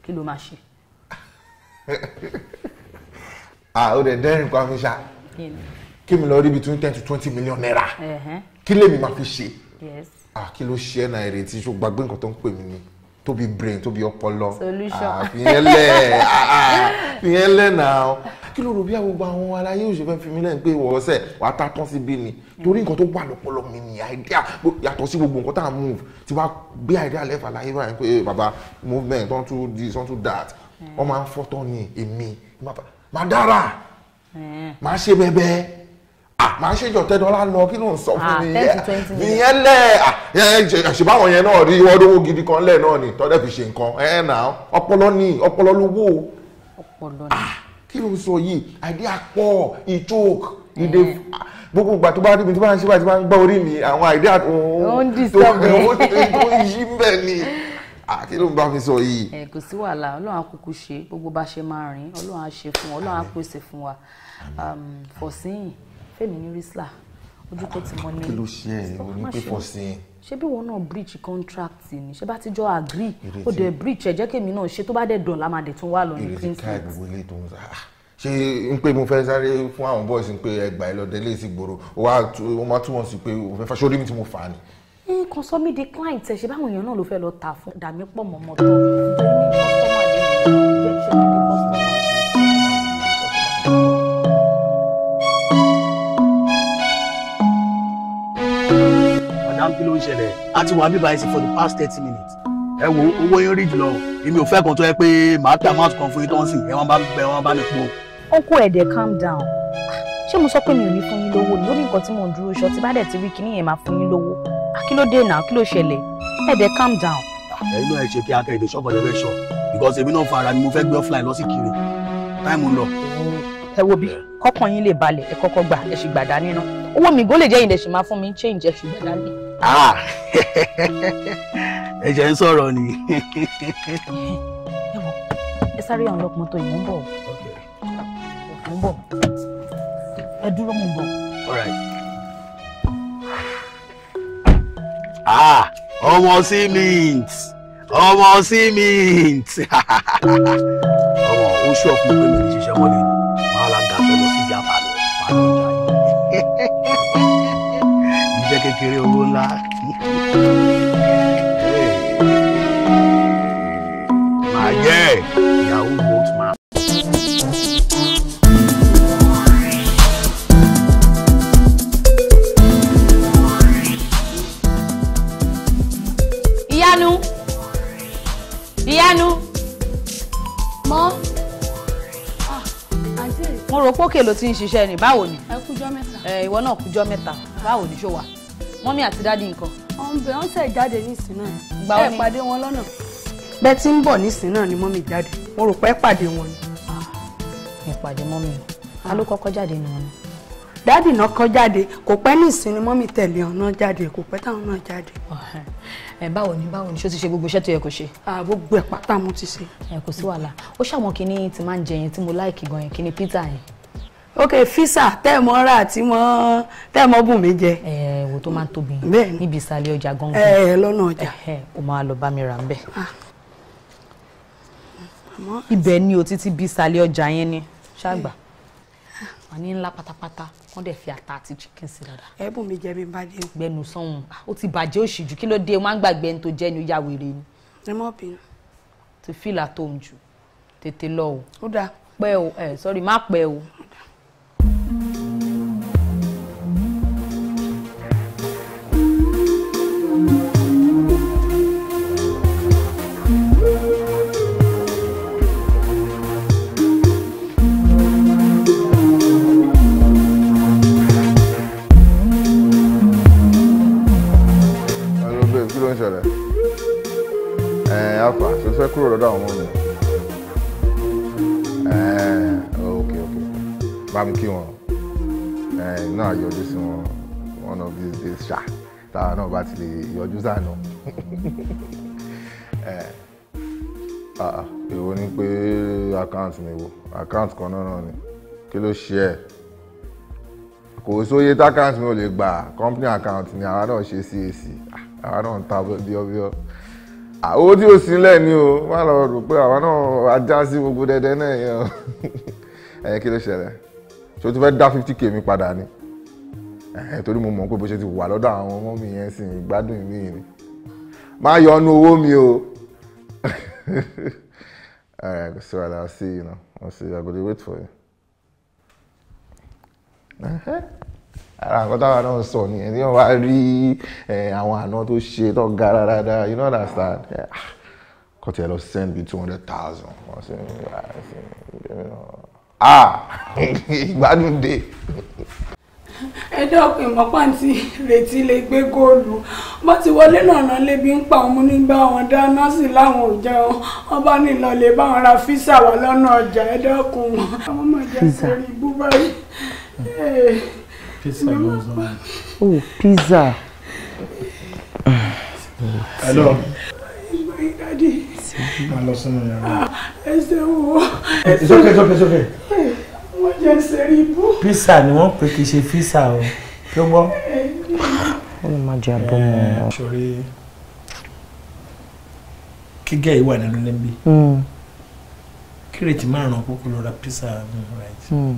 kí ló máa ṣe ah o de dẹ́rìn kọ́ mi ṣá kí mi lọ rí ibi twenty ten to twenty million naira kí lèmi máa fi ṣe ah kí ló ṣe náà ìrètí ṣó gbàgbé nǹkan tó ń pè mí ni tóbi brain tóbi ọpọlọ àfihàn lẹ àfihàn lẹ náà kí ló rò bí àwọn àwọn aláyé òṣèfẹ́ fi mí lẹ́yìn pé ìwọ ọ̀sẹ̀ wàá ta tán síbí ni torí nǹkan tó wà lọ́pọlọ mi ni idea yàtọ̀ sí gbogbo nǹkan tá à ń move tí wàá gbé idea lẹ́fà láyé báyìí pé baba. movement Don't do this Don't do that wọ́n máa ń fọ́tọ́ ní èmi máa dára máa ṣe bẹ́bẹ́ máa ṣe jọ tẹ́dọ́lá lọ kí ló ń sọ fún mi ìyẹn lẹ̀ àṣìbáwọn yẹn náà rí ọdún owó gidi kan lẹ̀ náà ni tọ́dẹ̀ fi ṣe nǹkan ẹ̀ nà ọpọlọ ní ọpọlọ ló wò kí ló ń sọ yìí àìdíà pọ̀ ìjókòó ìdè gbogbo ìgbà tó bá rí mi tó bá ń ṣe báyìí tó bá ń gbọ́ orí mi àwọn àìdíà tó ń yí bẹ́ẹ̀ ni. Ah, kí ló ń bá mi sọ yìí. ẹ kò sí wàhálà ọlọ́run á kúkú ṣe gbogbo bá ṣe máa rìn ọlọ́run á ṣe fún ọlọ́run á pèsè fún wa um, fọ̀síyìn fèmí ní rísílà ojú tó ti mọ ní. kí ló ṣe ẹ o ní pé fọ̀síyìn. ṣé bí wọn náà breach contract ni ṣé bá ti jọ agree ó dẹ̀ breach ẹ jẹ́ kémi náà ṣe tó bá dẹ̀ dùn lámàdé tó wà lọ ní prince. ìrètí ká ìgbogbo ilé tó ń sá ah, ṣe ń pé mo fẹ́ sáré fún àwọn boys ń pé ẹgbàá ẹ lọ délé sí gbòòrò ó wá tún wọn sí pé òfin fàṣọrí mi tí mo fà á ni ẹ kàn client ẹ ṣe báwọn èèyàn náà ló fẹ́ lọ tà fún dàmí pọ̀ mọ́ mọ́tò madam kí ló ń ṣẹlẹ̀ a ti wà mí báyìí for the past thirty minutes ẹ wo owó yín rí jùlọ èmi ò fẹ́ kan tó yẹ pé màá tà máàtù kan fún yín tó ń sìn ẹ wọn bá bẹ wọn bá mi pọ̀. uncle ẹ̀dẹ̀ calm down ṣé mo sọ pé mi ò ní fún yín lówó lórí nǹkan tí mò ń dúró ṣọ tí bá dẹ̀ ti rí kinní yẹn máa fún yín lówó. Ah, kí ló dé náà kí ló ṣẹlẹ̀ ẹ̀dẹ̀ calm down. ẹnu ah, ẹ ṣe kí akẹ́ èdè ṣọ́bọ̀ lẹ́rẹ́ ṣọ because èmi náà fara ni mo fẹ́ gbé offline lọ sí kiri táìmù lọ. ẹ wo bí kọ́kàn yín lè balẹ̀ ẹ kọ́kọ́ gbà ẹ sì gbà dání ná owó mi gólè jẹ́ ìdẹ̀ sì máa fún mi ń change ẹ sì gbà dání. Ah! *laughs* ẹ jẹ́ ń sọ̀rọ̀ ni. ẹ wo ẹ sáré unlock mọ́tò yìí mo ń bọ̀ mo ń bọ̀ ẹ dúró mo bọ̀. all right. Ah, ọmọ cement ọmọ cement *laughs* ọmọ oṣù ọkùnrin pé mi ò ṣiṣẹ́ wọlé máa la ga tó lọ sí ìjà balẹ̀ máa lọ jà yìí. ìjẹ́ *laughs* kékeré owó ńlá. *laughs* rò pókè ló ti ń ṣiṣẹ́ ni báwo ni. ẹ kújọ́ mẹ́ta. ẹ ìwọ náà kújọ́ mẹ́ta báwo ni ṣó wà mọ́mí àti dádì nǹkan. ọ̀nbẹ wọn tẹ̀ jáde nísìn náà. gbà ó ẹ pàdé wọn lọ́nà. bẹ́ẹ̀ tí ń bọ̀ nísìn náà ni mọ́mí jáde mo rò pé pàdé wọn ni. Ah, ẹ pàdé mọ́mí ta ló kọ́kọ́ jáde nù wọn ni dáàdì náà kọ́ jáde kò pẹ́ ní ìsinmi mọ́mì tẹ̀lé ọ̀nà jáde kò pẹ́ táwọn náà jáde. ẹ báwo ni báwo ni ṣó ti ṣe gbogbo iṣẹ́ tó yẹ kó ṣe. gbogbo ẹ̀ pátá mo ti ṣe. ẹ kò sí wàhálà ó ṣàwọn kinní tí máa ń jẹ yẹn tí mo láìkì gan yẹn kinní pizza yẹn. ok fisa tẹ́ ẹ mọ́ ra tí mo tẹ́ ẹ mọ́ bùn mi jẹ. ẹ wo tó máa ń tóbi níbi ìsàlẹ̀ ọjà gangan. ẹ lọ́nà ọjà. ibẹ̀ ni òtítí bí ìsàlẹ̀ ọjà yẹn ni ṣáàgbà àǹfààní ńlá pátápátá wọ́n dẹ̀ fi ata àti chicken sí dada. ẹ̀bùn mi jẹ́ mi bá dé. gbẹnu sọ̀hún ó ti bàjẹ́ òṣìjú kí ló dé o máa ń gbàgbé ẹni tó jẹ́ ni ó yà wèrè ni. ẹ mọ̀ bí. ti fìlà tó ń jù tètè lọ o. ó dáa. pẹ́ o ẹ sọ́rí má pẹ́ o. yẹn afa ṣe fẹ́ kúrò lọ́dọ̀ àwọn ọmọ mi ok ok bá mi kí wọn ẹ̀ẹ́n náà yọjú sí wọn one of these days ṣá táwa náà bá ti lè yọjú sànù *laughs* ẹ̀ẹ́n èwo ni pé account mi wo account kan náà ni kí ló ṣe ẹ́ kò sóye tá account mi ò lè gbà company account ni àwa náà ṣe CAC àwa náà ń ta bíọ́bíọ́ owó tí ó sílẹ̀ ni o má lọ rò pé àwa náà ajá sí gbogbo dẹdẹ náà yẹn o *laughs* ẹ̀yìn kí ló ṣẹlẹ̀ ṣé o ti fẹ́ dá fifty k mi padà ni torí mo mọ̀ pé bó ṣe ti wà lọ́dọ̀ àwọn ọmọ mi yẹn sì gbádùn mí ni má yọ ọ́nú owó mi o all *laughs* so I'll see you now I'll see you I go dey wait for you. Uh -huh ara nǹkan táwa náà sọ nìyẹn tí wọ́n bá rí àwọn àna tó ṣe tó ga rárá you know understand ah, kò tiẹ̀ lọ send bíi two hundred thousand wọ́n sì ń ra ẹ̀sìn ah, ah *laughs* ìgbádùn dé. ẹ dọ́pin mọ́pàǹtì retí lè gbé góòlù bó ti wọlé nànà lébi ń pa òun nígbà wọn dáná sí láwọn ò jẹun wọn bá nílò lè bá wọn ra físà wà lọ́nà ọjà ẹ dọ́kun wọn. àwọn ọmọ ìjà sórí ibú báyìí. Pizza goes on. Oh, pizza. Hello. My daddy. I lost him. Ẹsẹ̀ wo? It's okay, it's okay, it's okay. Wọ́n jẹ́ sẹ́ríbù. Pizza ni wọ́n pè kì í pizza o. Ló gbọ́. Ó ní máa jẹ abọ́ mi. Eh, Sori kígẹ́ ìwà nínú lẹ́mbí. Hmm. Kírètì márùn-ún kúkú lọ ra pizza right. Mm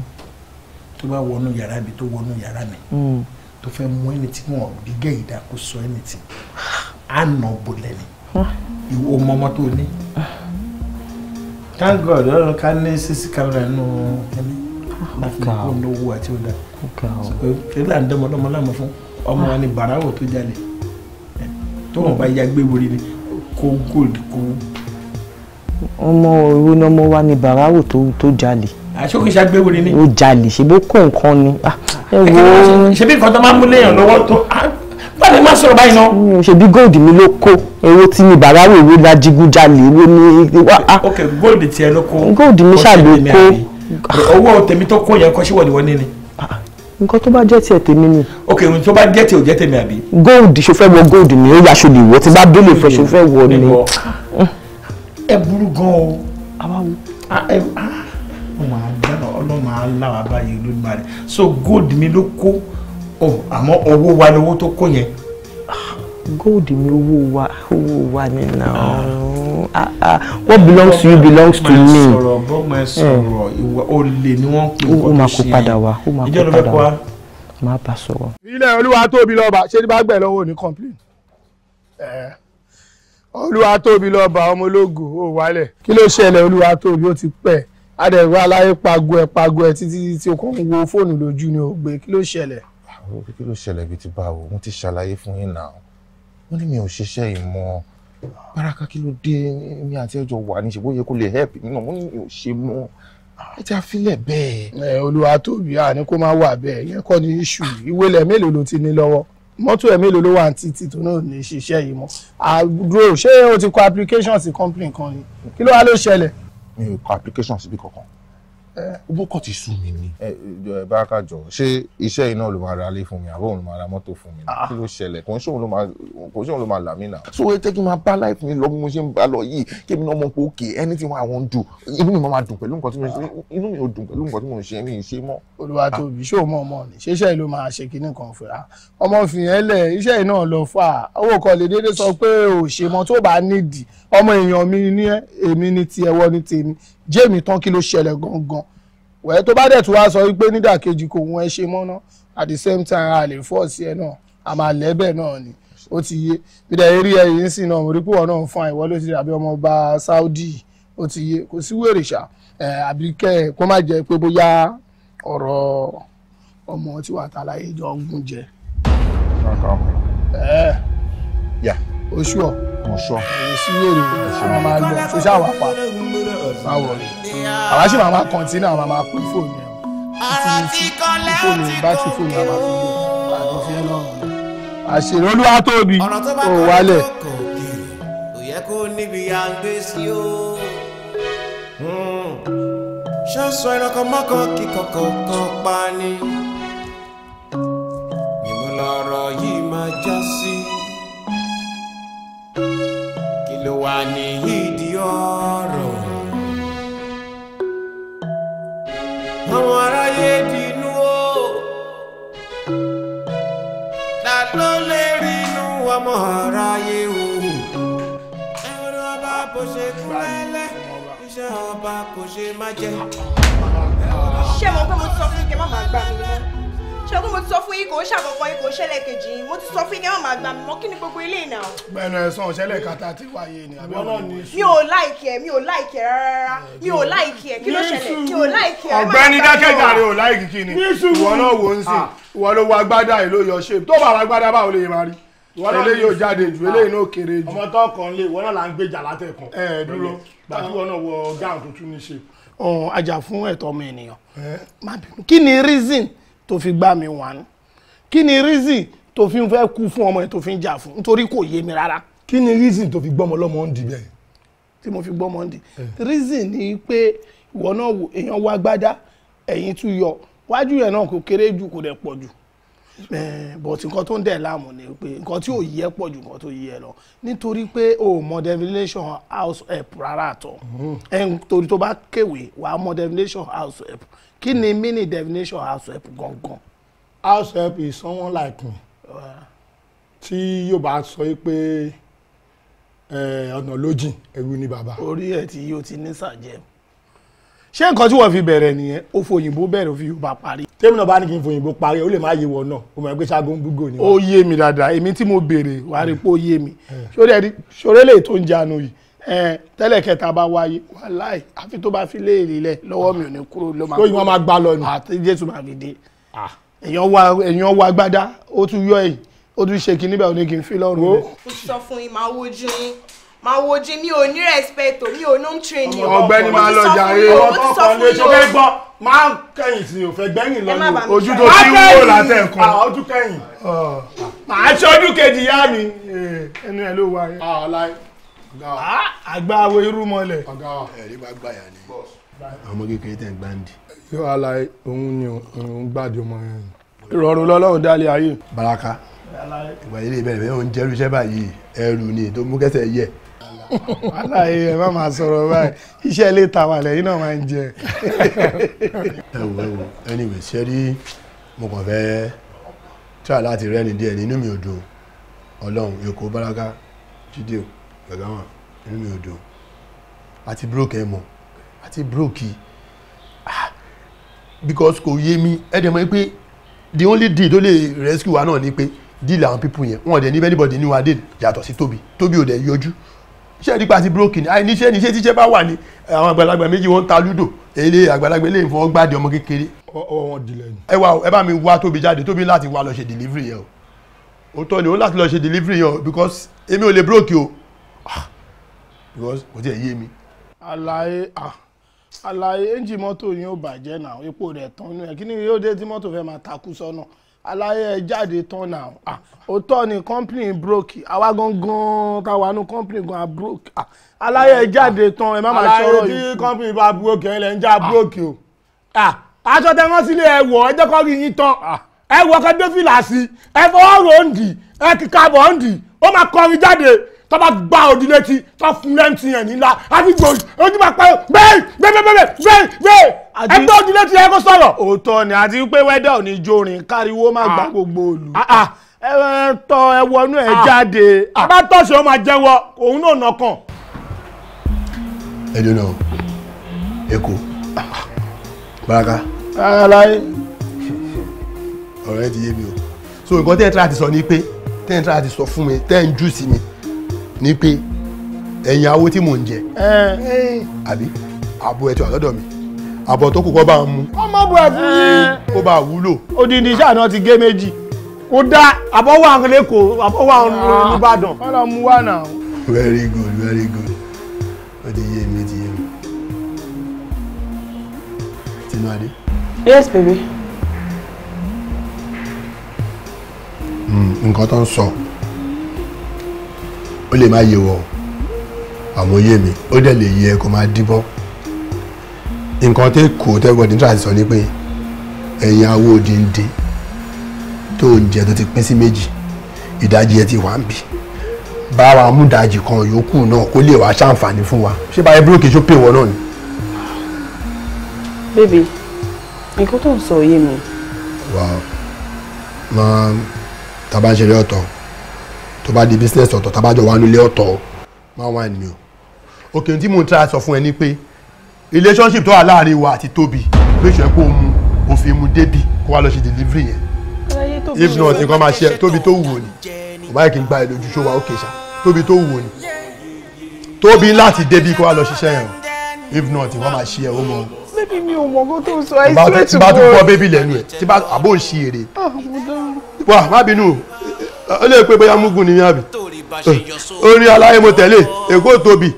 tó bá wọnú yàrá mi tó wọnú yàrá mi hmm. tó fẹ́ mú ẹni tí wọn bí gẹ̀ ìdá kó sọ ẹni tí á nà bolẹ̀ ni ìwọ ọmọ tó ní. thank god ọlọ́run ká ní sísí kámẹ́rà nù ẹni láti ní kó lówó àti ọ̀dà ìlà ń dẹ́mọ lọ́mọ láàmú fún ọmọ wa ni bàráwò tó jáde tó wọn bá ya gbé wọlé ni kó gold kó. ọmọ òru ni ọmọ wa ni bàráwò tó jáde àṣókè ṣàgbéwèrè ni. ó jalè ṣebí kó nǹkan ni. Ah, ṣebí nǹkan tó máa ń mú léèyàn lọ́wọ́ tó ah, báyìí má sọ̀rọ̀ báyìí náà. ṣebí gold mi ló kó ewé tí ni bàbá rẹ̀ ewé lajigunjalè ewé ni. Ah. ok gold tiẹ̀ ló kó. gold mi ṣàlè kó. owó tèmi tó kó yẹn kọ́ sí wọ̀lìwọ̀ ní ni. nǹkan tó bá jẹ́ tiẹ̀ tèmi ni. ok ohun tó bá jẹ́ tiẹ̀ ò jẹ́ tèmi àbí. gold ṣofẹ́ wọ gold ni ó yà ṣo lè wọ tí bá délé fẹ́ ṣofẹ́ wọ ni. Mm. ẹ burú gan o. àwa wo ọlọ́run àgbàrá ọlọ́run aláwa báyìí olódùmarè so gold mi ló kó ọ àmọ́ owó wa lówó tó kó yẹn. gold mi owó wa owó wa ni na ah, ah, ah. what belongs to you belongs to me. sọ̀rọ̀ bọ́mọ ẹ eh. sọ̀rọ̀ ìwà olè ni wọ́n pè é. ó máa kó padà wá ó máa kó padà wá máa bá sọ̀rọ̀. ilé olúwa tóbi lọ́ba ṣé ní bá gbẹ̀ lọ́wọ́ ní complain. Eh. olúwa tóbi lọ́ba ọmọ ológo ò wálẹ̀ kí ló ṣẹlẹ̀ olúwa tóbi ó ti pẹ́ adẹ̀wé aláyé pago ẹ̀ pago ẹ̀ títí tí o kàn ń wo fóònù lójú ni ò gbé kí ló ṣẹlẹ̀. àwọn kí ló ṣẹlẹ̀ bíi ti báwo mo ti ṣàlàyé fún yín náà wọ́n ní mi ò ṣiṣẹ́ ìmọ̀ baraka kí ló dé mi àti ẹjọ́ wà ní ṣùgbọ́n yẹ kó lè help mi náà wọ́n ní mi ò ṣe mọ́ ẹ ti àfilẹ̀ bẹ́ẹ̀. ẹ olúwa tóbi àní kó má wà bẹ́ẹ̀ yẹn kọ́ ni iṣu ìwé lẹ̀ mélòó ló ti ní lọ́wọ́ mọ́tò ẹ̀ mélòó ló wà ní títì tó náà ní ṣiṣẹ́ yìí mọ́ àdúró ṣé o ti kọ application sí company kan ni kí ló wá ló ṣẹlẹ̀ mi ò kọ application síbi kankan owó kò ti sú mi ni. ẹ ẹ bá ká jọ ṣé iṣẹ́ iná ló máa ra ilé fún mi àbọ̀ òun ló máa ra mọ́tò fún mi ah. kí ló ṣẹlẹ̀ kò ń ṣòun ló máa kò ń ṣòun ló máa là mí nà. so ẹ jẹ́ kí n máa bá láìpẹ́ mi lọ bí mo ṣe ń bá lọ yìí kí èmi náà mọ̀ pé òkè anything wà wọ́n ń dùn inú mi máa dùn pẹ̀lú nǹkan tí mo ṣe inú mi ò dùn pẹ̀lú nǹkan tí mo ṣe mi ì ṣe mọ́. olúwa ah. tóbi ṣé o mọ ọmọ ni ṣéṣẹ́ ló máa ṣe kinní kan fúnra ọmọ fìyẹn lẹ̀ iṣẹ́ iná lọ fà owó kan lè déédéé sọ pé òṣèmọ tó bá ọmọ èèyàn mi ní èmi ní tiẹ̀ wọ́n ní tèmi jẹ́mi tán kí ló ṣẹlẹ̀ gangan wẹ́ẹ́ tó bá dẹ̀ tún wá sọ wípé nídàkejì kò wọ́n ẹ ṣe mọ́ná at the same time a lè fọ́ sí ẹ náà a máa lẹ́bẹ̀ náà ni ó ti yé bídà eré ẹ̀yìn sí náà mo rí pé náà fún àìwọ́ ló ti dàbí ọmọ ọba Saudi ó ti yé kò sí wèrè ṣá àbí kẹ́ ẹ̀ kó má jẹ́ pé bóyá ọ̀rọ̀ ọmọ tí wàá tàlàyé jọ ń gún jẹ. oṣù ọ̀ kò sọ. èsì yòrò ìṣúná máa ń lọ ṣoṣà wà pa báwo ni àwa ṣì máa máa kọ̀ǹtínú àwọn máa pín fóònù ẹ̀ títí fóònù bátìrì fóònù àwọn àfi àti fi ń lọ́rùn. àṣírí olúwa tóbi ò wálẹ̀. kò yẹ kó níbi à ń gbé sí hmm. pa ni. ìmúlọ̀rọ̀ yìí máa já sí kí ló wà ní ìdí ọ̀rọ̀ àwọn aráyé dínú o ta ló lè rí inú ọmọ aráyé o ẹ̀rọ ọba kò ṣe kúrẹ́lẹ́ iṣẹ́ ọba kò ṣe má jẹ́. ṣé mo pé mo sọ fún kí n má máa gbà mí mọ́ ṣẹ́gun mo ti sọ fún yín kò ń ṣàkọ́kọ́ yín kò ń ṣẹlẹ̀ kejì yín mo ti sọ fún yín kẹ́wọ́n máa gbà mí mọ́ kí ni gbogbo ilé ìnà. gbẹ̀nu ẹ̀sán ṣẹlẹ̀ kata ti wáyé ni àbí ọ̀nà ni. mi ò láìkì ẹ mi ò láìkì ẹ rárá mi ò láìkì ẹ kí ló ṣẹlẹ̀ mi ò láìkì ẹ. ọ̀gbẹ́ni dákẹ́jàre ò láìkì kí ni ìwọ náà wò ń sìn ah. ìwọ ló wọ agbádá yìí ló yọ ṣe tó bá wọ agbádá báwo lè máa rí eléyìí ò jáde jù eléyìí náà kéré jù. ọmọ tó kàn lé ìwọ náà là ń gbèjà látẹ̀kùn. ẹ ẹ dúró gbàtí ìwọ náà wọ gáàmù tuntun ní ṣe. ọ ajá fún ẹ̀tọ́ ọmọ ènìyàn má bínú kí ni reason tó fi gbá mi wàn kí ni reason tó fi ń fẹ́ kú fún ọmọ ẹ̀ tó fi ń jà fún nítorí kò yé mi rárá. kí ni reason tó fi gbọ́mọ lọ́mọ ń dì bẹ́ẹ̀. tí mo fi gbọ́mọ ń dì reason ni pé ìwọ náà wò èèyàn wá gbádá ẹ̀yìn tún yọ wájú yẹn náà kò kéré jù kò dẹ̀ pọ̀ jù bọ̀tí nǹkan tó ń dẹ̀ láàmú ni pé nǹkan tí ò yí ẹ pọ̀ jù nǹkan tó yí ẹ lọ nítorí pé o mọ definition house help rárá àtọ̀ mm-hmm. ẹ̀ nítorí tó bá kéwèé wàá mọ definition house help kí ni mini definition househelp gangan. househelp is someone like me tí yóò bá sọ pé ọ̀nà lójìn ẹ̀rù ni bàbá. orí ẹ̀ tí yóò ti ní sàjẹ́ ṣé nǹkan tí wọ́n fi bẹ̀rẹ̀ nìyẹn ó fòyìnbó bẹ̀rẹ̀ ó fi Yorùbá parí. tèmi náà bá ní kí n fòyìnbó parí ó lè má yé wọ náà ó mọ̀ pé ṣáàgó gbúgbò ni. ó yé mi dáadáa èmi tí mo béèrè wàá rí pé ó yé mi ṣoré lè tó ń janu yìí ẹ tẹ́lẹ̀ kẹta bá wáyé wàláì àfi tó bá fi léèrè lẹ̀ lọ́wọ́ mi ò ní kúrò ló máa kúrò lóyún máa gbá lọ nù àti jésù máa fi dé ah. èèyàn wá èèyàn wá gbádá ó tún yọ ẹ̀yìn ó tún ṣe kínní bẹ́ẹ̀ ó ní kí n fi lọ́rùn rẹ̀. mo sọ fún yín máa wojú yín máa wojú mi ò ní rẹ́spẹ̀tò mi ò nóm tírẹ̀nì o ọ̀gbẹ́ni máa lọ jàre ọkọ̀ kan lè ṣe fẹ́ gbọ́ máa ń kẹ́yìn sí òfẹ́ gbẹ́yìn lọ ní ojú tó ti ń wò látẹ̀ kan ah, ojú kẹ́yìn ah. màá ṣe ọdún kejì yá mi eh, ẹnu Ah, àgbà awo irú mọ́lẹ̀. ẹ̀rí bá gbàyà ni ọmọ kékeré tẹ̀ ń gbáǹdì. yóò ala òun ni òun gbàdé ọmọ yẹn. ìrọ̀rùn lọ́lọ́run dálé ayé. baraka ìgbà yìí lè bẹ̀rẹ̀ bẹ́ẹ̀ òun jẹ́rú iṣẹ́ báyìí ẹrù ni ètò mú kẹsẹ̀ yẹ. aláyé ẹ má máa sọ̀rọ̀ báyìí iṣẹ́ ilé ta wà lẹ́yìn náà máa ń jẹ. ẹ wo ẹ wo anyway ṣe rí mo kàn fẹ́ tíra láti rẹ́ni díẹ̀ nínú mi ò dùn ọlọ́run èkó baraka jíde o pẹ̀lú àwọn inú mi ò dùn àti broke ẹ̀ mọ̀ àti broke ah because kò yé mi ẹ̀ dẹ̀ mọ̀ pé the only deal tó lè rescue wa náà ni pé deal àwọn people yẹn wọn ò dẹ̀ ní anybody ní wa dé yàtọ̀ sí Tóbi Tóbi ò dẹ̀ yọjú iṣẹ́ nípa àti broke ni àì níṣẹ́ níṣẹ́ tíṣẹ́ bá wà ní àwọn àgbàlagbà méjì wọ́n ń ta lúdò èlé àgbàlagbà eléyìí fún ọgbàdì ọmọ kékeré. ọwọ́ wọn dilẹ̀ ni. ẹ wá ẹ bá mi wá Tóbi jáde Tóbi láti wá lọ ṣe delivery yẹn o òótọ́ ni ó láti lọ ṣe delivery yẹn o because èmi ò lè broke o Ah, because kò tiẹ̀ yé mi. àlàyé ah, àlàyé ẹ́ńjì mọ́tò yín ò bàjẹ́ náà epo rẹ̀ tán inú ẹ̀ kí ni yóò dé tí mọ́tò fẹ́ máa takú sọ́nà àlàyé ẹ jáde tán náà ah, òótọ́ ni company broke àwa gangan táwa nu company gan broke àlàyé ẹ jáde tán ẹ má máa sọ̀rọ̀ yìí. àlàyé tí company bá broke ẹ lẹ́ ń já broke o aṣọ tẹ wọ́n sílé ẹ wọ̀ ẹ jẹ́ kó rí yín tán ẹ wọ kẹ́dọ́fìlà sí ẹ fọwọ́ rò ń dì ẹ kíkà bọ̀ ń dì ó máa kọrin jáde tó bá gbá òdì létí tó fún lẹ́ǹtì yẹn nílá àdìgbò ojú máa pẹ́ bẹ́ẹ̀ bẹ́ẹ̀ bẹ́ẹ̀ bẹ́ẹ̀ bẹ́ẹ̀ ẹgbẹ́ òdì létí yẹn kó sọ̀rọ̀. òótọ́ ni àti pé wẹ́dà ò jórin káriwo máa gbá ah. gbogbo òlù ah, ah. ẹ tọ ẹ wọnú ẹ jáde. bá tọ̀sẹ̀ ó máa jẹ́wọ́ òun náà nọkàn. ẹ dùnà èkó baraka. aláì. ọ̀rọ̀ ẹ ti yé mi o so nǹkan tẹ́ ẹ tíra ti sọ ni pé tẹ́ ẹ tíra ti sọ fún mi tẹ́ ẹ ń jù sí mi ni pé ẹ̀yìn awo tí mò ń jẹ àbí àbọ̀ ẹ̀tọ́ àlọ́dọ̀ mi àbọ̀ tó kù kọ́ bá ń mu. ọmọ bu ẹ̀fún yìí. kó bá wúlò. odindi iṣẹ́ àná ti gé méjì kó dá àbọ̀ wà ń lẹ́kọ̀ọ́ àbọ̀ ah. lọ mú wà náà. very good very good ó ti yé mi ti yé mi. Tinuade. yes baby. Hmm, nǹkan tó ń sọ ó lè má yé wọ àmọ́ yé mi ó dẹ̀ lè yẹ kó máa díbọ́ nǹkan tó kù tẹ́gbọ̀dì nítorí àti sọ ni pé ẹ̀yìn awó òdìndín tó ń jẹ tó ti pín sí méjì ìdajì ẹ ti wà ń bì bá wa mú ìdajì kan yòókù náà kó lè wá ṣàǹfààní fún wa ṣé báyìí búrò kì í ṣó pè wọ náà ni. bébì nǹkan tó ń sọ yé mi. wà á máa tá a bá ń ṣe lé tó bá di business ọ̀tọ̀ tábàjọ wà nílé ọ̀tọ̀ máa wà ní o òkè tí mo ń try sọ fún ẹ ni pé relationship tó wà láàrin wa àti Tóbi make sure kó o mu òfin mu débi kó wá lọ ṣe delivery yẹn if not nǹkan máa ṣe Tóbi tó wù ọ́ ni kò báyìí kì í gba ẹ lójú ṣó wa ókè ṣá Tóbi tó wù ọ́ ni Tóbi láti débi kó wá lọ ṣiṣẹ́ yẹn o if not nǹkan máa ṣe ẹ ó mọ bébí mi ò mọ̀ kó tó sọ ẹ sílẹ̀ tó bọ̀ tí bá tún bọ́ bébí lẹ́nu ẹ̀ tí bá àbò ń ṣe èrè ah, wà má bínú ó lè pé bóyá mugun nìyẹn àbí orin aláyé mo tẹ̀lé èkó tóbi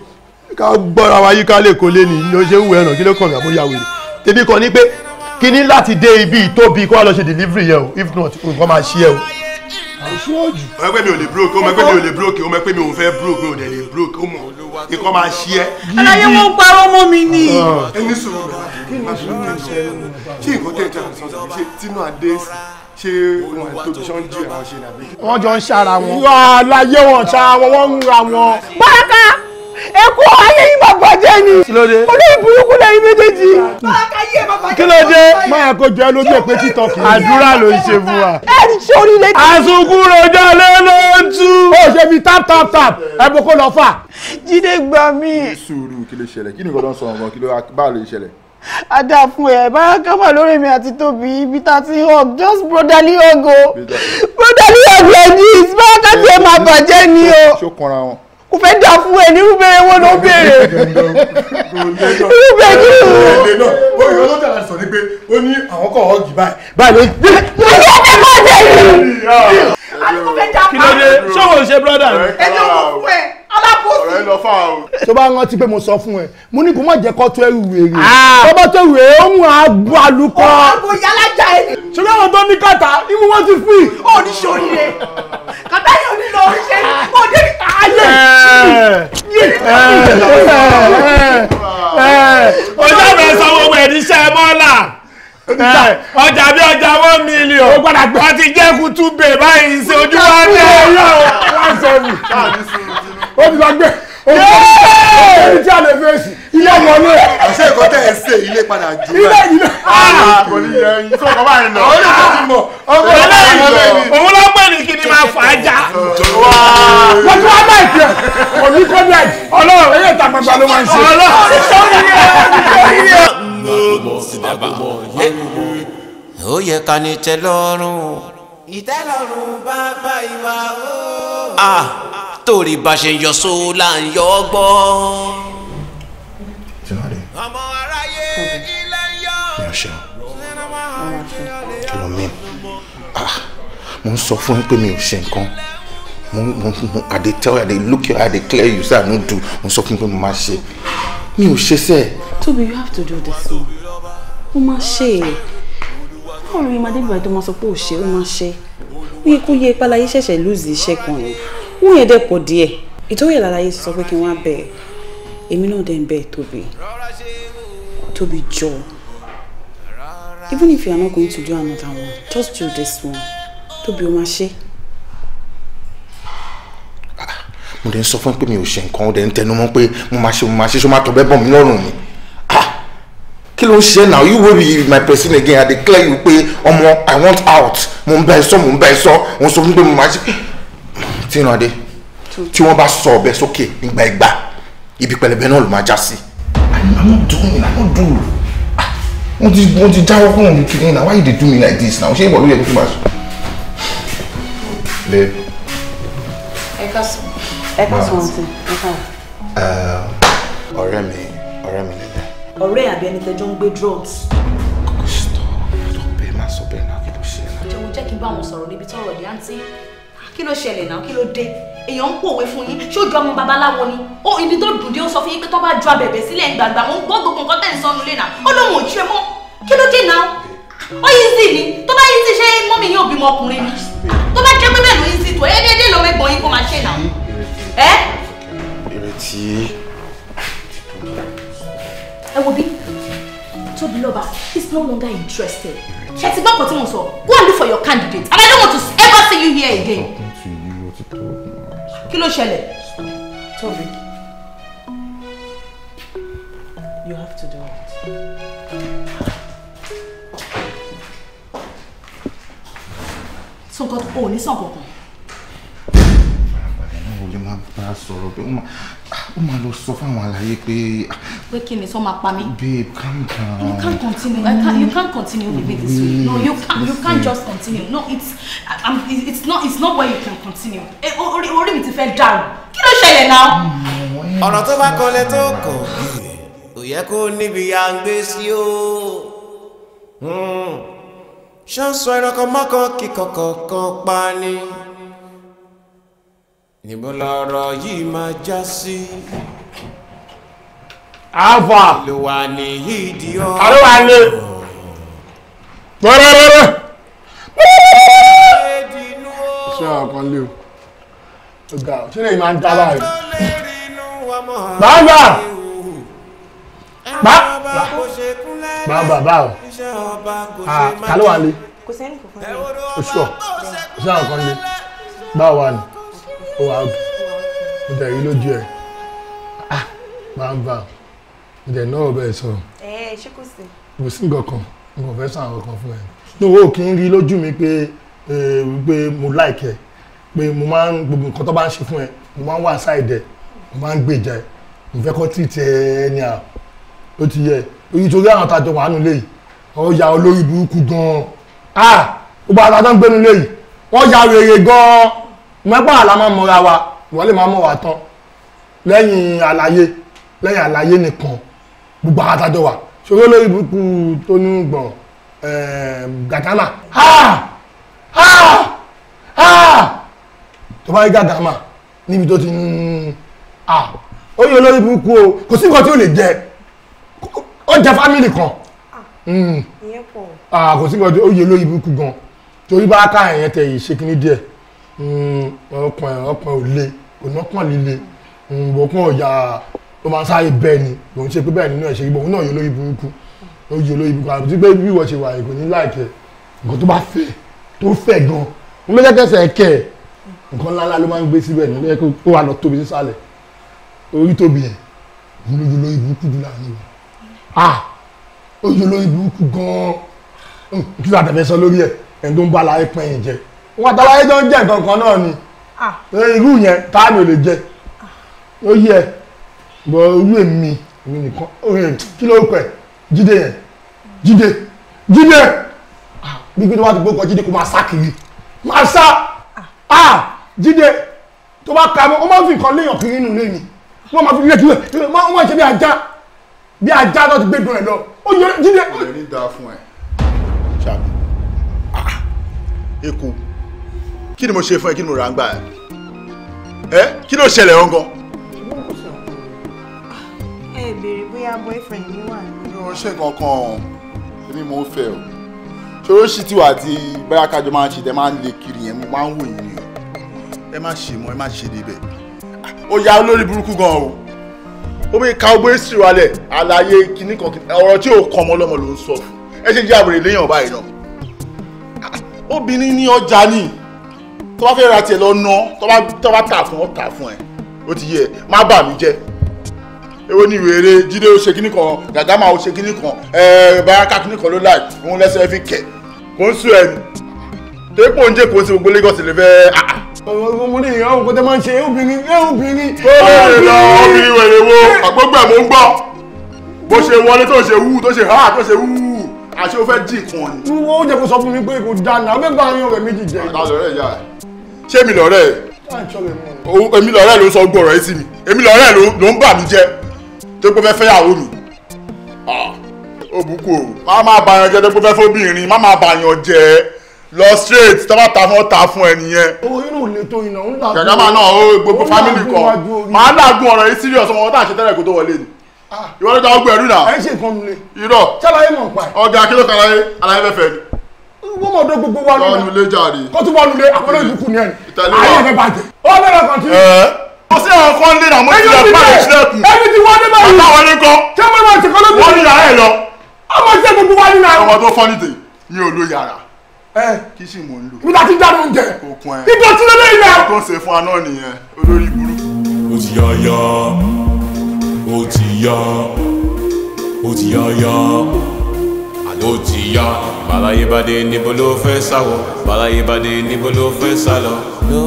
ká gbọ́ra wa yíká lè kó lé ní ní o ṣe ń wọ ẹ̀ràn kí ló kàn mí àbóyá wèrè tèmi kàn ní pé kí ní láti dé ibi ìtóbi kó wá lọ ṣe delivery yẹn o if not nǹkan máa ṣí ẹ o. ọmọ ẹgbẹ́ mi ò lè broke ọmọ ẹgbẹ́ mi ò lè broke ọmọ ẹgbẹ́ mi ò fẹ́ broke mi ò dẹ̀ lè broke ọmọ nǹkan máa ṣí ẹ. aláyé wọn ń parọ́ mọ́ mi ni. Ah. ẹni sùn rẹ̀ kí ni sùn rẹ̀ ṣe é ṣé nǹkan tẹ̀ ṣé wọn tóbi ṣọ́ ń jí ẹ̀rọ ṣe nàbí. wọ́n jọ ń ṣara wọn. wà á láyé wọn ṣara wọn wọ́n ń ra wọn. báraká èkó ayé yìí máa bàjẹ́ ni kò ní ìburúkú lẹ́yìn méjèèjì. báraká yé máa bàjẹ́. kí ló dé. máa kó jẹ́ lójú èpè títọ́ kì í. àdúrà ló ń ṣe fún wa. ẹ ní sórí lẹ́tí. àsunkún rojọ́ lé ló ń tú. ó ṣe fi tap tap tap ẹ bó kó lọ fà. jíde gbà mí. sùúrù kí ló ṣẹlẹ̀ kí ni kò ló ń sọ ọ̀gbọ̀n kí ló bá lè ṣẹlẹ̀ a dáa fún ẹ báyà ká mà lórí mi àti tóbi ibi tá a ti hug just brotherly hug o brotherly hug like this báyà ká tiẹ̀ máa bàjẹ́ ni o kò fẹ́ dáa fún ẹ ní rúbẹ̀rẹ̀ wọn ló béèrè rúbẹ̀ kí ló. ìrẹ̀lẹ̀ náà ó yọ lọ́tà láti sọ ni pé ó ní àwọn kan hug báyìí báyìí ló. mo ní ẹgbẹ́ bọ́ọ̀dẹ̀ yìí. kí ló dé ṣé òun ṣe brọ́dà ni. ẹ jọ̀wọ́ fún ẹ alábòsí. ọ̀rẹ́ lọ fà o. tó bá rántí pé mo sọ fún ẹ mo ní kó má jẹ́ kó tó ẹrù wèrè ah. tó bá tó wèrè ó ń àgbo àlùkò. ọ̀rọ̀ ìyálàjà ẹni. ṣùgbọ́n àwọn tó ní kàtà imú wọn ti fún i. ó ní sòrìrè kàtà yóò nílò oríṣẹ́ kó dé ayé. Eh. Eh. Eh. ọjọ́ mi sanwó wẹ̀ níṣẹ́ mọ́là ọjà bí ọjà one million ó gbọ́dọ̀ gbọ́ ti jẹ́ kutu bè báyìí ṣe ojú wa ní ẹ̀yọ́ one seven ó ti lágbé òṣèlú tí a lè fèsì ilé wọlé. àṣẹ ìkọ́ tẹ̀ ẹ́ ṣe ilé padà jù lọ. ilé yìí náà. kò ní yẹ yín tó kọ́ báyìí lọ. ọ̀rẹ́ mi ti mọ̀ ọkọ ilé yìí lọ. òun ló pè ní kí ni máa fà á já. wọ́n ti wá láì jẹ́ òní kó ní àjì. ọlọ́run ẹ̀yẹ ìta gbangba ló máa ń ṣe. ọlọ́run ṣé ó yẹ ó yẹ. ó yẹ ká ní tẹ́ lọ́rùn ìtẹ́lọ́rùn bàbá ìwà o. a torí bá ṣe yọ só là ń yọ ọ gbọ́. ọmọ aráyé ilé ń yọ. mi ò ṣeun kí ló mí mo ń sọ fún yín pé mi ò ṣe nǹkan i dey tell you i dey look you i dey clear you say i no do mo sọ fún pé mo máa ṣe mi ò ṣe sẹ. Tobi you have to do this now mo máa ṣe é ọ̀rọ̀ yìí máa débi àìtọ́ máa sọ pé ò ṣe ó máa ṣe ó yẹ kó yẹ ìpàlàyé ṣẹ̀ṣẹ̀ lùzì iṣẹ́ kan yìí wọ́n yẹn dẹ̀ pọ̀ díẹ̀ ìtọ́wé làlàyé sọ pé kí wọ́n á bẹ̀ èmi náà dẹ̀ ń bẹ̀ tóbi tóbi jọ even if you are not going to do another one just do this one tóbi ó máa ṣe. Ah, mo dẹ̀ ń sọ fún pé mi ò ṣe nǹkan ó dẹ̀ ń tẹnu mọ́ pé mo máa ṣe mo máa ṣe ṣó máa tọ́ bẹ́ bọ̀ mí lọ́rùn mi kí ló ń ṣe now you will be my person again i declare you pé ọmọ i want out mo ń bẹ sọ mo ń bẹ sọ mo sọ fún pé mo máa ṣe tí ìran adé tí wọ́n bá sọ ọ̀bẹ sókè nígbà ìgbà ibi pẹlẹbẹ náà ló máa já sí. i'm not doing i'm not doing ah, wọ́n ti wọ́n ti jáwọ́ kúrò ní kiri náà why you dey do me like this now ṣé ìwọ ló yẹ kó fún wa sùn. babe. ẹ ká sùn ẹ ká sùn um, ọ̀rẹ́ mi ọ̀rẹ́ mi ọ̀rẹ́ àbí ẹni tẹjọ́ ń gbé drugs. stop don't pay má sọ bẹ́ẹ̀ náà kí ló ṣe náà. jẹ́wọ́ jẹ́ kí n bá wọn sọ̀rọ̀ níbi tọ́rọ̀ dé àǹtí kí ló ṣẹlẹ̀ náà kí ló dé èèyàn ń pòwe fún yín ṣé ojú ọmọ babaláwo ni ó ibi tó dùn dé ó sọ fún yín pé tó bá ju abẹ̀bẹ̀ sílẹ̀ gbàgbà wọn gbọ́ gbogbo nǹkan tẹ̀ lé ni tó bá yí sí ṣé mọ́mí yóò bímọ ni tó bá jẹ́ pé bẹ́ẹ̀ ló yí sí tó ẹ́ déédéé lọ́mọ ẹ̀gbọ́n yín kó ẹ wo bí Tobiloba is no longer interested ẹ ti gbọ́ kan tí mo sọ go and look for your candidate and I don't want to ever see you here again. kí ló ṣẹlẹ̀ Tobi you have to do it. sọ̀kan ò ní sọ̀kan kan lè máa bá sọ̀rọ̀ pé ó máa lọ sọ fáwọn àlàyé pé. pé kí ni sọ máa pa mí. babe calm down. you can't continue I can't, you can't continue with me this way no you can't you can't just continue no it's I'm, it's not it's not where you can continue eh, orí orí mi ti fẹ́ dàrú kí ló ṣẹlẹ̀ náà. ọ̀rọ̀ tó bá kọlẹ̀ tó kọ̀ kò yẹ kó níbi à ń gbé sí o hmm. ṣé ń sọ ẹranko mọ́kàn kíkọ̀kọ̀ kan pa ni níbo lọ́rọ̀ yìí máa já sí. àfà ló wà ní ìdí ọ̀rọ̀. àló wà ní. rẹ́rẹ́rẹ́rẹ́. ṣé ọkàn lè o ọgá ṣé lè máa ń dá báyìí. bàbá bàbá bàbá ta ló wà ní. kò sẹ́ni kò kọ́ ni. oṣù ọ̀ ṣé ọkàn báwa ni ó wà áàkì mo tẹ̀ rí lójú ẹ̀ ah. máa ń bá mo tẹ̀ náà bẹ́ẹ̀ sọ̀rọ̀. ẹ ṣé kò sí. kò sí nǹkan kan mo fẹ́ sọ àwọn kan fún ẹ. ní owó kì í rí lójú mi pé pé mo like ẹ pé mo máa ń gbogbo nǹkan tó bá ń ṣe fún ẹ mo máa ń wà side ẹ mo máa ń gbèjà ẹ mo fẹ́ kọ́ tìtì ẹ ní à ó ti yẹ oyin àwọn àtàjọ wà nù léyìí olórí burúkú gan-an ó bá àtàjọ ń gbénu léyìí wọ́n ya rere gan-an mẹ́pà àlámọ́ mọ́ra wa wọ́n lè máa mọ̀ wá tán lẹ́yìn àlàyé lẹ́yìn àlàyé nìkan gbogbo àtàjọ wa ṣòro lórí burúkú tó ní gbọ̀n eh, gàdámà tó bá rí gàdámà níbi tó ti ń à ó yẹ olórí burúkú o kò sí nǹkan tí ó lè jẹ ó jẹ fámìlì kan hmm. kò sí nǹkan tí ó yẹ olórí burúkú gan torí bá ká ẹ̀yẹn tẹ̀ ṣe kíní díẹ̀. Hmm, ọkàn ọkàn ò le ọ̀nàkàn líle hmm, ọkàn ọ̀yà ló máa sáré bẹ́ẹ̀ ni òun ṣe pé bẹ́ẹ̀ nínú ẹ̀ ṣe gbọ́n òun náà yọ olóyè burúkú ó yọ olóyè burúkú àbùtí pé bí ìwọ ṣe wà èkó ní láìpẹ́ nǹkan tó bá fẹ́ tó fẹ́ gan ń lọ́jọ́ kẹsẹ̀ kẹ́ ẹ̀ nǹkan ńláńlá ló máa ń gbé síbẹ̀ ní lọ́jọ́ kó wà lọ tóbi sísàlẹ̀ orí tóbi yẹn òun ló yọ olóyè burúkú jù láàrin wọn ah ó yọ olóyè burúkú gan-an hmm, kí ló àtàfẹ́ sọ lórí ẹ̀ ẹ̀ tó ń bá láyé pẹ́yìn jẹ́ wọn àtàláyé tó ń jẹ nǹkan kan náà ni ah. irú yẹn táàmì ò lè jẹ ah. ó yẹ bọ irú èmi èmi nìkan orin kí ló pẹ jíde yẹn jíde jíde gbígbé ah, tó bá ti gbó kan jíde kó máa sá kiri máa sá jíde tó bá ka mọ́ ó máa ń fi nǹkan léèyàn kiri nínú ilé ni wọ́n máa fi ilé kílẹ̀ wọ́n máa ń ṣe bí ajá bí ajá náà ti gbẹ́dùn ẹ̀ lọ ó yẹ jíde. ìrìn da fún ẹ ṣàbí èkó kí ni mo ṣe fún ẹ kí ni mo rà ń gbà ẹ ẹ kí ló ṣẹlẹ̀ ọ̀ngàn. ẹ béèrè bóyá boyfriend mi wà ní. mi ò ṣe kankan èmi mo ń fẹ́ o ṣòro ṣì tí wà á ti bóyá kájọ máa ń ṣe tẹ máa ń lè kiri yẹn mo máa ń wò yín o ẹ má ṣe mọ ẹ má ṣe débẹ̀ ó yá olórí burúkú gan o ó bí ká ogbó èsì wálẹ̀ àlàyé kìíní kan ọ̀rọ̀ tí ò kọ́ ọmọ ọlọ́mọ ló ń sọ ẹ ṣe jẹ́ àbèrè léèyàn báyìí náà obìnrin ní ọjà ni tó bá fẹ́ ra tiẹ̀ lọ ná tó bá tà fún ọ tà fún ẹ ó ti yẹ má bà mí jẹ́ èwo ni wèrè jíde ó ṣe kíní kan gàgámà ó ṣe kíní kan ẹ eh, baraka kíní kan ló láì òun lẹ́sẹ̀ fi kẹ̀ kó ń sùn ẹnu tẹ́pọ̀ oúnjẹ kò sí gbogbo Lagos lè fẹ́ ah, ah. mo ní ìyá òkúta máa ń ṣe obìnrin obìnrin. ó lè lọ obìnrin wèrè wo àgbógbà mò ń gbọ́ bó ṣe wọlé tó ṣe wú tó ṣe há tó ṣe wú àṣé ó fẹ́ jì kan ni. ó jẹ́ kó sọ fún mi pé kò dáná ó fẹ́ gba àyàn rẹ̀ méjì jẹ́. àtàlọ́rẹ́ ìyá rẹ̀ ṣé mi lọ́rẹ́ ẹ̀ èmi lọ́rẹ́ ló ń sọ gbọ́ ọ̀rọ̀ yìí sí mi èmi lọ́rẹ́ ló ń bà mí jẹ́ tó pé fẹ́ fẹ́yàwó mi òbúkú ah, o má má bàyàn jẹ́ tó pé fẹ́ fóbìnrin má má bàyàn jẹ́ lọ straight tọ́ba ta fún ọ̀ta fún ẹ nìyẹn. ò lè tó iná ń làgùn. kẹ̀kẹ́ máa náà gbogbo family kan máa làgùn ọ̀rọ̀ yìí serious ọmọ ọ̀tá àṣetẹ́lẹ̀ kó tó wọlé ni ah. ìwọ́n ló ta ọgbẹ́ ẹ̀rú náà. ẹ ń ṣe nǹkan mi le. irọ́ ṣàlàyé mọ̀ pa ẹ̀. ọjà kí ló kàlàyé alayé fẹ́fẹ́ ni wọ́n mọ̀ ọdún gbogbo wa lọ́nà wọnú lé jàre kó tún wọnú lé àpẹẹrẹ ìdúkù ni ẹ̀ ayé ìfẹ́ bàjẹ́ ó bẹ̀rẹ̀ kàn tí. ọ sí àwọn kan lé àwọn ìṣẹ̀lẹ̀ fún ìṣẹ̀lẹ̀kùn ẹni tí wọ́n dé báyìí àtàwọn ní kan tí wọ́n máa ti kọ́ lóbi. wọ́n ní yàrá ẹ̀ lọ. ọmọ iṣẹ́ gbogbo wa nínú. ọmọ tó fọ́n nìdè mi ò lo yàrá kí ló ti yá bàlàyé bá dé níbo fẹ́ sá wọ̀ bàlàyé bá dé níbo fẹ́ sá lọ. no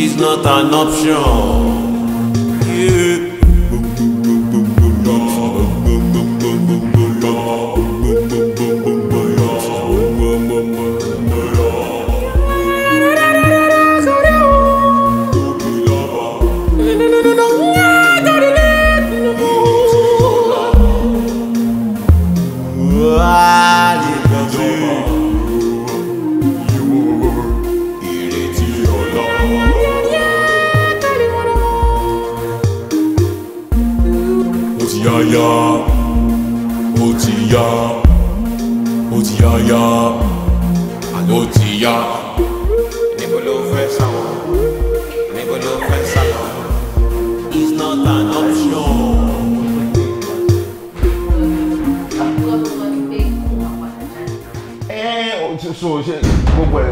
it's not an option. Yeah. yá ó ti yá yá àló ti yá. níbo ló fẹ́ sáwọn níbo ló fẹ́ sáwọn is not an option. ẹ ẹ eh, o ti so ṣe gbogbo ẹ.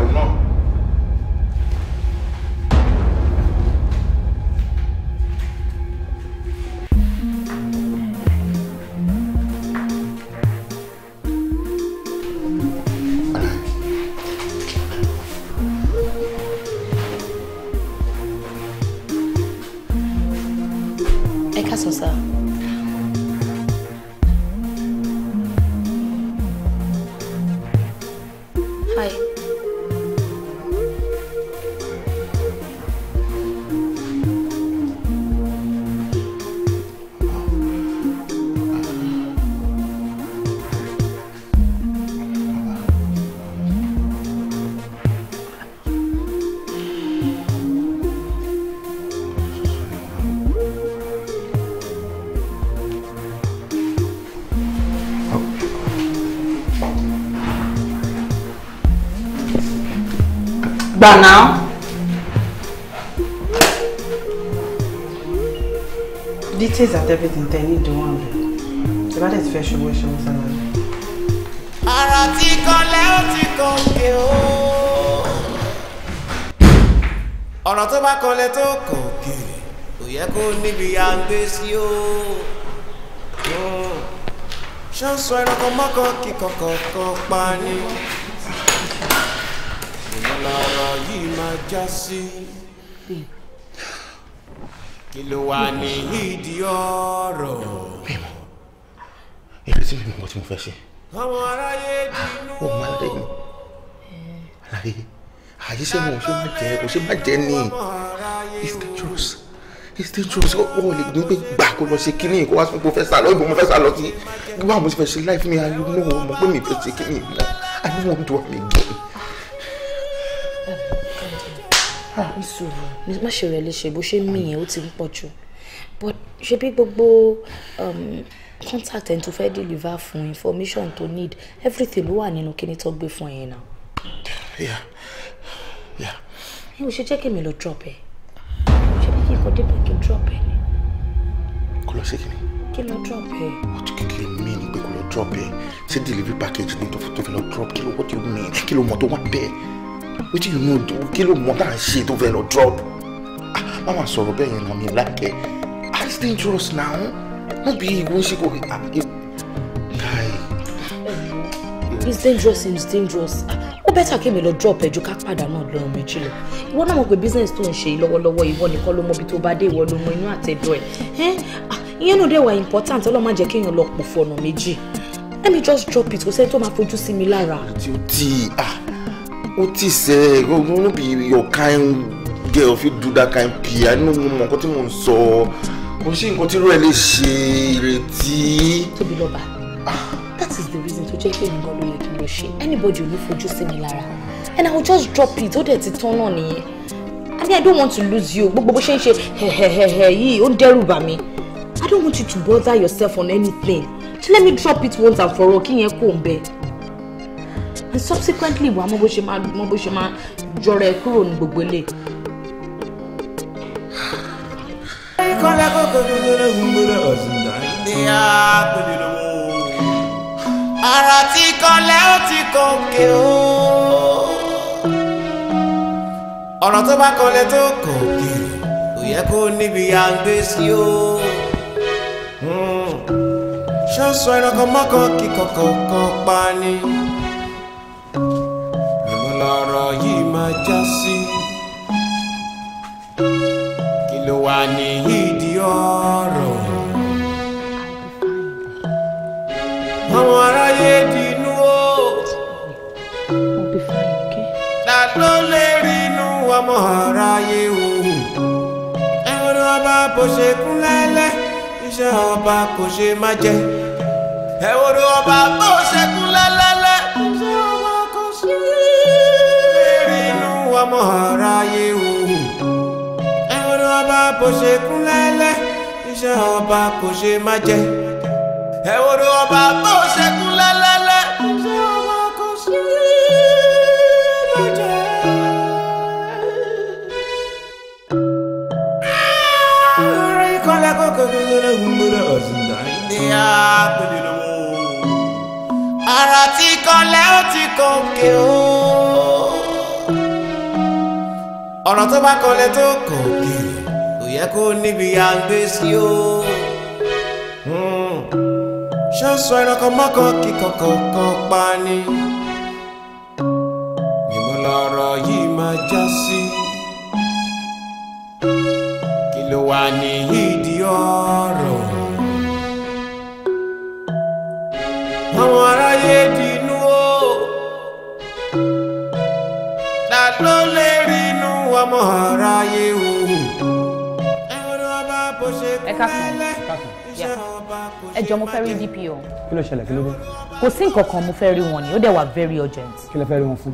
gbà náà. details at everything tẹ ní ìdánwò àbẹ̀ tí bá dẹ̀ ti fẹ́ ṣòwò ẹ̀ṣọ́ sálárì. ara ti kan lẹ́yìn ti kan o. ọ̀rọ̀ tó bá kanlẹ̀ tó kàn kò yẹ kó níbi ya ń gbé sí o. ṣé ń sọ ẹranko mọ́kàn kíkọ̀kọ̀ kan pa ni. já sí kí ló wà ní ìdí ọ̀rọ̀. èmi tí mi mọ̀ tí mo fẹ́ ṣe. ọmọ aráyé dínú. ọmọ aráyé mi aláyé àyè ṣé mo ṣe má jẹ kò ṣe má jẹ ni it's dangerous it's dangerous ó ò lè gbé pé gbà kó lọ ṣe kíní kó wá sọ pé mo fẹ́ sá lọ ìbò mo fẹ́ sá lọ sí gbọ́dọ̀ mo ti fẹ́ ṣe life mi ayé náà mo pé mi fẹ́ ṣe kíní mọ́ i don't want to do am again nísòro má ṣe rẹ̀ léṣe bó ṣe mí yẹn ó ti ń pọ̀ jù but ṣe bí gbogbo um, contact ẹni tó fẹ́ deliver fún information tó need everything ló wà nínú kíní tó gbé fún ẹ̀yìn náà. yeah yeah. ẹ ò ṣe jẹ́ kí mi lọ drop ẹ̀ ṣe bí kí n kò débẹ̀ kí n drop ẹ̀ ni. kò lọ sí kíni. kí lọ drop ẹ̀. what do you mean pé kò lọ drop ẹ̀ ṣé delivery package ní tó fi lọ drop kí ló what do you mean kí ló mọ̀ tó wá bẹ́ẹ̀ wetin you know do kí ló mọ tá à ń ṣe tó fẹ́ lọ drop ah, má má sọ̀rọ̀ bẹ́ẹ̀ yẹn náà mi láìpẹ́ ah, it's dangerous now no be ìwọ ń ṣe kò rí ah, it's dangerous it's dangerous ó bẹ́tà kí èmi lọ drop ẹ̀jú ká padà náà lọ rìn jí lọ ìwọ náà mọ̀ pé business tó ń ṣe lọ́wọ́lọ́wọ́ ìwọ nìkan ló mọ ibi tó bá dé ìwọ ló mọ inú àtẹ̀dọ̀ ẹ̀ ìyẹn náà dẹ̀ wà important ọlọ́run má jẹ́ kéèyàn lọ pò fọ̀nà méjì let me just drop it kò sẹ́ni tó máa fojú sí mi lára. tí ó ti ah Otis, eh, no be your kind girl if you do that kind pee. I no know nǹkan tí mò ń sọ. Kò sí nǹkan tí irú ẹ lè ṣe ìrètí. Tóbilọ́ba, that is the reason to check in. èmi gan ló yẹ kí n lọ ṣe. Anybody ò ní fojú sí mi lára. And I will just drop it, ó dẹ̀ ti turn on nìyẹn. I mean, I don't want to lose you. Gbogbo bó ṣe ń he, he, he, ó ń dẹ́rù bà mí. I don't want you to bother yourself on anything. So let me drop it once and for all, kí yẹn kò ń then subsequently wàá mọ bó ṣe máa mọ bó ṣe máa jọrọ ẹ kúrò ní gbogbo ilé. ara tí kọlẹ̀ ó ti kọ̀ọ̀kẹ́ o ọ̀rọ̀ tó bá kọlẹ̀ tó kọ̀ọ̀kẹ́ kò yẹ kó níbi à ń gbé sí o hmm. ṣọ́ọ̀ṣọ́ ẹranko mọ́kàn kíkọ̀kọ̀ kan pa ni lọ̀rọ̀ yìí máa já sí kí ló wà ní ìdí ọ̀rọ̀ àwọn aráyé dínú o ta ló lè rínú ọmọ aráyé o ẹ̀rọ ọba bó ṣe kún lẹ́lẹ́ iṣẹ́ ọba kò ṣe má jẹ ẹ̀rọ ọba bó ṣe kún lẹ́lẹ́. mọ̀ ráyé o ẹ̀rọ ọba kò ṣe kún lẹ́lẹ́ iṣẹ́ ọba kò ṣe má jẹ. ẹ̀rọ ọba kò ṣe kún lẹ́lẹ́lẹ́ iṣẹ́ ọba kò ṣe má jẹ. ọ̀rẹ́ ìkọlẹ̀ kọ̀ọ̀kan kò lọ́dọ̀ gbọ́dọ̀ ọ̀sìn dání ní àpèjì lọ́wọ́ ara tí kọlẹ̀ ó ti kọ̀ọ̀kẹ́ o ọ̀rọ̀ tó bá kọlẹ̀ tó kò kiri kò yẹ kó níbi à ń gbé sí o. Hmm. ṣé ó sọ ẹranko mọ́kọ kíkọ́ kọ̀ọ̀kan pa ni. ìmúlọ̀rọ̀ yìí máa já sí. kí ló wà ní ìdí ọ́. ẹjọ́ mo fẹ́ rí DPO. kí ló ṣẹlẹ̀ kí ló dé. kò sí nǹkan kan mo fẹ́ rí wọn ni ó dẹ̀ wà very urgent. kí lẹ fẹ́ rí wọn fún.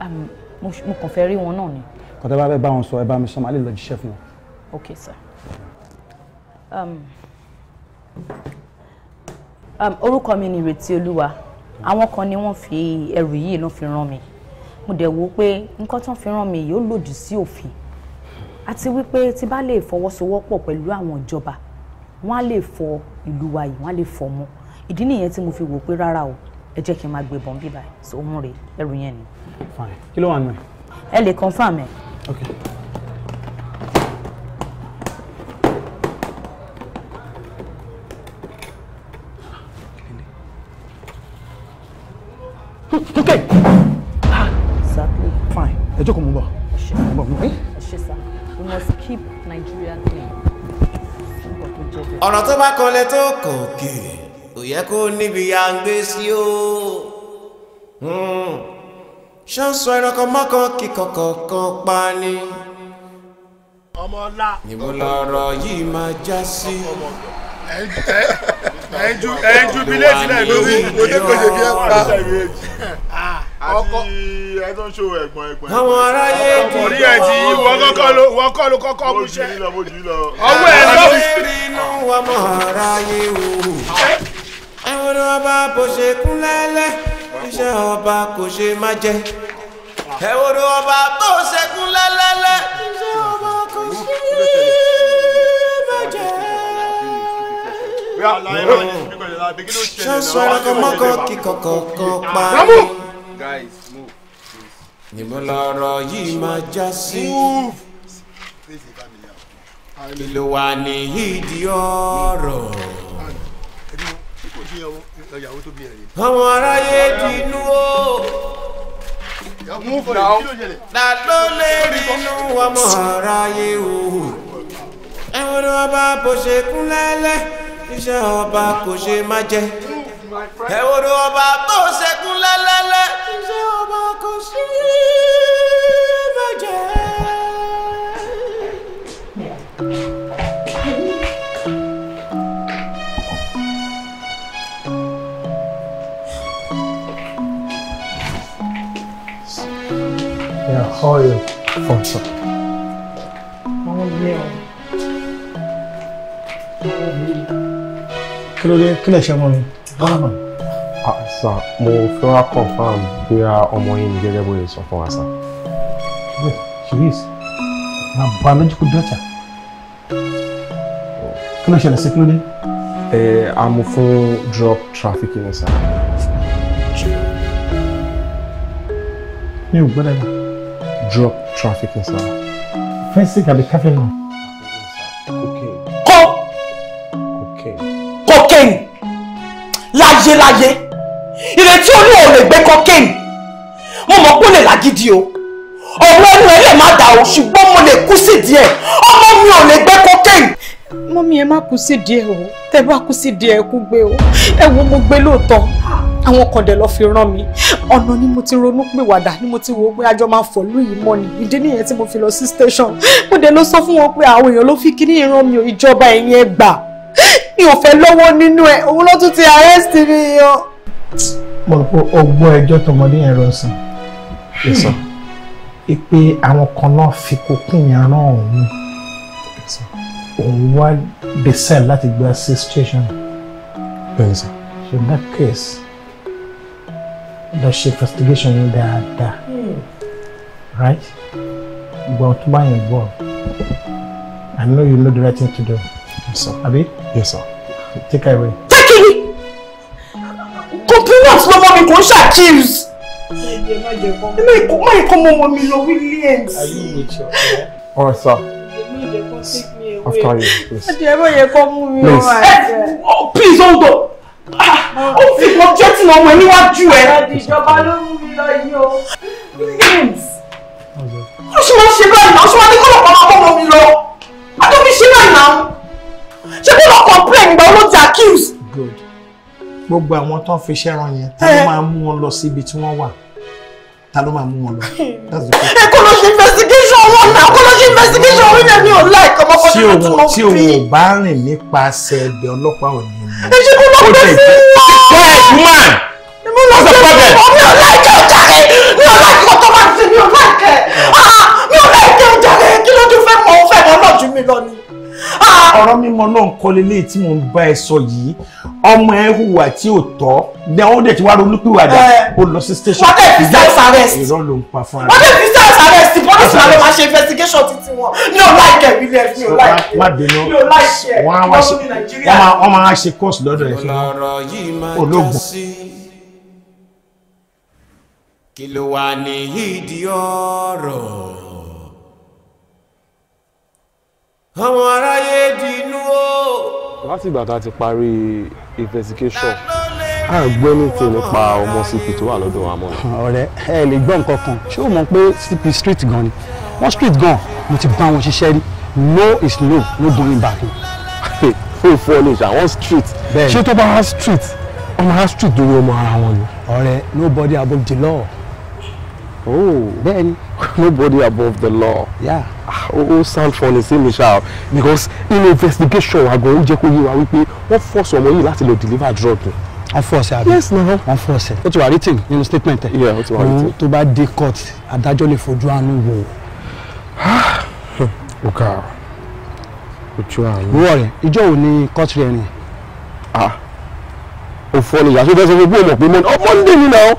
Um, mo kàn fẹ́ rí wọn náà ni. kọ́tà bá fẹ́ bá wọn sọ ẹ bá mi sọ màá lọ jíṣẹ́ fún wọn. ok sir. Um, um, orúkọ mi ni Ìrètí Olúwa àwọn kan ni wọ́n fi ẹrù yìí náà fi rán mi mo dẹ̀ wò ó pé nǹkan tán fi rán mi yìí ó lòdì sí òfin àti wípé tí bá lè fọwọ́sowọ́pọ̀ pẹ̀lú àwọn ìjọba wọ́n á lè fọ ìlú wa yìí wọ́n á lè fọ mọ́ ìdí nìyẹn tí mo fi wò pé rárá o ẹ jẹ́ kí n máa gbébọn bíbá ẹ̀ so mú rè ẹrù yẹn ni. fine kí ló wà nù ẹ. ẹ lè confirm ẹ. okay. Tókè. Exactly. Fine. Ẹ jókòó mo bọ̀. Mo ń bọ̀ bọ̀ we must keep Nigeria clean. ọ̀rọ̀ tó bá kanlẹ̀ tó kòkè kò yẹ kó níbi ya ń gbé sí o ṣé ń sọ ẹranko mọ́kàn kíkọ̀kọ̀kan pa ni. ọmọ ọlá. níbo lọ̀rọ̀ yìí máa já sí. ọmọ ọgbẹ́ ẹ̀ẹ́dù ẹ̀ẹ́dù bílẹ̀ sílẹ̀ lórí oníkòjè bí ẹ pa ah, ọkọ ẹ tó ń ṣe ẹ̀gbọ́n ẹ̀gbọ́n. àwọn aráyé ti rí ẹ ti wọ́n kọ́kọ́ ló wọ́n kọ́ ló kọ́kọ́ mú iṣẹ́ ọwọ́ ẹ lọ. nínú ọmọ aráyé o ẹ̀wọ̀n ọba kò ṣe kún lẹ́lẹ́ iṣẹ́ ọba kò ṣe má jẹ ẹ̀wọ̀n ọba kò ṣe kún lẹ́lẹ́lẹ́ iṣẹ́ ọba kò ṣe. ṣọ́ọ̀ṣọ́ ẹranko mọ́kọ́ yìí máa já sí. kí ló wà ní ìdí ọ̀rọ̀. ọmọ aráyé dínú o ta ló lè rí inú ọmọ aráyé o ẹ̀wọ̀n ni ọba kò ṣe kúnlẹ́lẹ́ iṣẹ́ ọba kò ṣe má jẹ. ẹ̀wọ̀n ni ọba kò ṣe kúnlẹ́lẹ́lẹ́ iṣẹ́ ọba kò ṣe má jẹ. Yeah, how are you? Fun, sir. Oh, yeah kí ló dé kí lè ṣe ọmọ mi bọ́lámà. Ah, ah, sà mo fẹ́ wá confam bóyá ọmọ yín ni gẹ́gẹ́ bóyá sọ fún wa sà. wait she is my biological daughter kí ló ṣẹlẹ̀ sí kí ló dé. ẹ a mú fún trafficking sà. mi ò gbọ́dọ̀ yà. drug trafficking sà. fẹ́ǹsì kàbí káfíńnà. láyéláyé ìrètí olúwa ò lè gbé cocaine mo mọ̀ pé ó lè lágídí o ọ̀rọ̀ ẹnu ẹ lè má dà o ṣùgbọ́n mo lè kú sí díẹ̀ ọmọ mi ò lè gbé cocaine. mọ́mí ẹ má kú sí díẹ̀ o tẹ́ bá kú sí díẹ̀ ẹ kú gbé o ẹ wo mo gbé lóòótọ́ àwọn kan dẹ̀ lọ fi rán mi ọ̀nà ni mo ti ronú pìwàdà ni mo ti wò ó pé àjọ máa fọ̀lú yìí mọ́ ni ìdí nìyẹn tí mo fi lọ sí station mo dẹ̀ lọ sọ fún wọn pé àwọn èèyàn ló fi kíní ìran mi ìjọba ẹ̀yìn ẹ̀ mi ò fẹ́ lọ́wọ́ nínú ẹ̀ òun ló tún ti arrest mi yan. mo rò pé ọgbọ́n ẹjọ́ tọmọdé yẹn lọ sí i sọ hmm. pé àwọn kan náà fi kókó yẹn rán òun òun wá decide láti gba sí station. so in that case lọ ṣe investigation yẹn dáadáa hmm. right gbọ́n tó bá yẹn gbọ́ I know you know the right thing to do. Yes, sir. Abi? yes sir. take her away. take me compliment lọ́wọ́ mi kò ń ṣàkíyèsí. ẹ má yẹ kó mọ ọmọ mi lọ Williams. ọ̀rẹ́ sá. After you, please. please. Eh, oh, please hold on ah, ó fi ọjọ́ tí wọ́n wẹ̀ níwájú ẹ̀. ìjọba ló mú mi lọ yìí o. ó ṣe máa ṣe báyìí náà ó ṣe máa ní kọ́lọ̀kọ́ máa bọ́ mi lọ. adó mi ṣe báyìí náà ṣé bí wọ́n complain ìgbà wọn ló ti accuse. good gbogbo àwọn tó ń fi iṣẹ́ ran yẹn ta ló eh. máa mú wọn lọ síbi tí wọ́n wà ta ló máa mú wọn lọ. ẹ kó lọ ṣe investigation wọn náà kó lọ ṣe investigation orí mi ò láìka ọmọ kan tí mo fi. tí òun ò bá rìn nípasẹ̀ ẹgbẹ́ ọlọ́pàá ò ní mú. ẹ ṣe kó lọ pè sí wa. bẹ́ẹ̀ man. mo lọ sí ọmọ mi ò láìka ọjà rẹ mi ò láìka ọtọ máa ti mi ò láìka ẹ oh. ah, mi ò láìka ọjà rẹ kí ló dún fẹ́ mọ̀ ọ́ fẹ́ mọ̀ ọ́ náà jù mí lọ ni. Ah! ọ̀rọ̀ mímọ́ náà ń kọ́ lélẹ́yìí tí mò ń bá ẹ sọ yìí ọmọ ẹ hùwà tí ò tọ́ ní àwọn ọdẹ tí wàá ronúpìwàdà eh. ó lọ sí station. wọ́n dẹ̀ fi self arrest irọ́ ló ń pa fún ara. wọ́n dẹ̀ fi self arrest police náà ló máa ṣe investigation títí wọn ní ọ̀la ìkẹ́ mi lẹ̀ mi ò láìpẹ́ mi ò láìpẹ́ wọ́n á wá ṣe wọ́n máa ṣe course lọ́dọ̀ ẹ̀ fún ológun. kí ló wà ní ìdí ọ̀rọ̀? àwọn aráyé dínú o. láti ìgbà tá a ti parí investigation a gbọ́ nítorí nípa ọmọ cp tó wà lọ́dọ̀ wa mọ́ ni. ọ̀rẹ́ ẹ lè gbọ́ nǹkan kan ṣé o mọ̀ pé cp street gan ni wọ́n street gan mo ti bá wọn ṣiṣẹ́ rí no is no no going back. fún ìfọ́lẹ̀ àwọn street ṣé tó bá wá street ọmọ ara street lórí ọmọ ara wọn ni. ọ̀rẹ́ nobody above the law oh then nobody above the law. yeah. Oh, ah, o sound funny sí mi ṣá because in investigation àgọ́ ó jẹ́ kó yé wa wípé wọ́n force ọmọ yìí láti lọ deliver drug ni. wọ́n force it. yes na wọ́n force. you are writing in the statement yeah what you are writing? To buy dé court adájọ́ that fojú for wò ó. o kà á ojú àánú. wúwọ rẹ ìjọ wo court rẹ ah Oh, funny. I should tó fẹ́ sọ fún pé o monday now.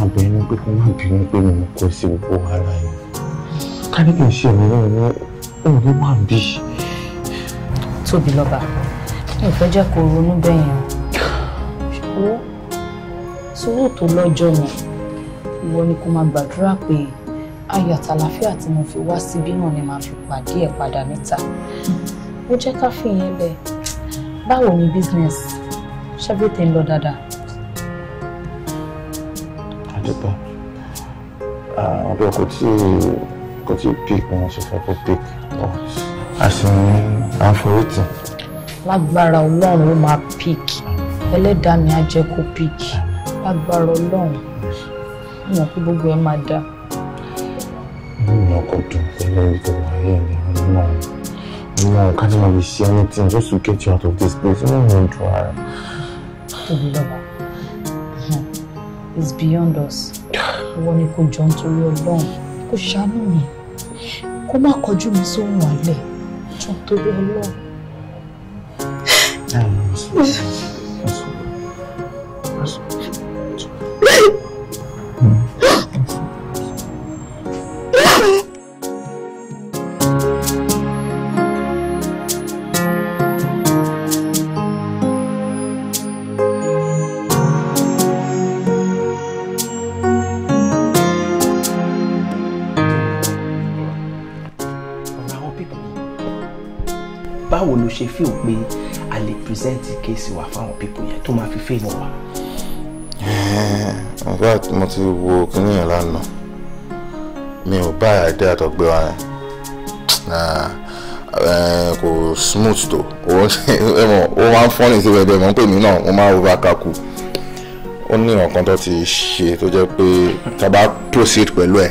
má bínú pé kó má bínú pé mo kó sí gbogbo ara yìí kárí kì í ṣe mi náà ní òní wà bí. tóbi lọ́ba mi ò fẹ́ jẹ́ kó ronú bẹ́ẹ̀ yẹn o sùúrù tó lọ́jọ́ yẹn ìwọ ni kó máa gbàdúrà pé ayọ̀ àtàlàfíà tí mo fi wá síbí náà ni màá fi pàdé ẹ̀ padà níta ó jẹ́ ká fìyẹn lẹ̀ báwo ni business ṣẹ́bí tẹ̀ ń lọ dáadáa tó tán ọ̀dọ̀ kò tí kò tí pick wọn ṣe fẹ́ kó pick ọ̀ a sì ní àforítì. lágbára ọlọ́run ló máa pick ẹlẹ́dàá mi á jẹ́ kó pick lágbára ọlọ́run mọ̀ pé gbogbo ẹ máa dáa nínú ọkọ̀ dùn pẹ̀lú ìtọ̀ ayé ni ọmọ ọmọ ọ̀ká tí wọ́n fi ṣe anything just to get you out of this place wọ́n mú un dùn is beyond us ìwọ ni kò jọ nítorí Ọlọ́run kò ṣàánú mi kó má kọjú mi sóhun àlẹ jọ nítorí Ọlọ́run. present case you wa fáwọn people yẹn tó máa fi favour wa. in fact mo ti wo kinní yẹn lánàá buy a bá àìdí àtọ̀gbẹ́ wa yẹn eh, smooth tó Oh, máa ń fọ́nì sí bẹ́ẹ̀ mọ́ pé mi náà mo máa ń wo bá kakú ó ní nǹkan tó ti ṣe tó jẹ́ pé tá a bá proceed pẹ̀lú ẹ̀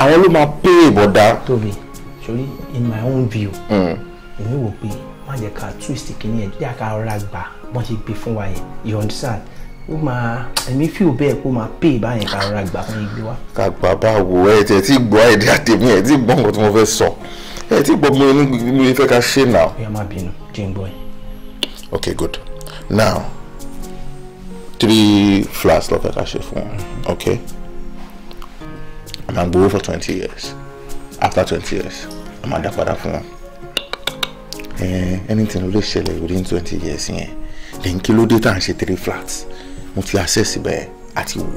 àwọn ló máa pay ìbọ̀dá. tóbi surely in my own view hmm. èmi will pay jẹ́ ká twist kìíní ẹ̀ jẹ́ ká rọra gbà bọ́n ṣe gbé fún wa yẹn you understand ó máa ẹ̀mí fi ò bẹ́ẹ̀ kó máa pè báyẹn ká rọra gbà fún igbe wa. ká gbà bá wo ẹ tẹ tí gbọ́ ẹ dí àtẹ̀mí ẹ tí gbọ́ nǹkan tí mo fẹ́ sọ ẹ tí gbọ́ mi fẹ́ ká ṣe now. ẹ má bínú jẹ́ ń gbọ́ ẹ. okay good now three flats lọ́fẹ̀ẹ́ ká ṣe fún wọn mm-hmm. okay àmàgbowó for twenty years after twenty years àmàdá padà fún wọn. Eh, anything ló lè ṣẹlẹ̀ within twenty years yẹn then kí ló dé tá à ń ṣe three flats mo ti access bẹ́ẹ̀ àti wò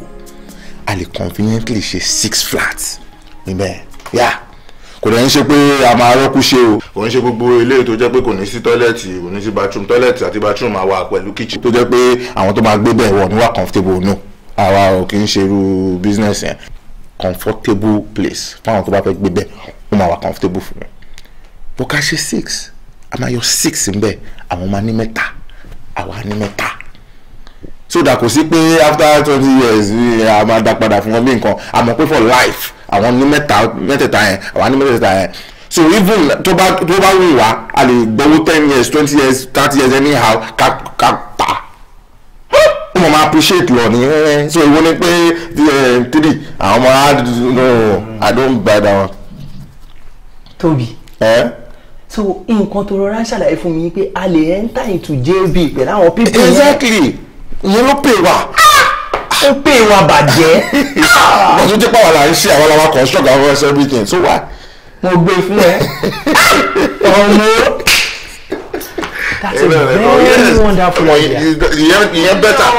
a lè conveniently ṣe six flats níbẹ̀ yá kò dẹ̀ ń ṣe pé a máa rọ́kú ṣe o kò ń ṣe gbogbo eléyìí tó jẹ́ pé kò ní sí tọ́lẹ̀tì kò ní sí bathroom tọ́lẹ̀tì àti bathroom àwa pẹ̀lú kitchen tó jẹ́ pé àwọn tó máa gbé bẹ́ẹ̀ wọ̀ ní wà comfortable nù àwa ò kì í ṣe irú business yẹn comfortable place fáwọn tó bá fẹ́ gbé bẹ́ẹ̀ ó máa wà comfortable fún mi bó ká ṣe six a máa yọ six ńbẹ àwọn máa ní mẹ́ta àwa ní mẹ́ta so that kò sí pé after twenty years a máa dá padà fún wọn bí nǹkan àmọ́ pé for life àwọn ní mẹ́ta mẹ́tẹ̀ẹ̀ta yẹn àwa ní mẹ́tẹ̀ẹ̀ta yẹn so even tó bá tó bá wù wá a lè gbowó ten years twenty years thirty years anyhow ká ká pa ó mọ̀ máa appreciate lọ ní so ìwọ ni pé eh, three àwọn ọmọ i don't buy that one. Tobi. Eh? so nǹkan tó rọra ṣàlàyé fún mi pé a lè enter into JB pẹ̀lú àwọn people. exactly ìyẹn ló pè wá. Ah! ó pè wá bàjẹ́. wọ́n *laughs* tún jẹ́ pàwọ́ là ń ṣe àwọn làwọn construct àwọn ẹsẹ̀ everything so why. mo gbé fún ẹ ah! *laughs* ọmọ. that's a very oh, wonderful idea. ìyẹn better.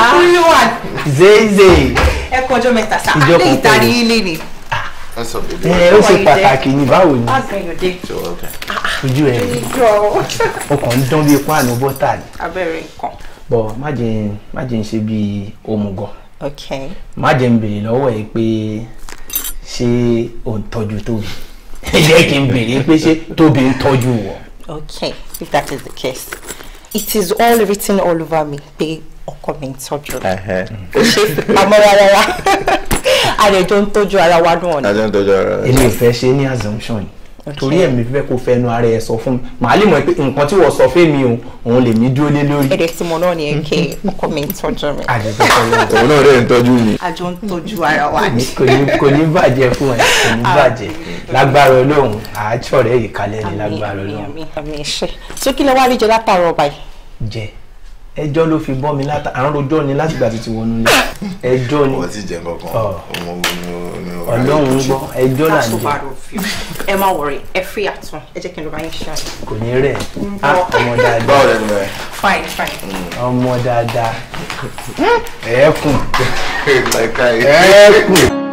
ọkùnrin wa. zèzè. ẹ kọjọ mẹ́ta sá àlẹ ìtàrí ilé ni ẹ eh, ó ṣe pàtàkì ní báwo ni ojú ẹ ọkàn ń dán bí páànù bọ́tà ni bọ̀ má jẹ́ má jẹ́ ṣe bí òmùgọ̀ má jẹ́ ń béèrè lọ́wọ́ ẹ pé ṣé ò ń tọ́jú tóbi ẹ jẹ́ kí n béèrè pé ṣé tóbi ń tọ́jú wọ. okay if that is the case it is all written all over me pé ọkọ mi ń tọ́jú rẹ̀ kò ṣe é fi pamọ́ a lè jọ ń tọ́jú ara wa náà ni. a jọ ń tọ́jú ara wa. èmi ò fẹ́ ṣe ní assumption torí ẹ̀mí fífẹ́ kó fẹnu ara ẹ̀ sọ fún mi màá lè mọ̀ pé nǹkan tí wọ́n sọ fẹ́mi o òun lèmi dúró lé lórí. èdè tí mo náà ní ẹ̀kẹ́ ọkọ mi ń tọ́jú mi. àjọjọ náà rẹ̀ ń tọ́jú mi. a jọ ń tọ́jú ara wa ni. kò ní bàjẹ́ fún ẹ kò ní bàjẹ́ lágbára Ọlọ́run àájọ rẹ̀ yìí kalẹ̀ ní lágbára Ọlọ́run. àmì àmì àmì ẹ̀ṣẹ̀ tó kí lẹ wá báyìí. jẹ ẹjọ́ ló fi bọ́ mi láta àrùn rojọ́ ni láti gbà títí wọnú ilé ẹjọ́ ni. wọ́n jẹ kankan ọlọ́run ń gbọ́ ẹjọ́ là ń jẹ. ẹ má wọrí ẹ fi àtún ẹ jẹ́ kí n lọ bá yín ṣáà. kò ní rẹ̀ á ah, ọmọ dáadáa. báwo lè nù fine fine. ọmọ dáadáa ẹ̀ẹ́kùn hmm. ẹ̀ẹ́kùn. *laughs*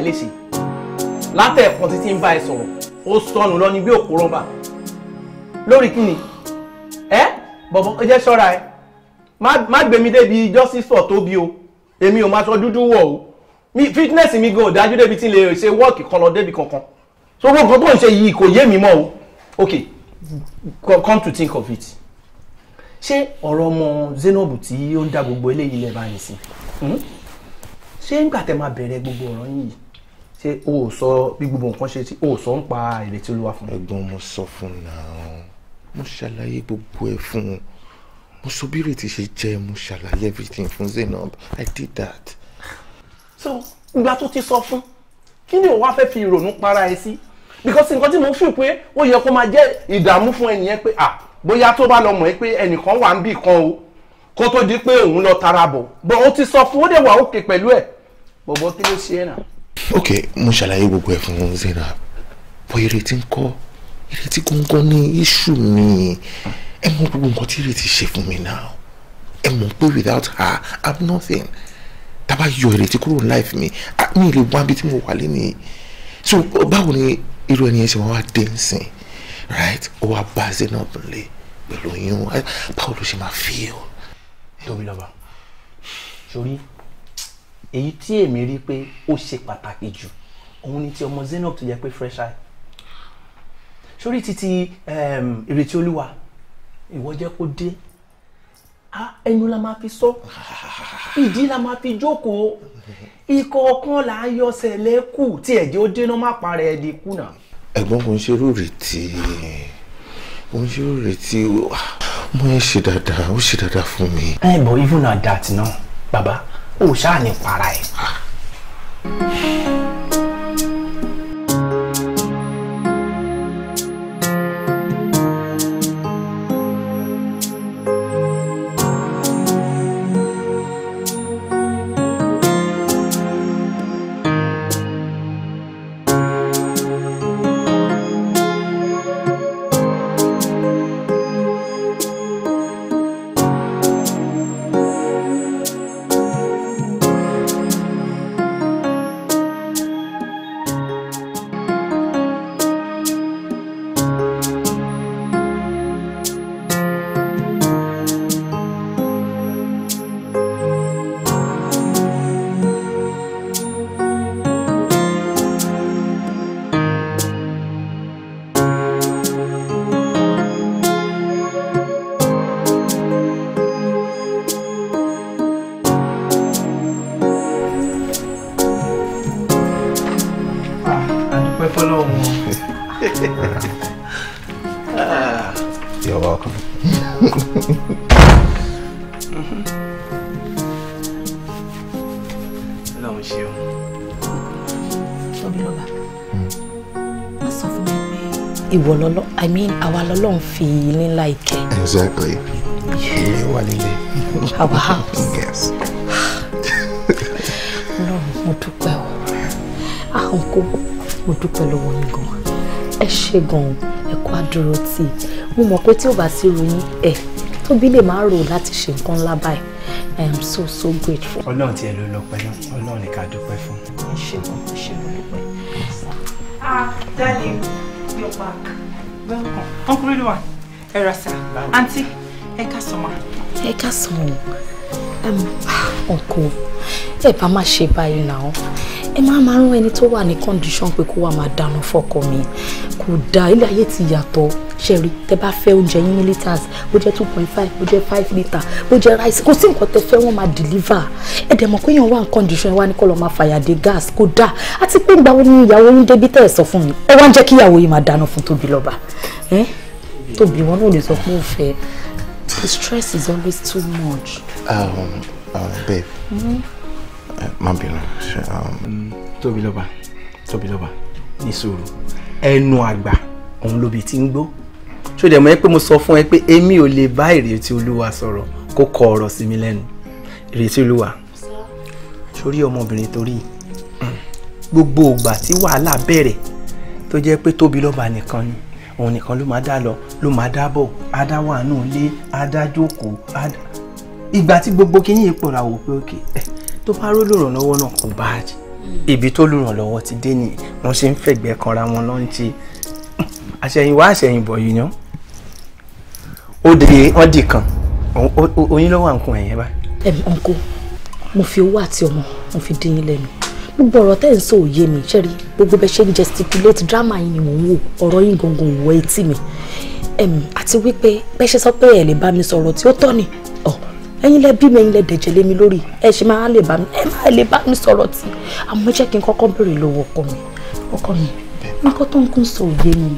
ẹ léṣe látẹ̀kọ́ títí ń bá ẹ sọ̀rọ̀ ó sọnù lọ ní bí òkú rọ́bà lórí kíni ẹ bọ̀bọ̀ ẹ jẹ́ ṣọ́ra ẹ má gbèmí débi justice for tóbi o èmi ò máa sọ dúdú wọ̀ o mi fitness mi gan dájú débi tí n lè ṣe wọ́ọ̀kì kan lọ débi kankan so gbogbo tó ń ṣe yìí kò yé mi mọ́ o ok come to think of it ṣé ọ̀rọ̀ ọmọ Zainab tí ó ń dá gbogbo eléyìí lẹ́ẹ̀ bá yẹn sí hmm? ṣé nígbà tẹ́ máa bẹ̀rẹ̀ gbogbo ọ̀rọ̀ yìí ṣé o ò sọ bí gbogbo nǹkan ṣe tí o sọ ń pa ìrètí olúwa fún mi. mo sọ fún náà mo ṣàlàyé gbogbo ẹ̀ fún un mo sọ bí ìrètí ṣe jẹ́ mo ṣàlàyé everything fún Zainab I did that. so ìgbà tó ti sọ fún kí ni òun wá fẹ́ fi ìrònú para ẹ sí because nǹkan tí mo feel pé ó yẹ kó máa jẹ́ ìdààmú fún ẹnìyẹn pé ah bóyá tó bá lọ mọ̀ ẹ́ pé ẹnìkan wà ń bì kan o kó tó di pé òun lọ tara bọ̀ bọ̀ ó ti sọ fún ó dẹ̀ wà òkè pẹ̀lú ẹ̀ bọ̀bọ̀ kí ló ṣe é náà ok mo ṣàlàyé gbogbo ẹ fún Zainab bọ ìrètí ń kọ ìrètí gangan ní iṣu mi ẹ mọ gbogbo nǹkan tí ìrètí ṣe fún mi now ẹ mọ pé without her i'm nothing tábà yọ ìrètí kúrò ní life mi mi lè wá bí tí mo wà lẹ́nu so báwo ni irú ẹni yẹn ṣe máa wá dé nsìn right ó wá bá Zainab lé pẹ̀lú yín báwo ló ṣe máa feel. tóbi lọ́ba sórí èyí tí èmi rí pé ó ṣe pàtàkì jù òun ni ti ọmọ Zainab tó jẹ pé fresh eye sórí títí ehm, ìrètí olúwa ìwọ jẹ́ kó dé ẹnu la máa fi sọ ìdí la máa fi jókòó ikọ̀ ọ̀kan là ń yọsẹ̀ lẹ́kù tí ẹ̀jẹ̀ ó dénú má parẹ́ ẹ̀ di kùnà. ẹ̀gbọ́n kò ń ṣe rúrètí kò ń ṣe rúrètí mo ń ṣe dáadáa ó ṣe dáadáa fún mi. ẹ bọ̀ even at that náà baba. 为啥你不来？Exactly. Yeah. Our house. Yes. *laughs* No, mo dúpẹ́ o. Àǹkó ah, mo dúpẹ́ lọ́wọ́ yín gan. Ẹ ṣe gan ẹ kó àdúró tì. Mo mọ̀ pé tí ò bá sí ròyìn ẹ̀ tóbi lè máa rò I am so so grateful. Oh tiẹ̀ ló lọ pẹ̀lú Ọlọ́run ní ká dúpẹ́ fún. Ẹ ṣe gan ẹ ṣe Ah, darling, you're back. Welcome. Uncle Ridwan, ẹ ra sáà àǹtí ẹ ká sàn wá. ẹ ká sàn o ọkọ ẹ bá má ṣe báyìí náà ẹ máa máa rán ẹni tó wà ní condition pé kó wà máa dáná me mi kò dáa ilé ayé ti yàtọ̀ ṣẹ̀rí tẹ bá fẹ́ oúnjẹ 2.5, ní litres bó jẹ́ two point five bó jẹ́ five litre bó rice kò sí nǹkan tẹ fẹ́ wọ́n deliver ẹ dẹ̀ mọ̀ pé èèyàn wà ní condition ẹ wá ní kọ́ lọ́ máa gas kò dáa àti pé ìgbà wo ni ìyàwó oúnjẹ bí tẹ̀ ẹ̀ sọ fún mi ẹ wá ń jẹ́ kí ìyàwó yìí máa dáná fún Eh? To be one of lè sọ pé ó the stress is always too much. Um, uh, babe hmm? eh, má bínú um, um, tóbi lọ́ba Um. lọ́ba ní sùúrù ẹnu àgbà òun ló bi ti ń gbó ṣó dẹ̀ mọ̀ ẹ́ pé mo sọ fún ẹ pé èmi ò lè bá ìrètí olúwa sọ̀rọ̀ kó kọ ọ̀rọ̀ sí mi lẹ́nu ìrètí olúwa sórí ọmọbìnrin torí gbogbo ìgbà tí wàhálà bẹ̀rẹ̀ tó jẹ́ pé tóbi lọ́ba nìkan ni òun nìkan ló máa dá lọ ló máa dá bọ̀ adáwàánú lé adájókòó ìgbà tí gbogbo kínní yìí pòrà wò pé òkè eh, tó bá ró lòrànlọ́wọ́ náà kò bá a jẹ ibi tó lòrànlọ́wọ́ ti dé nìyí wọ́n ṣe ń fẹ̀gbẹ́ kanra wọn lọ́n ṣe *laughs* àṣẹyìnwá àṣẹyìnbọ̀ yìí ná ó de wọ́n dì kan oyin ló wà nǹkan ẹ̀yẹ báyìí. ẹ̀ ọ̀nkò mo fi owó àti ọmọ mo fi dín yín lẹ́nu gbogbo ọ̀rọ̀ tẹ́ ń sọ òye mi ṣẹ́rí gbogbo bẹ́ẹ̀ ṣe ń gesticulate drama yìí ni mò ń wò ọ̀rọ̀ yìí gangan wọ etí mi àti wípé bẹ́ẹ̀ ṣe sọ pé ẹ̀ lè bá mi sọ̀rọ̀ tí ó tọ́ ni ẹ̀yin lẹ bí mi ẹ̀yin lẹ dẹ̀jẹ̀ lé mi lórí ẹ ṣe máa lè bá mi ẹ máa lè bá mi sọ̀rọ̀ tí àmọ́ jẹ́ kí n kọ́kọ́ béèrè lọ́wọ́ ọkọ mi ọkọ mi nǹkan tó ń kún sọ òye mi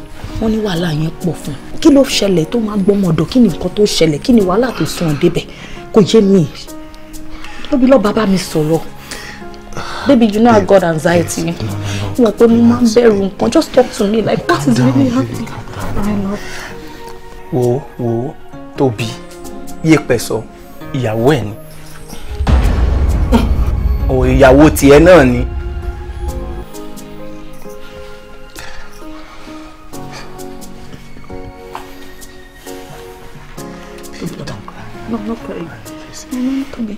wọ́n ní wàhálà yẹn pọ̀ fún un kí ló ṣẹlẹ̀ tó máa gbọ́mọ ọ̀dọ̀ kí ni nǹkan tó ṣẹlẹ̀ kí ni wàhálà tó sún ọ débẹ̀ kò yé mi lóbi lọ́ọ́ bàbá mi sọ̀rọ̀ baby you know i got anxiety You pe mo máa my bedroom. nǹkan just talk to me like what is really happening my love. wo wo tóbi yẹpẹ sọ ìyàwó ẹ ni o ìyàwó tiẹ̀ náà ni. No, no crying. No, no, Toby.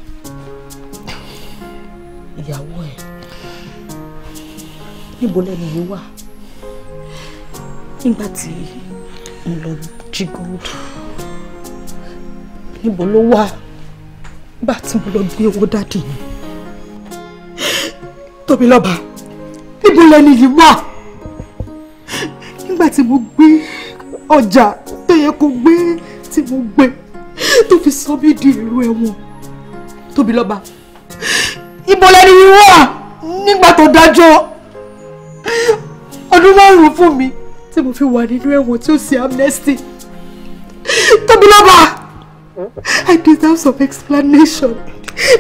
níbo lẹ́nu yìí wà nígbà tí mo lọ jí gold níbo ló wà nígbà tí mo lọ gbé owó dáàdì yìí Tóbilọ́ba níbo lẹ́nu yìí wà nígbà tí mo gbé ọjà tó yẹ kó gbé tí mo gbé tó fi sọ mí di èrò ẹ̀wọ̀n Tóbilọ́ba ibo lẹ́nu yìí wà nígbà tó dájọ́ ọdún márùn-ún fún mi tí mo fi wà nínú ẹ̀wọ̀n tí ó sì amnesty. Tóbilọ́ba I deserve some explanation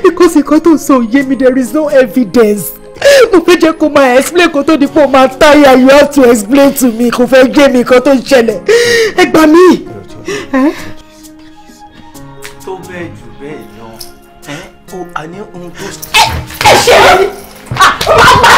because nǹkan tó ń sọ òye mi there is no evidence. Mo fẹ́ jẹ́ kó máa explain kó tó di pé o máa táyà you have to explain to me kò fẹ́ jẹ́ mi nǹkan tó ń ṣẹlẹ̀. Ẹ gbà mí. Tó bẹ́ẹ̀ jù bẹ́ẹ̀ lọ, ẹ ó àní ohun tó. Ẹ ṣe é ní. Má gbà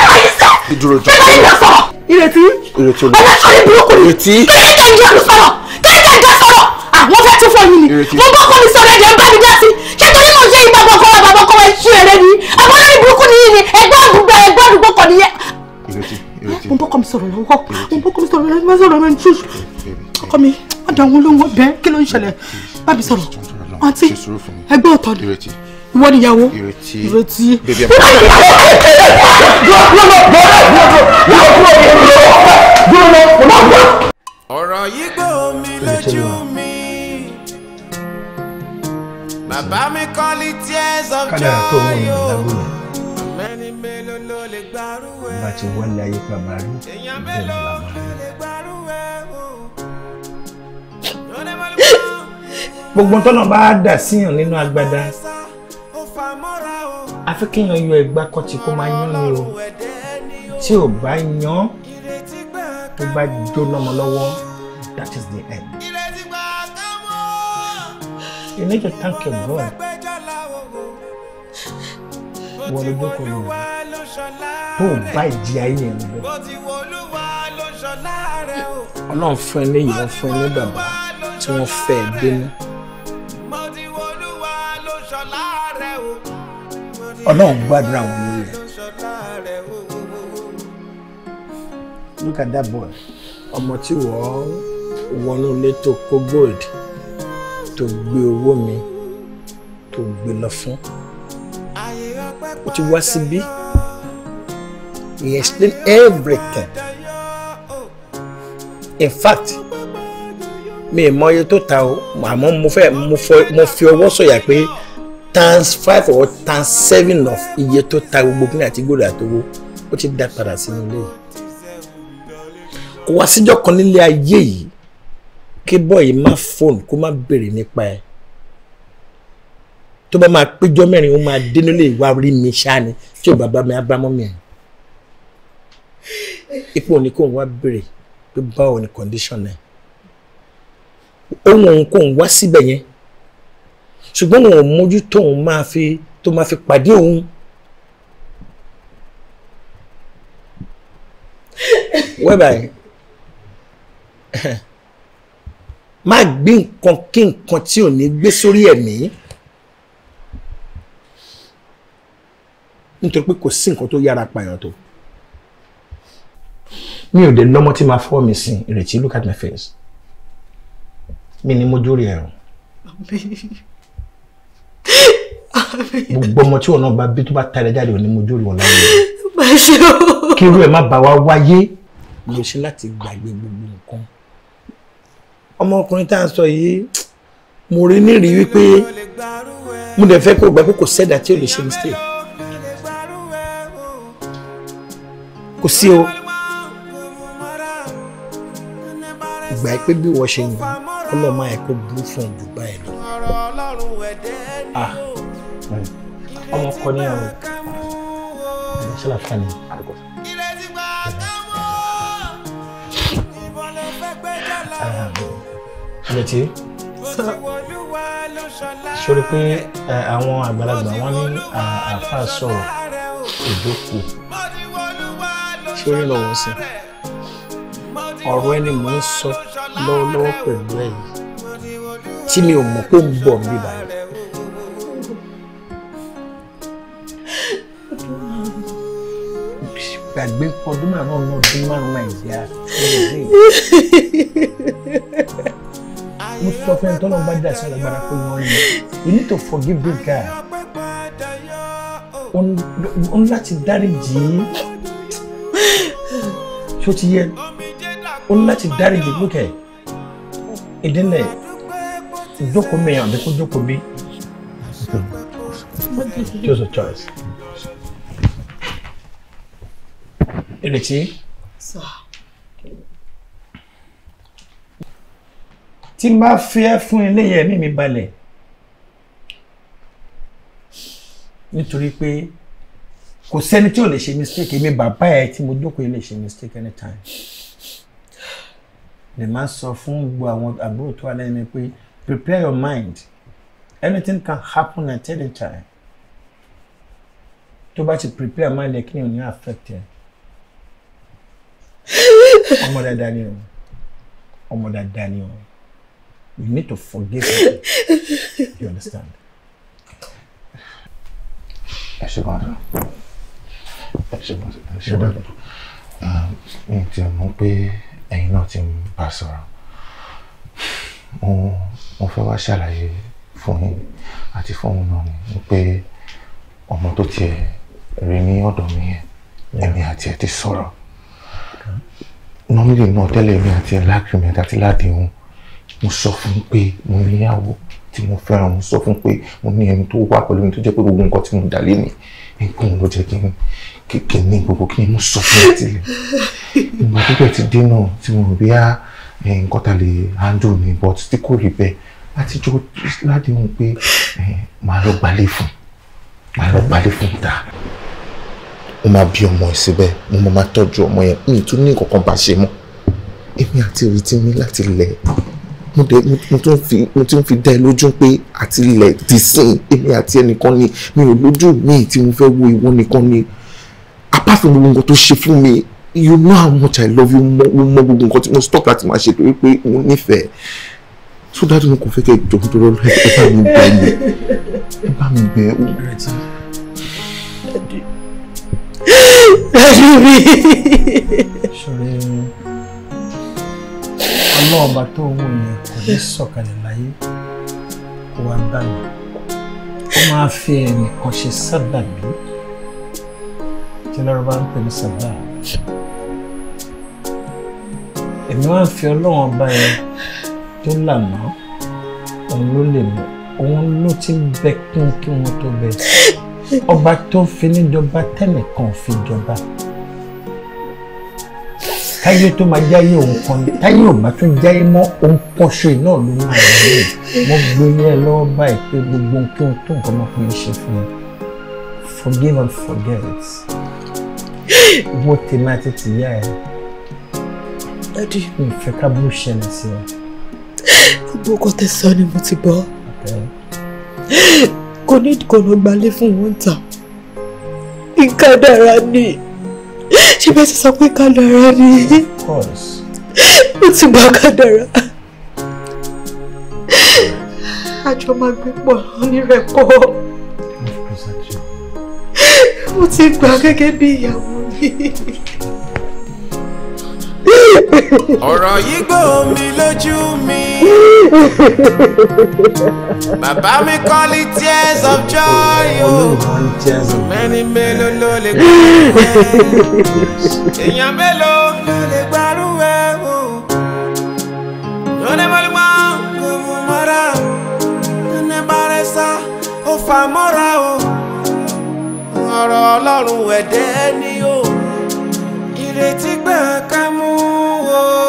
dúró jọ. bẹ́ẹ̀ ni sọ̀rọ̀ ìrètí ọlọ́sọ̀rọ̀ burúkú ni kẹ́kẹ́ ìjọ ló sọ̀rọ̀ kẹ́kẹ́ ìjọ sọ̀rọ̀ àwọn fẹ́ tún fọyín ni mo bọ́ kọ́ mi sọ̀rọ̀ ẹ̀jẹ̀ ń bá mi dásí ṣé torí mo ṣe ìgbàgbọ́ ọkọ wa bàbá ọkọ wa ṣú ẹ̀rẹ́ ni àwọn olórí burúkú ni yìí ni ẹgbẹ́ àdúgbò ẹgbẹ́ àdúgbò kọ nìyẹn. mo bọ́ kọ́ mi sọ̀rọ̀ lọ́wọ́ mo bọ́ kọ́ mi sọ̀rọ̀ lọ́wọ́ sọ̀rọ̀ lọ́wọ́ ṣú ọkọ mi ọ̀dọ̀ àwọn olóhùn ọbẹ̀ kí ló ń ṣẹlẹ̀ bá mi sọ̀rọ̀ àǹtí ẹgbẹ́ ọ̀tọ̀ ni wọ́n níyàwó ìrètí ìrètí. ọ̀rọ̀ yìí gbọ́ mi lójú mi bàbá mi kọ́ lí tears of joy o mẹ́ni mélòó ló lè gbárù ẹ̀ bá ti wọlé ayé pàmò àrùn èèyàn mélòó ló lè gbárù ẹ̀ o. gbogbo tọ́nà bá dà síyàn nínú agbada àfi kéèyàn yọ ẹgbà kan tí kò máa yán ni o tí ò bá yán tó bá jóná mọ́ lọ́wọ́ that is the end. you need to thank your God. wọ́n ló jókòó lò tó bá ìdí ayé yẹn lọ. ọlọ́run fún ẹ lẹ́yìn wọ́n fún ẹ ní bàbá tí wọ́n fẹ́ dénú. ọlọ́run gbàdúrà wọn lórí rẹ̀. look at that boy. ọmọ tí wọ́n wọnú ilé tó kó gold tó gbé owó mi tó gbé lọ fún ó ti wá síbí he explain everything in fact mi ì mọ iye tó ta o àmọ́ mo fẹ́ mo fi ọwọ́ sọ̀yà pé times five or times seven of iye tó ta gbogbo kíni àti góòlù àtowó ó ti dá padà sínú ilé yìí kò wá síjọ́ kan nílé ayé yìí kí bọ́ọ̀yì má fóònù kó má béèrè nípa ẹ̀ tó bá máa péjọ mẹ́rin ó máa dé nílé ìwà rí mi ṣáá ni tí ò bàbá mi abámọ́ mi rìn ipò òní kò ń wá béèrè pé báwo ni condition ẹ̀ ohun òun kò ń wá síbẹ̀ yẹn ṣùgbọ́n wọn ò mójú tó òun máa fi tó máa fi pàdé òun. whereby *laughs* má gbé nǹkan kí nǹkan tí ò ní gbé sórí ẹ̀mí nítorí pé kò sí nǹkan tó yára pààyàn tó mi ò dé lọ́mọ tí máa fọ́ mi sin ìrètí look at my face mi ni mo jórí ẹ̀rùn gbogbo ọmọ tí wọn náà bá bí tó bá ta ẹ jáde òní mojú òrùn ọ̀la rẹ kí irú ẹ má bá wa wáyé ló ṣe láti gbàgbé gbogbo nǹkan ọmọkùnrin tá à ń sọ yìí mo rí nírìí wípé mo dẹ̀ fẹ́ kó gbà pé kò sẹ́dá tí ò lè ṣe mistake kò sí o gbà pé bí wọ́n ṣe yàn ọlọ́mọ ẹ̀ kó burú fún ìjọba ẹ̀ lọ ah ọmọ kọ ní ọrùn ọmọ sílá fún mi àdúgbò. ìrètí sori pé eh, àwọn àgbàlagbà wọn ní ah, àáfàá sọ̀rọ̀ ìdókòó sórí lọ́wọ́ sí ọ̀rọ̀ ẹni mò ń sọ lọ́wọ́lọ́wọ́ pẹ̀lú ẹ̀yìn tí mi ò mọ̀ pé ń bọ̀ mí báyìí. gbàgbé ọdún márùn ún ọdún márùn máa jẹ́ mo sọ fún ẹ tọ́lọ́ bá dà sí alágbára pé wọ́n ní you need to forgive this guy ó láti dáríjì ṣó ti yẹ ó láti dáríjì lókè ìdílé jókòó mi àbí kó jókòó bí choose a choice. ìrètí. tí n bá fẹ́ fún ilé mi mi balẹ̀ nítorí pé kò sẹ́ni tí ò lè ṣe mistake mi baba ẹ tí mo jókòó yìí lè mistake anytime lè máa sọ fún gbogbo àwọn àbúrò to wà lẹ́yìn mi pé prepare your mind anything can happen at any time tó bá ti prepare mind ẹ kí ni ò ní affect ẹ ọmọ dáadáa ni o ọmọ dáadáa ni o you need to forgive me you understand. ẹ ṣe gbọ́dọ̀ ẹ ṣe gbọ́dọ̀ ẹ ṣe gbọ́dọ̀ um, mi ti mọ̀ pé ẹ̀yin náà ti ń bá sọ̀rọ̀ mo mo fẹ́ wá ṣàlàyé fún yín àti fún òun náà ni pé ọmọ tó tiẹ̀ rí ní ọ̀dọ̀ mi yẹn èmi àti ẹ̀ ti sọ̀rọ̀ normally náà tẹ́lẹ̀ èmi àti ẹ̀ lágrimẹ̀tì àti ládìhun mo sọ fún un pé mo níyàwó tí mo fẹ́ràn mo sọ fún un pé mo ní ẹni tó wà pẹ̀lú mi tó jẹ́ pé gbogbo nǹkan tí mo dà lé mi nǹkan ló jẹ́ kí n kí n ní gbogbo kí n mo sọ fún ẹ tilẹ̀ ìgbà tó bẹ̀ ti dé náà tí mo rí á. Eh, nǹkan tá a lè handle ni but tí kò rí bẹ́ẹ̀ àtijọ́ ládìhùn pé eh, màá lọ gbalẹ̀ fún màá lọ gbalẹ̀ fún ta mo máa bí ọmọ ẹ̀ síbẹ̀ mo máa tọ́jú ọmọ yẹn mi tún ní nǹkan kan bá ṣe mọ́ èmi àti ìrètí mi láti lẹ̀ mo dé mo tún fi mo tún fi dá ẹ lójú pé àti ilẹ̀ ti sìn èmi àti ẹnìkan ni mi ò lójú mi tí mo fẹ́ wo ìwọ nìkan ni apá fún gbogbo nǹkan tó ṣe fún mi you know how much i love you mo mọ gbogbo nǹkan tí mo stop láti máa ṣe torí pé mo nífẹ̀ẹ́ so dájú mo kò fẹ́ kẹ́ jọ tó lọ́lọ́ ẹ bá mi bẹ̀ ẹ́ ẹ bá mi bẹ̀ ẹ́ ó bẹ̀rẹ̀ tí. dájú mi. ṣọlẹ ọlọ́ọ̀bá tó wù yẹn kò ní sọ̀kalẹ̀ láyé kó wá bá mi ó máa fi ẹnìkan ṣe sábàbí tí bá ń pè ní sábàbí èmi wá ń fi ọlọ́run ọba yẹn tó lànà òun ló lè mú òun ló ti ń bẹ kún kí wọn tó bẹ ọba tó fi ní jọba tẹnìkan fi jọba táyé tó máa jáyé òun kan ní táyé ò bá tún jáyé mọ́ òun pọṣọ iná ló máa rẹ lóyè mo gbé yẹ lọ́wọ́ báyìí pé gbogbo ohun tó ń tó nǹkan máa fún ṣe fún mi forgive and forget wo tèmi àti tìyá ẹ dádì. mi ò fẹ́ ká bú ṣẹlẹ̀ sí ọ. gbogbo ọkọ tẹsán ni mo ti gbọ́. kò ní ìkànnà gbalé fún wọn ta nǹkan dára ni ṣé bẹ́ẹ̀ ti sọ pé ká dára ni. mo ti gbà ká dára. àjọ máa gbé pọ̀ nírẹ̀pọ̀. mo ti gbà gẹ́gẹ́ bí ìyàwó mi ọ̀rọ̀ yìí gbọ́ mi lójú mi. bàbá mi kọ́ ní tears of joy o. Oh. mẹ́ni mélòó ló lè gbárù ẹ̀. èèyàn mélòó ló lè gbárù ẹ̀ o. Oh? lónìí mọ́lẹ́ máa ń kó mu mọ́ra. lónìí bàrẹ̀ sá ó fà mọ́ra o. Oh. ọ̀rọ̀ ọlọ́run ẹ̀dẹ́ ni o ìrètí gbà ká mú o.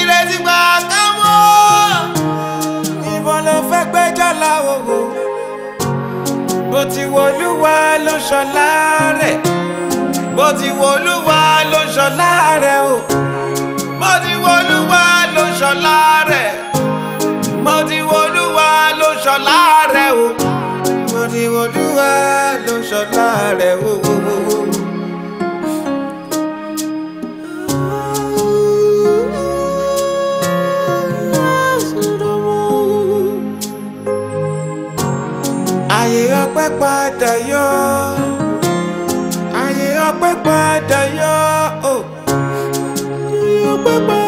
ìrètí gbà ká mú o. ìbọn ló fẹ́ gbẹ́jọ́ láwòwò. bó ti wọlúwa ló ṣọlá rẹ̀. bó ti wọlúwa ló ṣọlá rẹ̀ o. bó ti wọlúwa ló ṣọlá rẹ̀. bó ti wọlúwa ló ṣọlá rẹ̀ o. bó ti wọlúwa ló ṣọlá rẹ̀ o. ọpẹ́ padà yọ ayé ọpẹ́ padà yọ oh. ayé ọpẹ́ padà.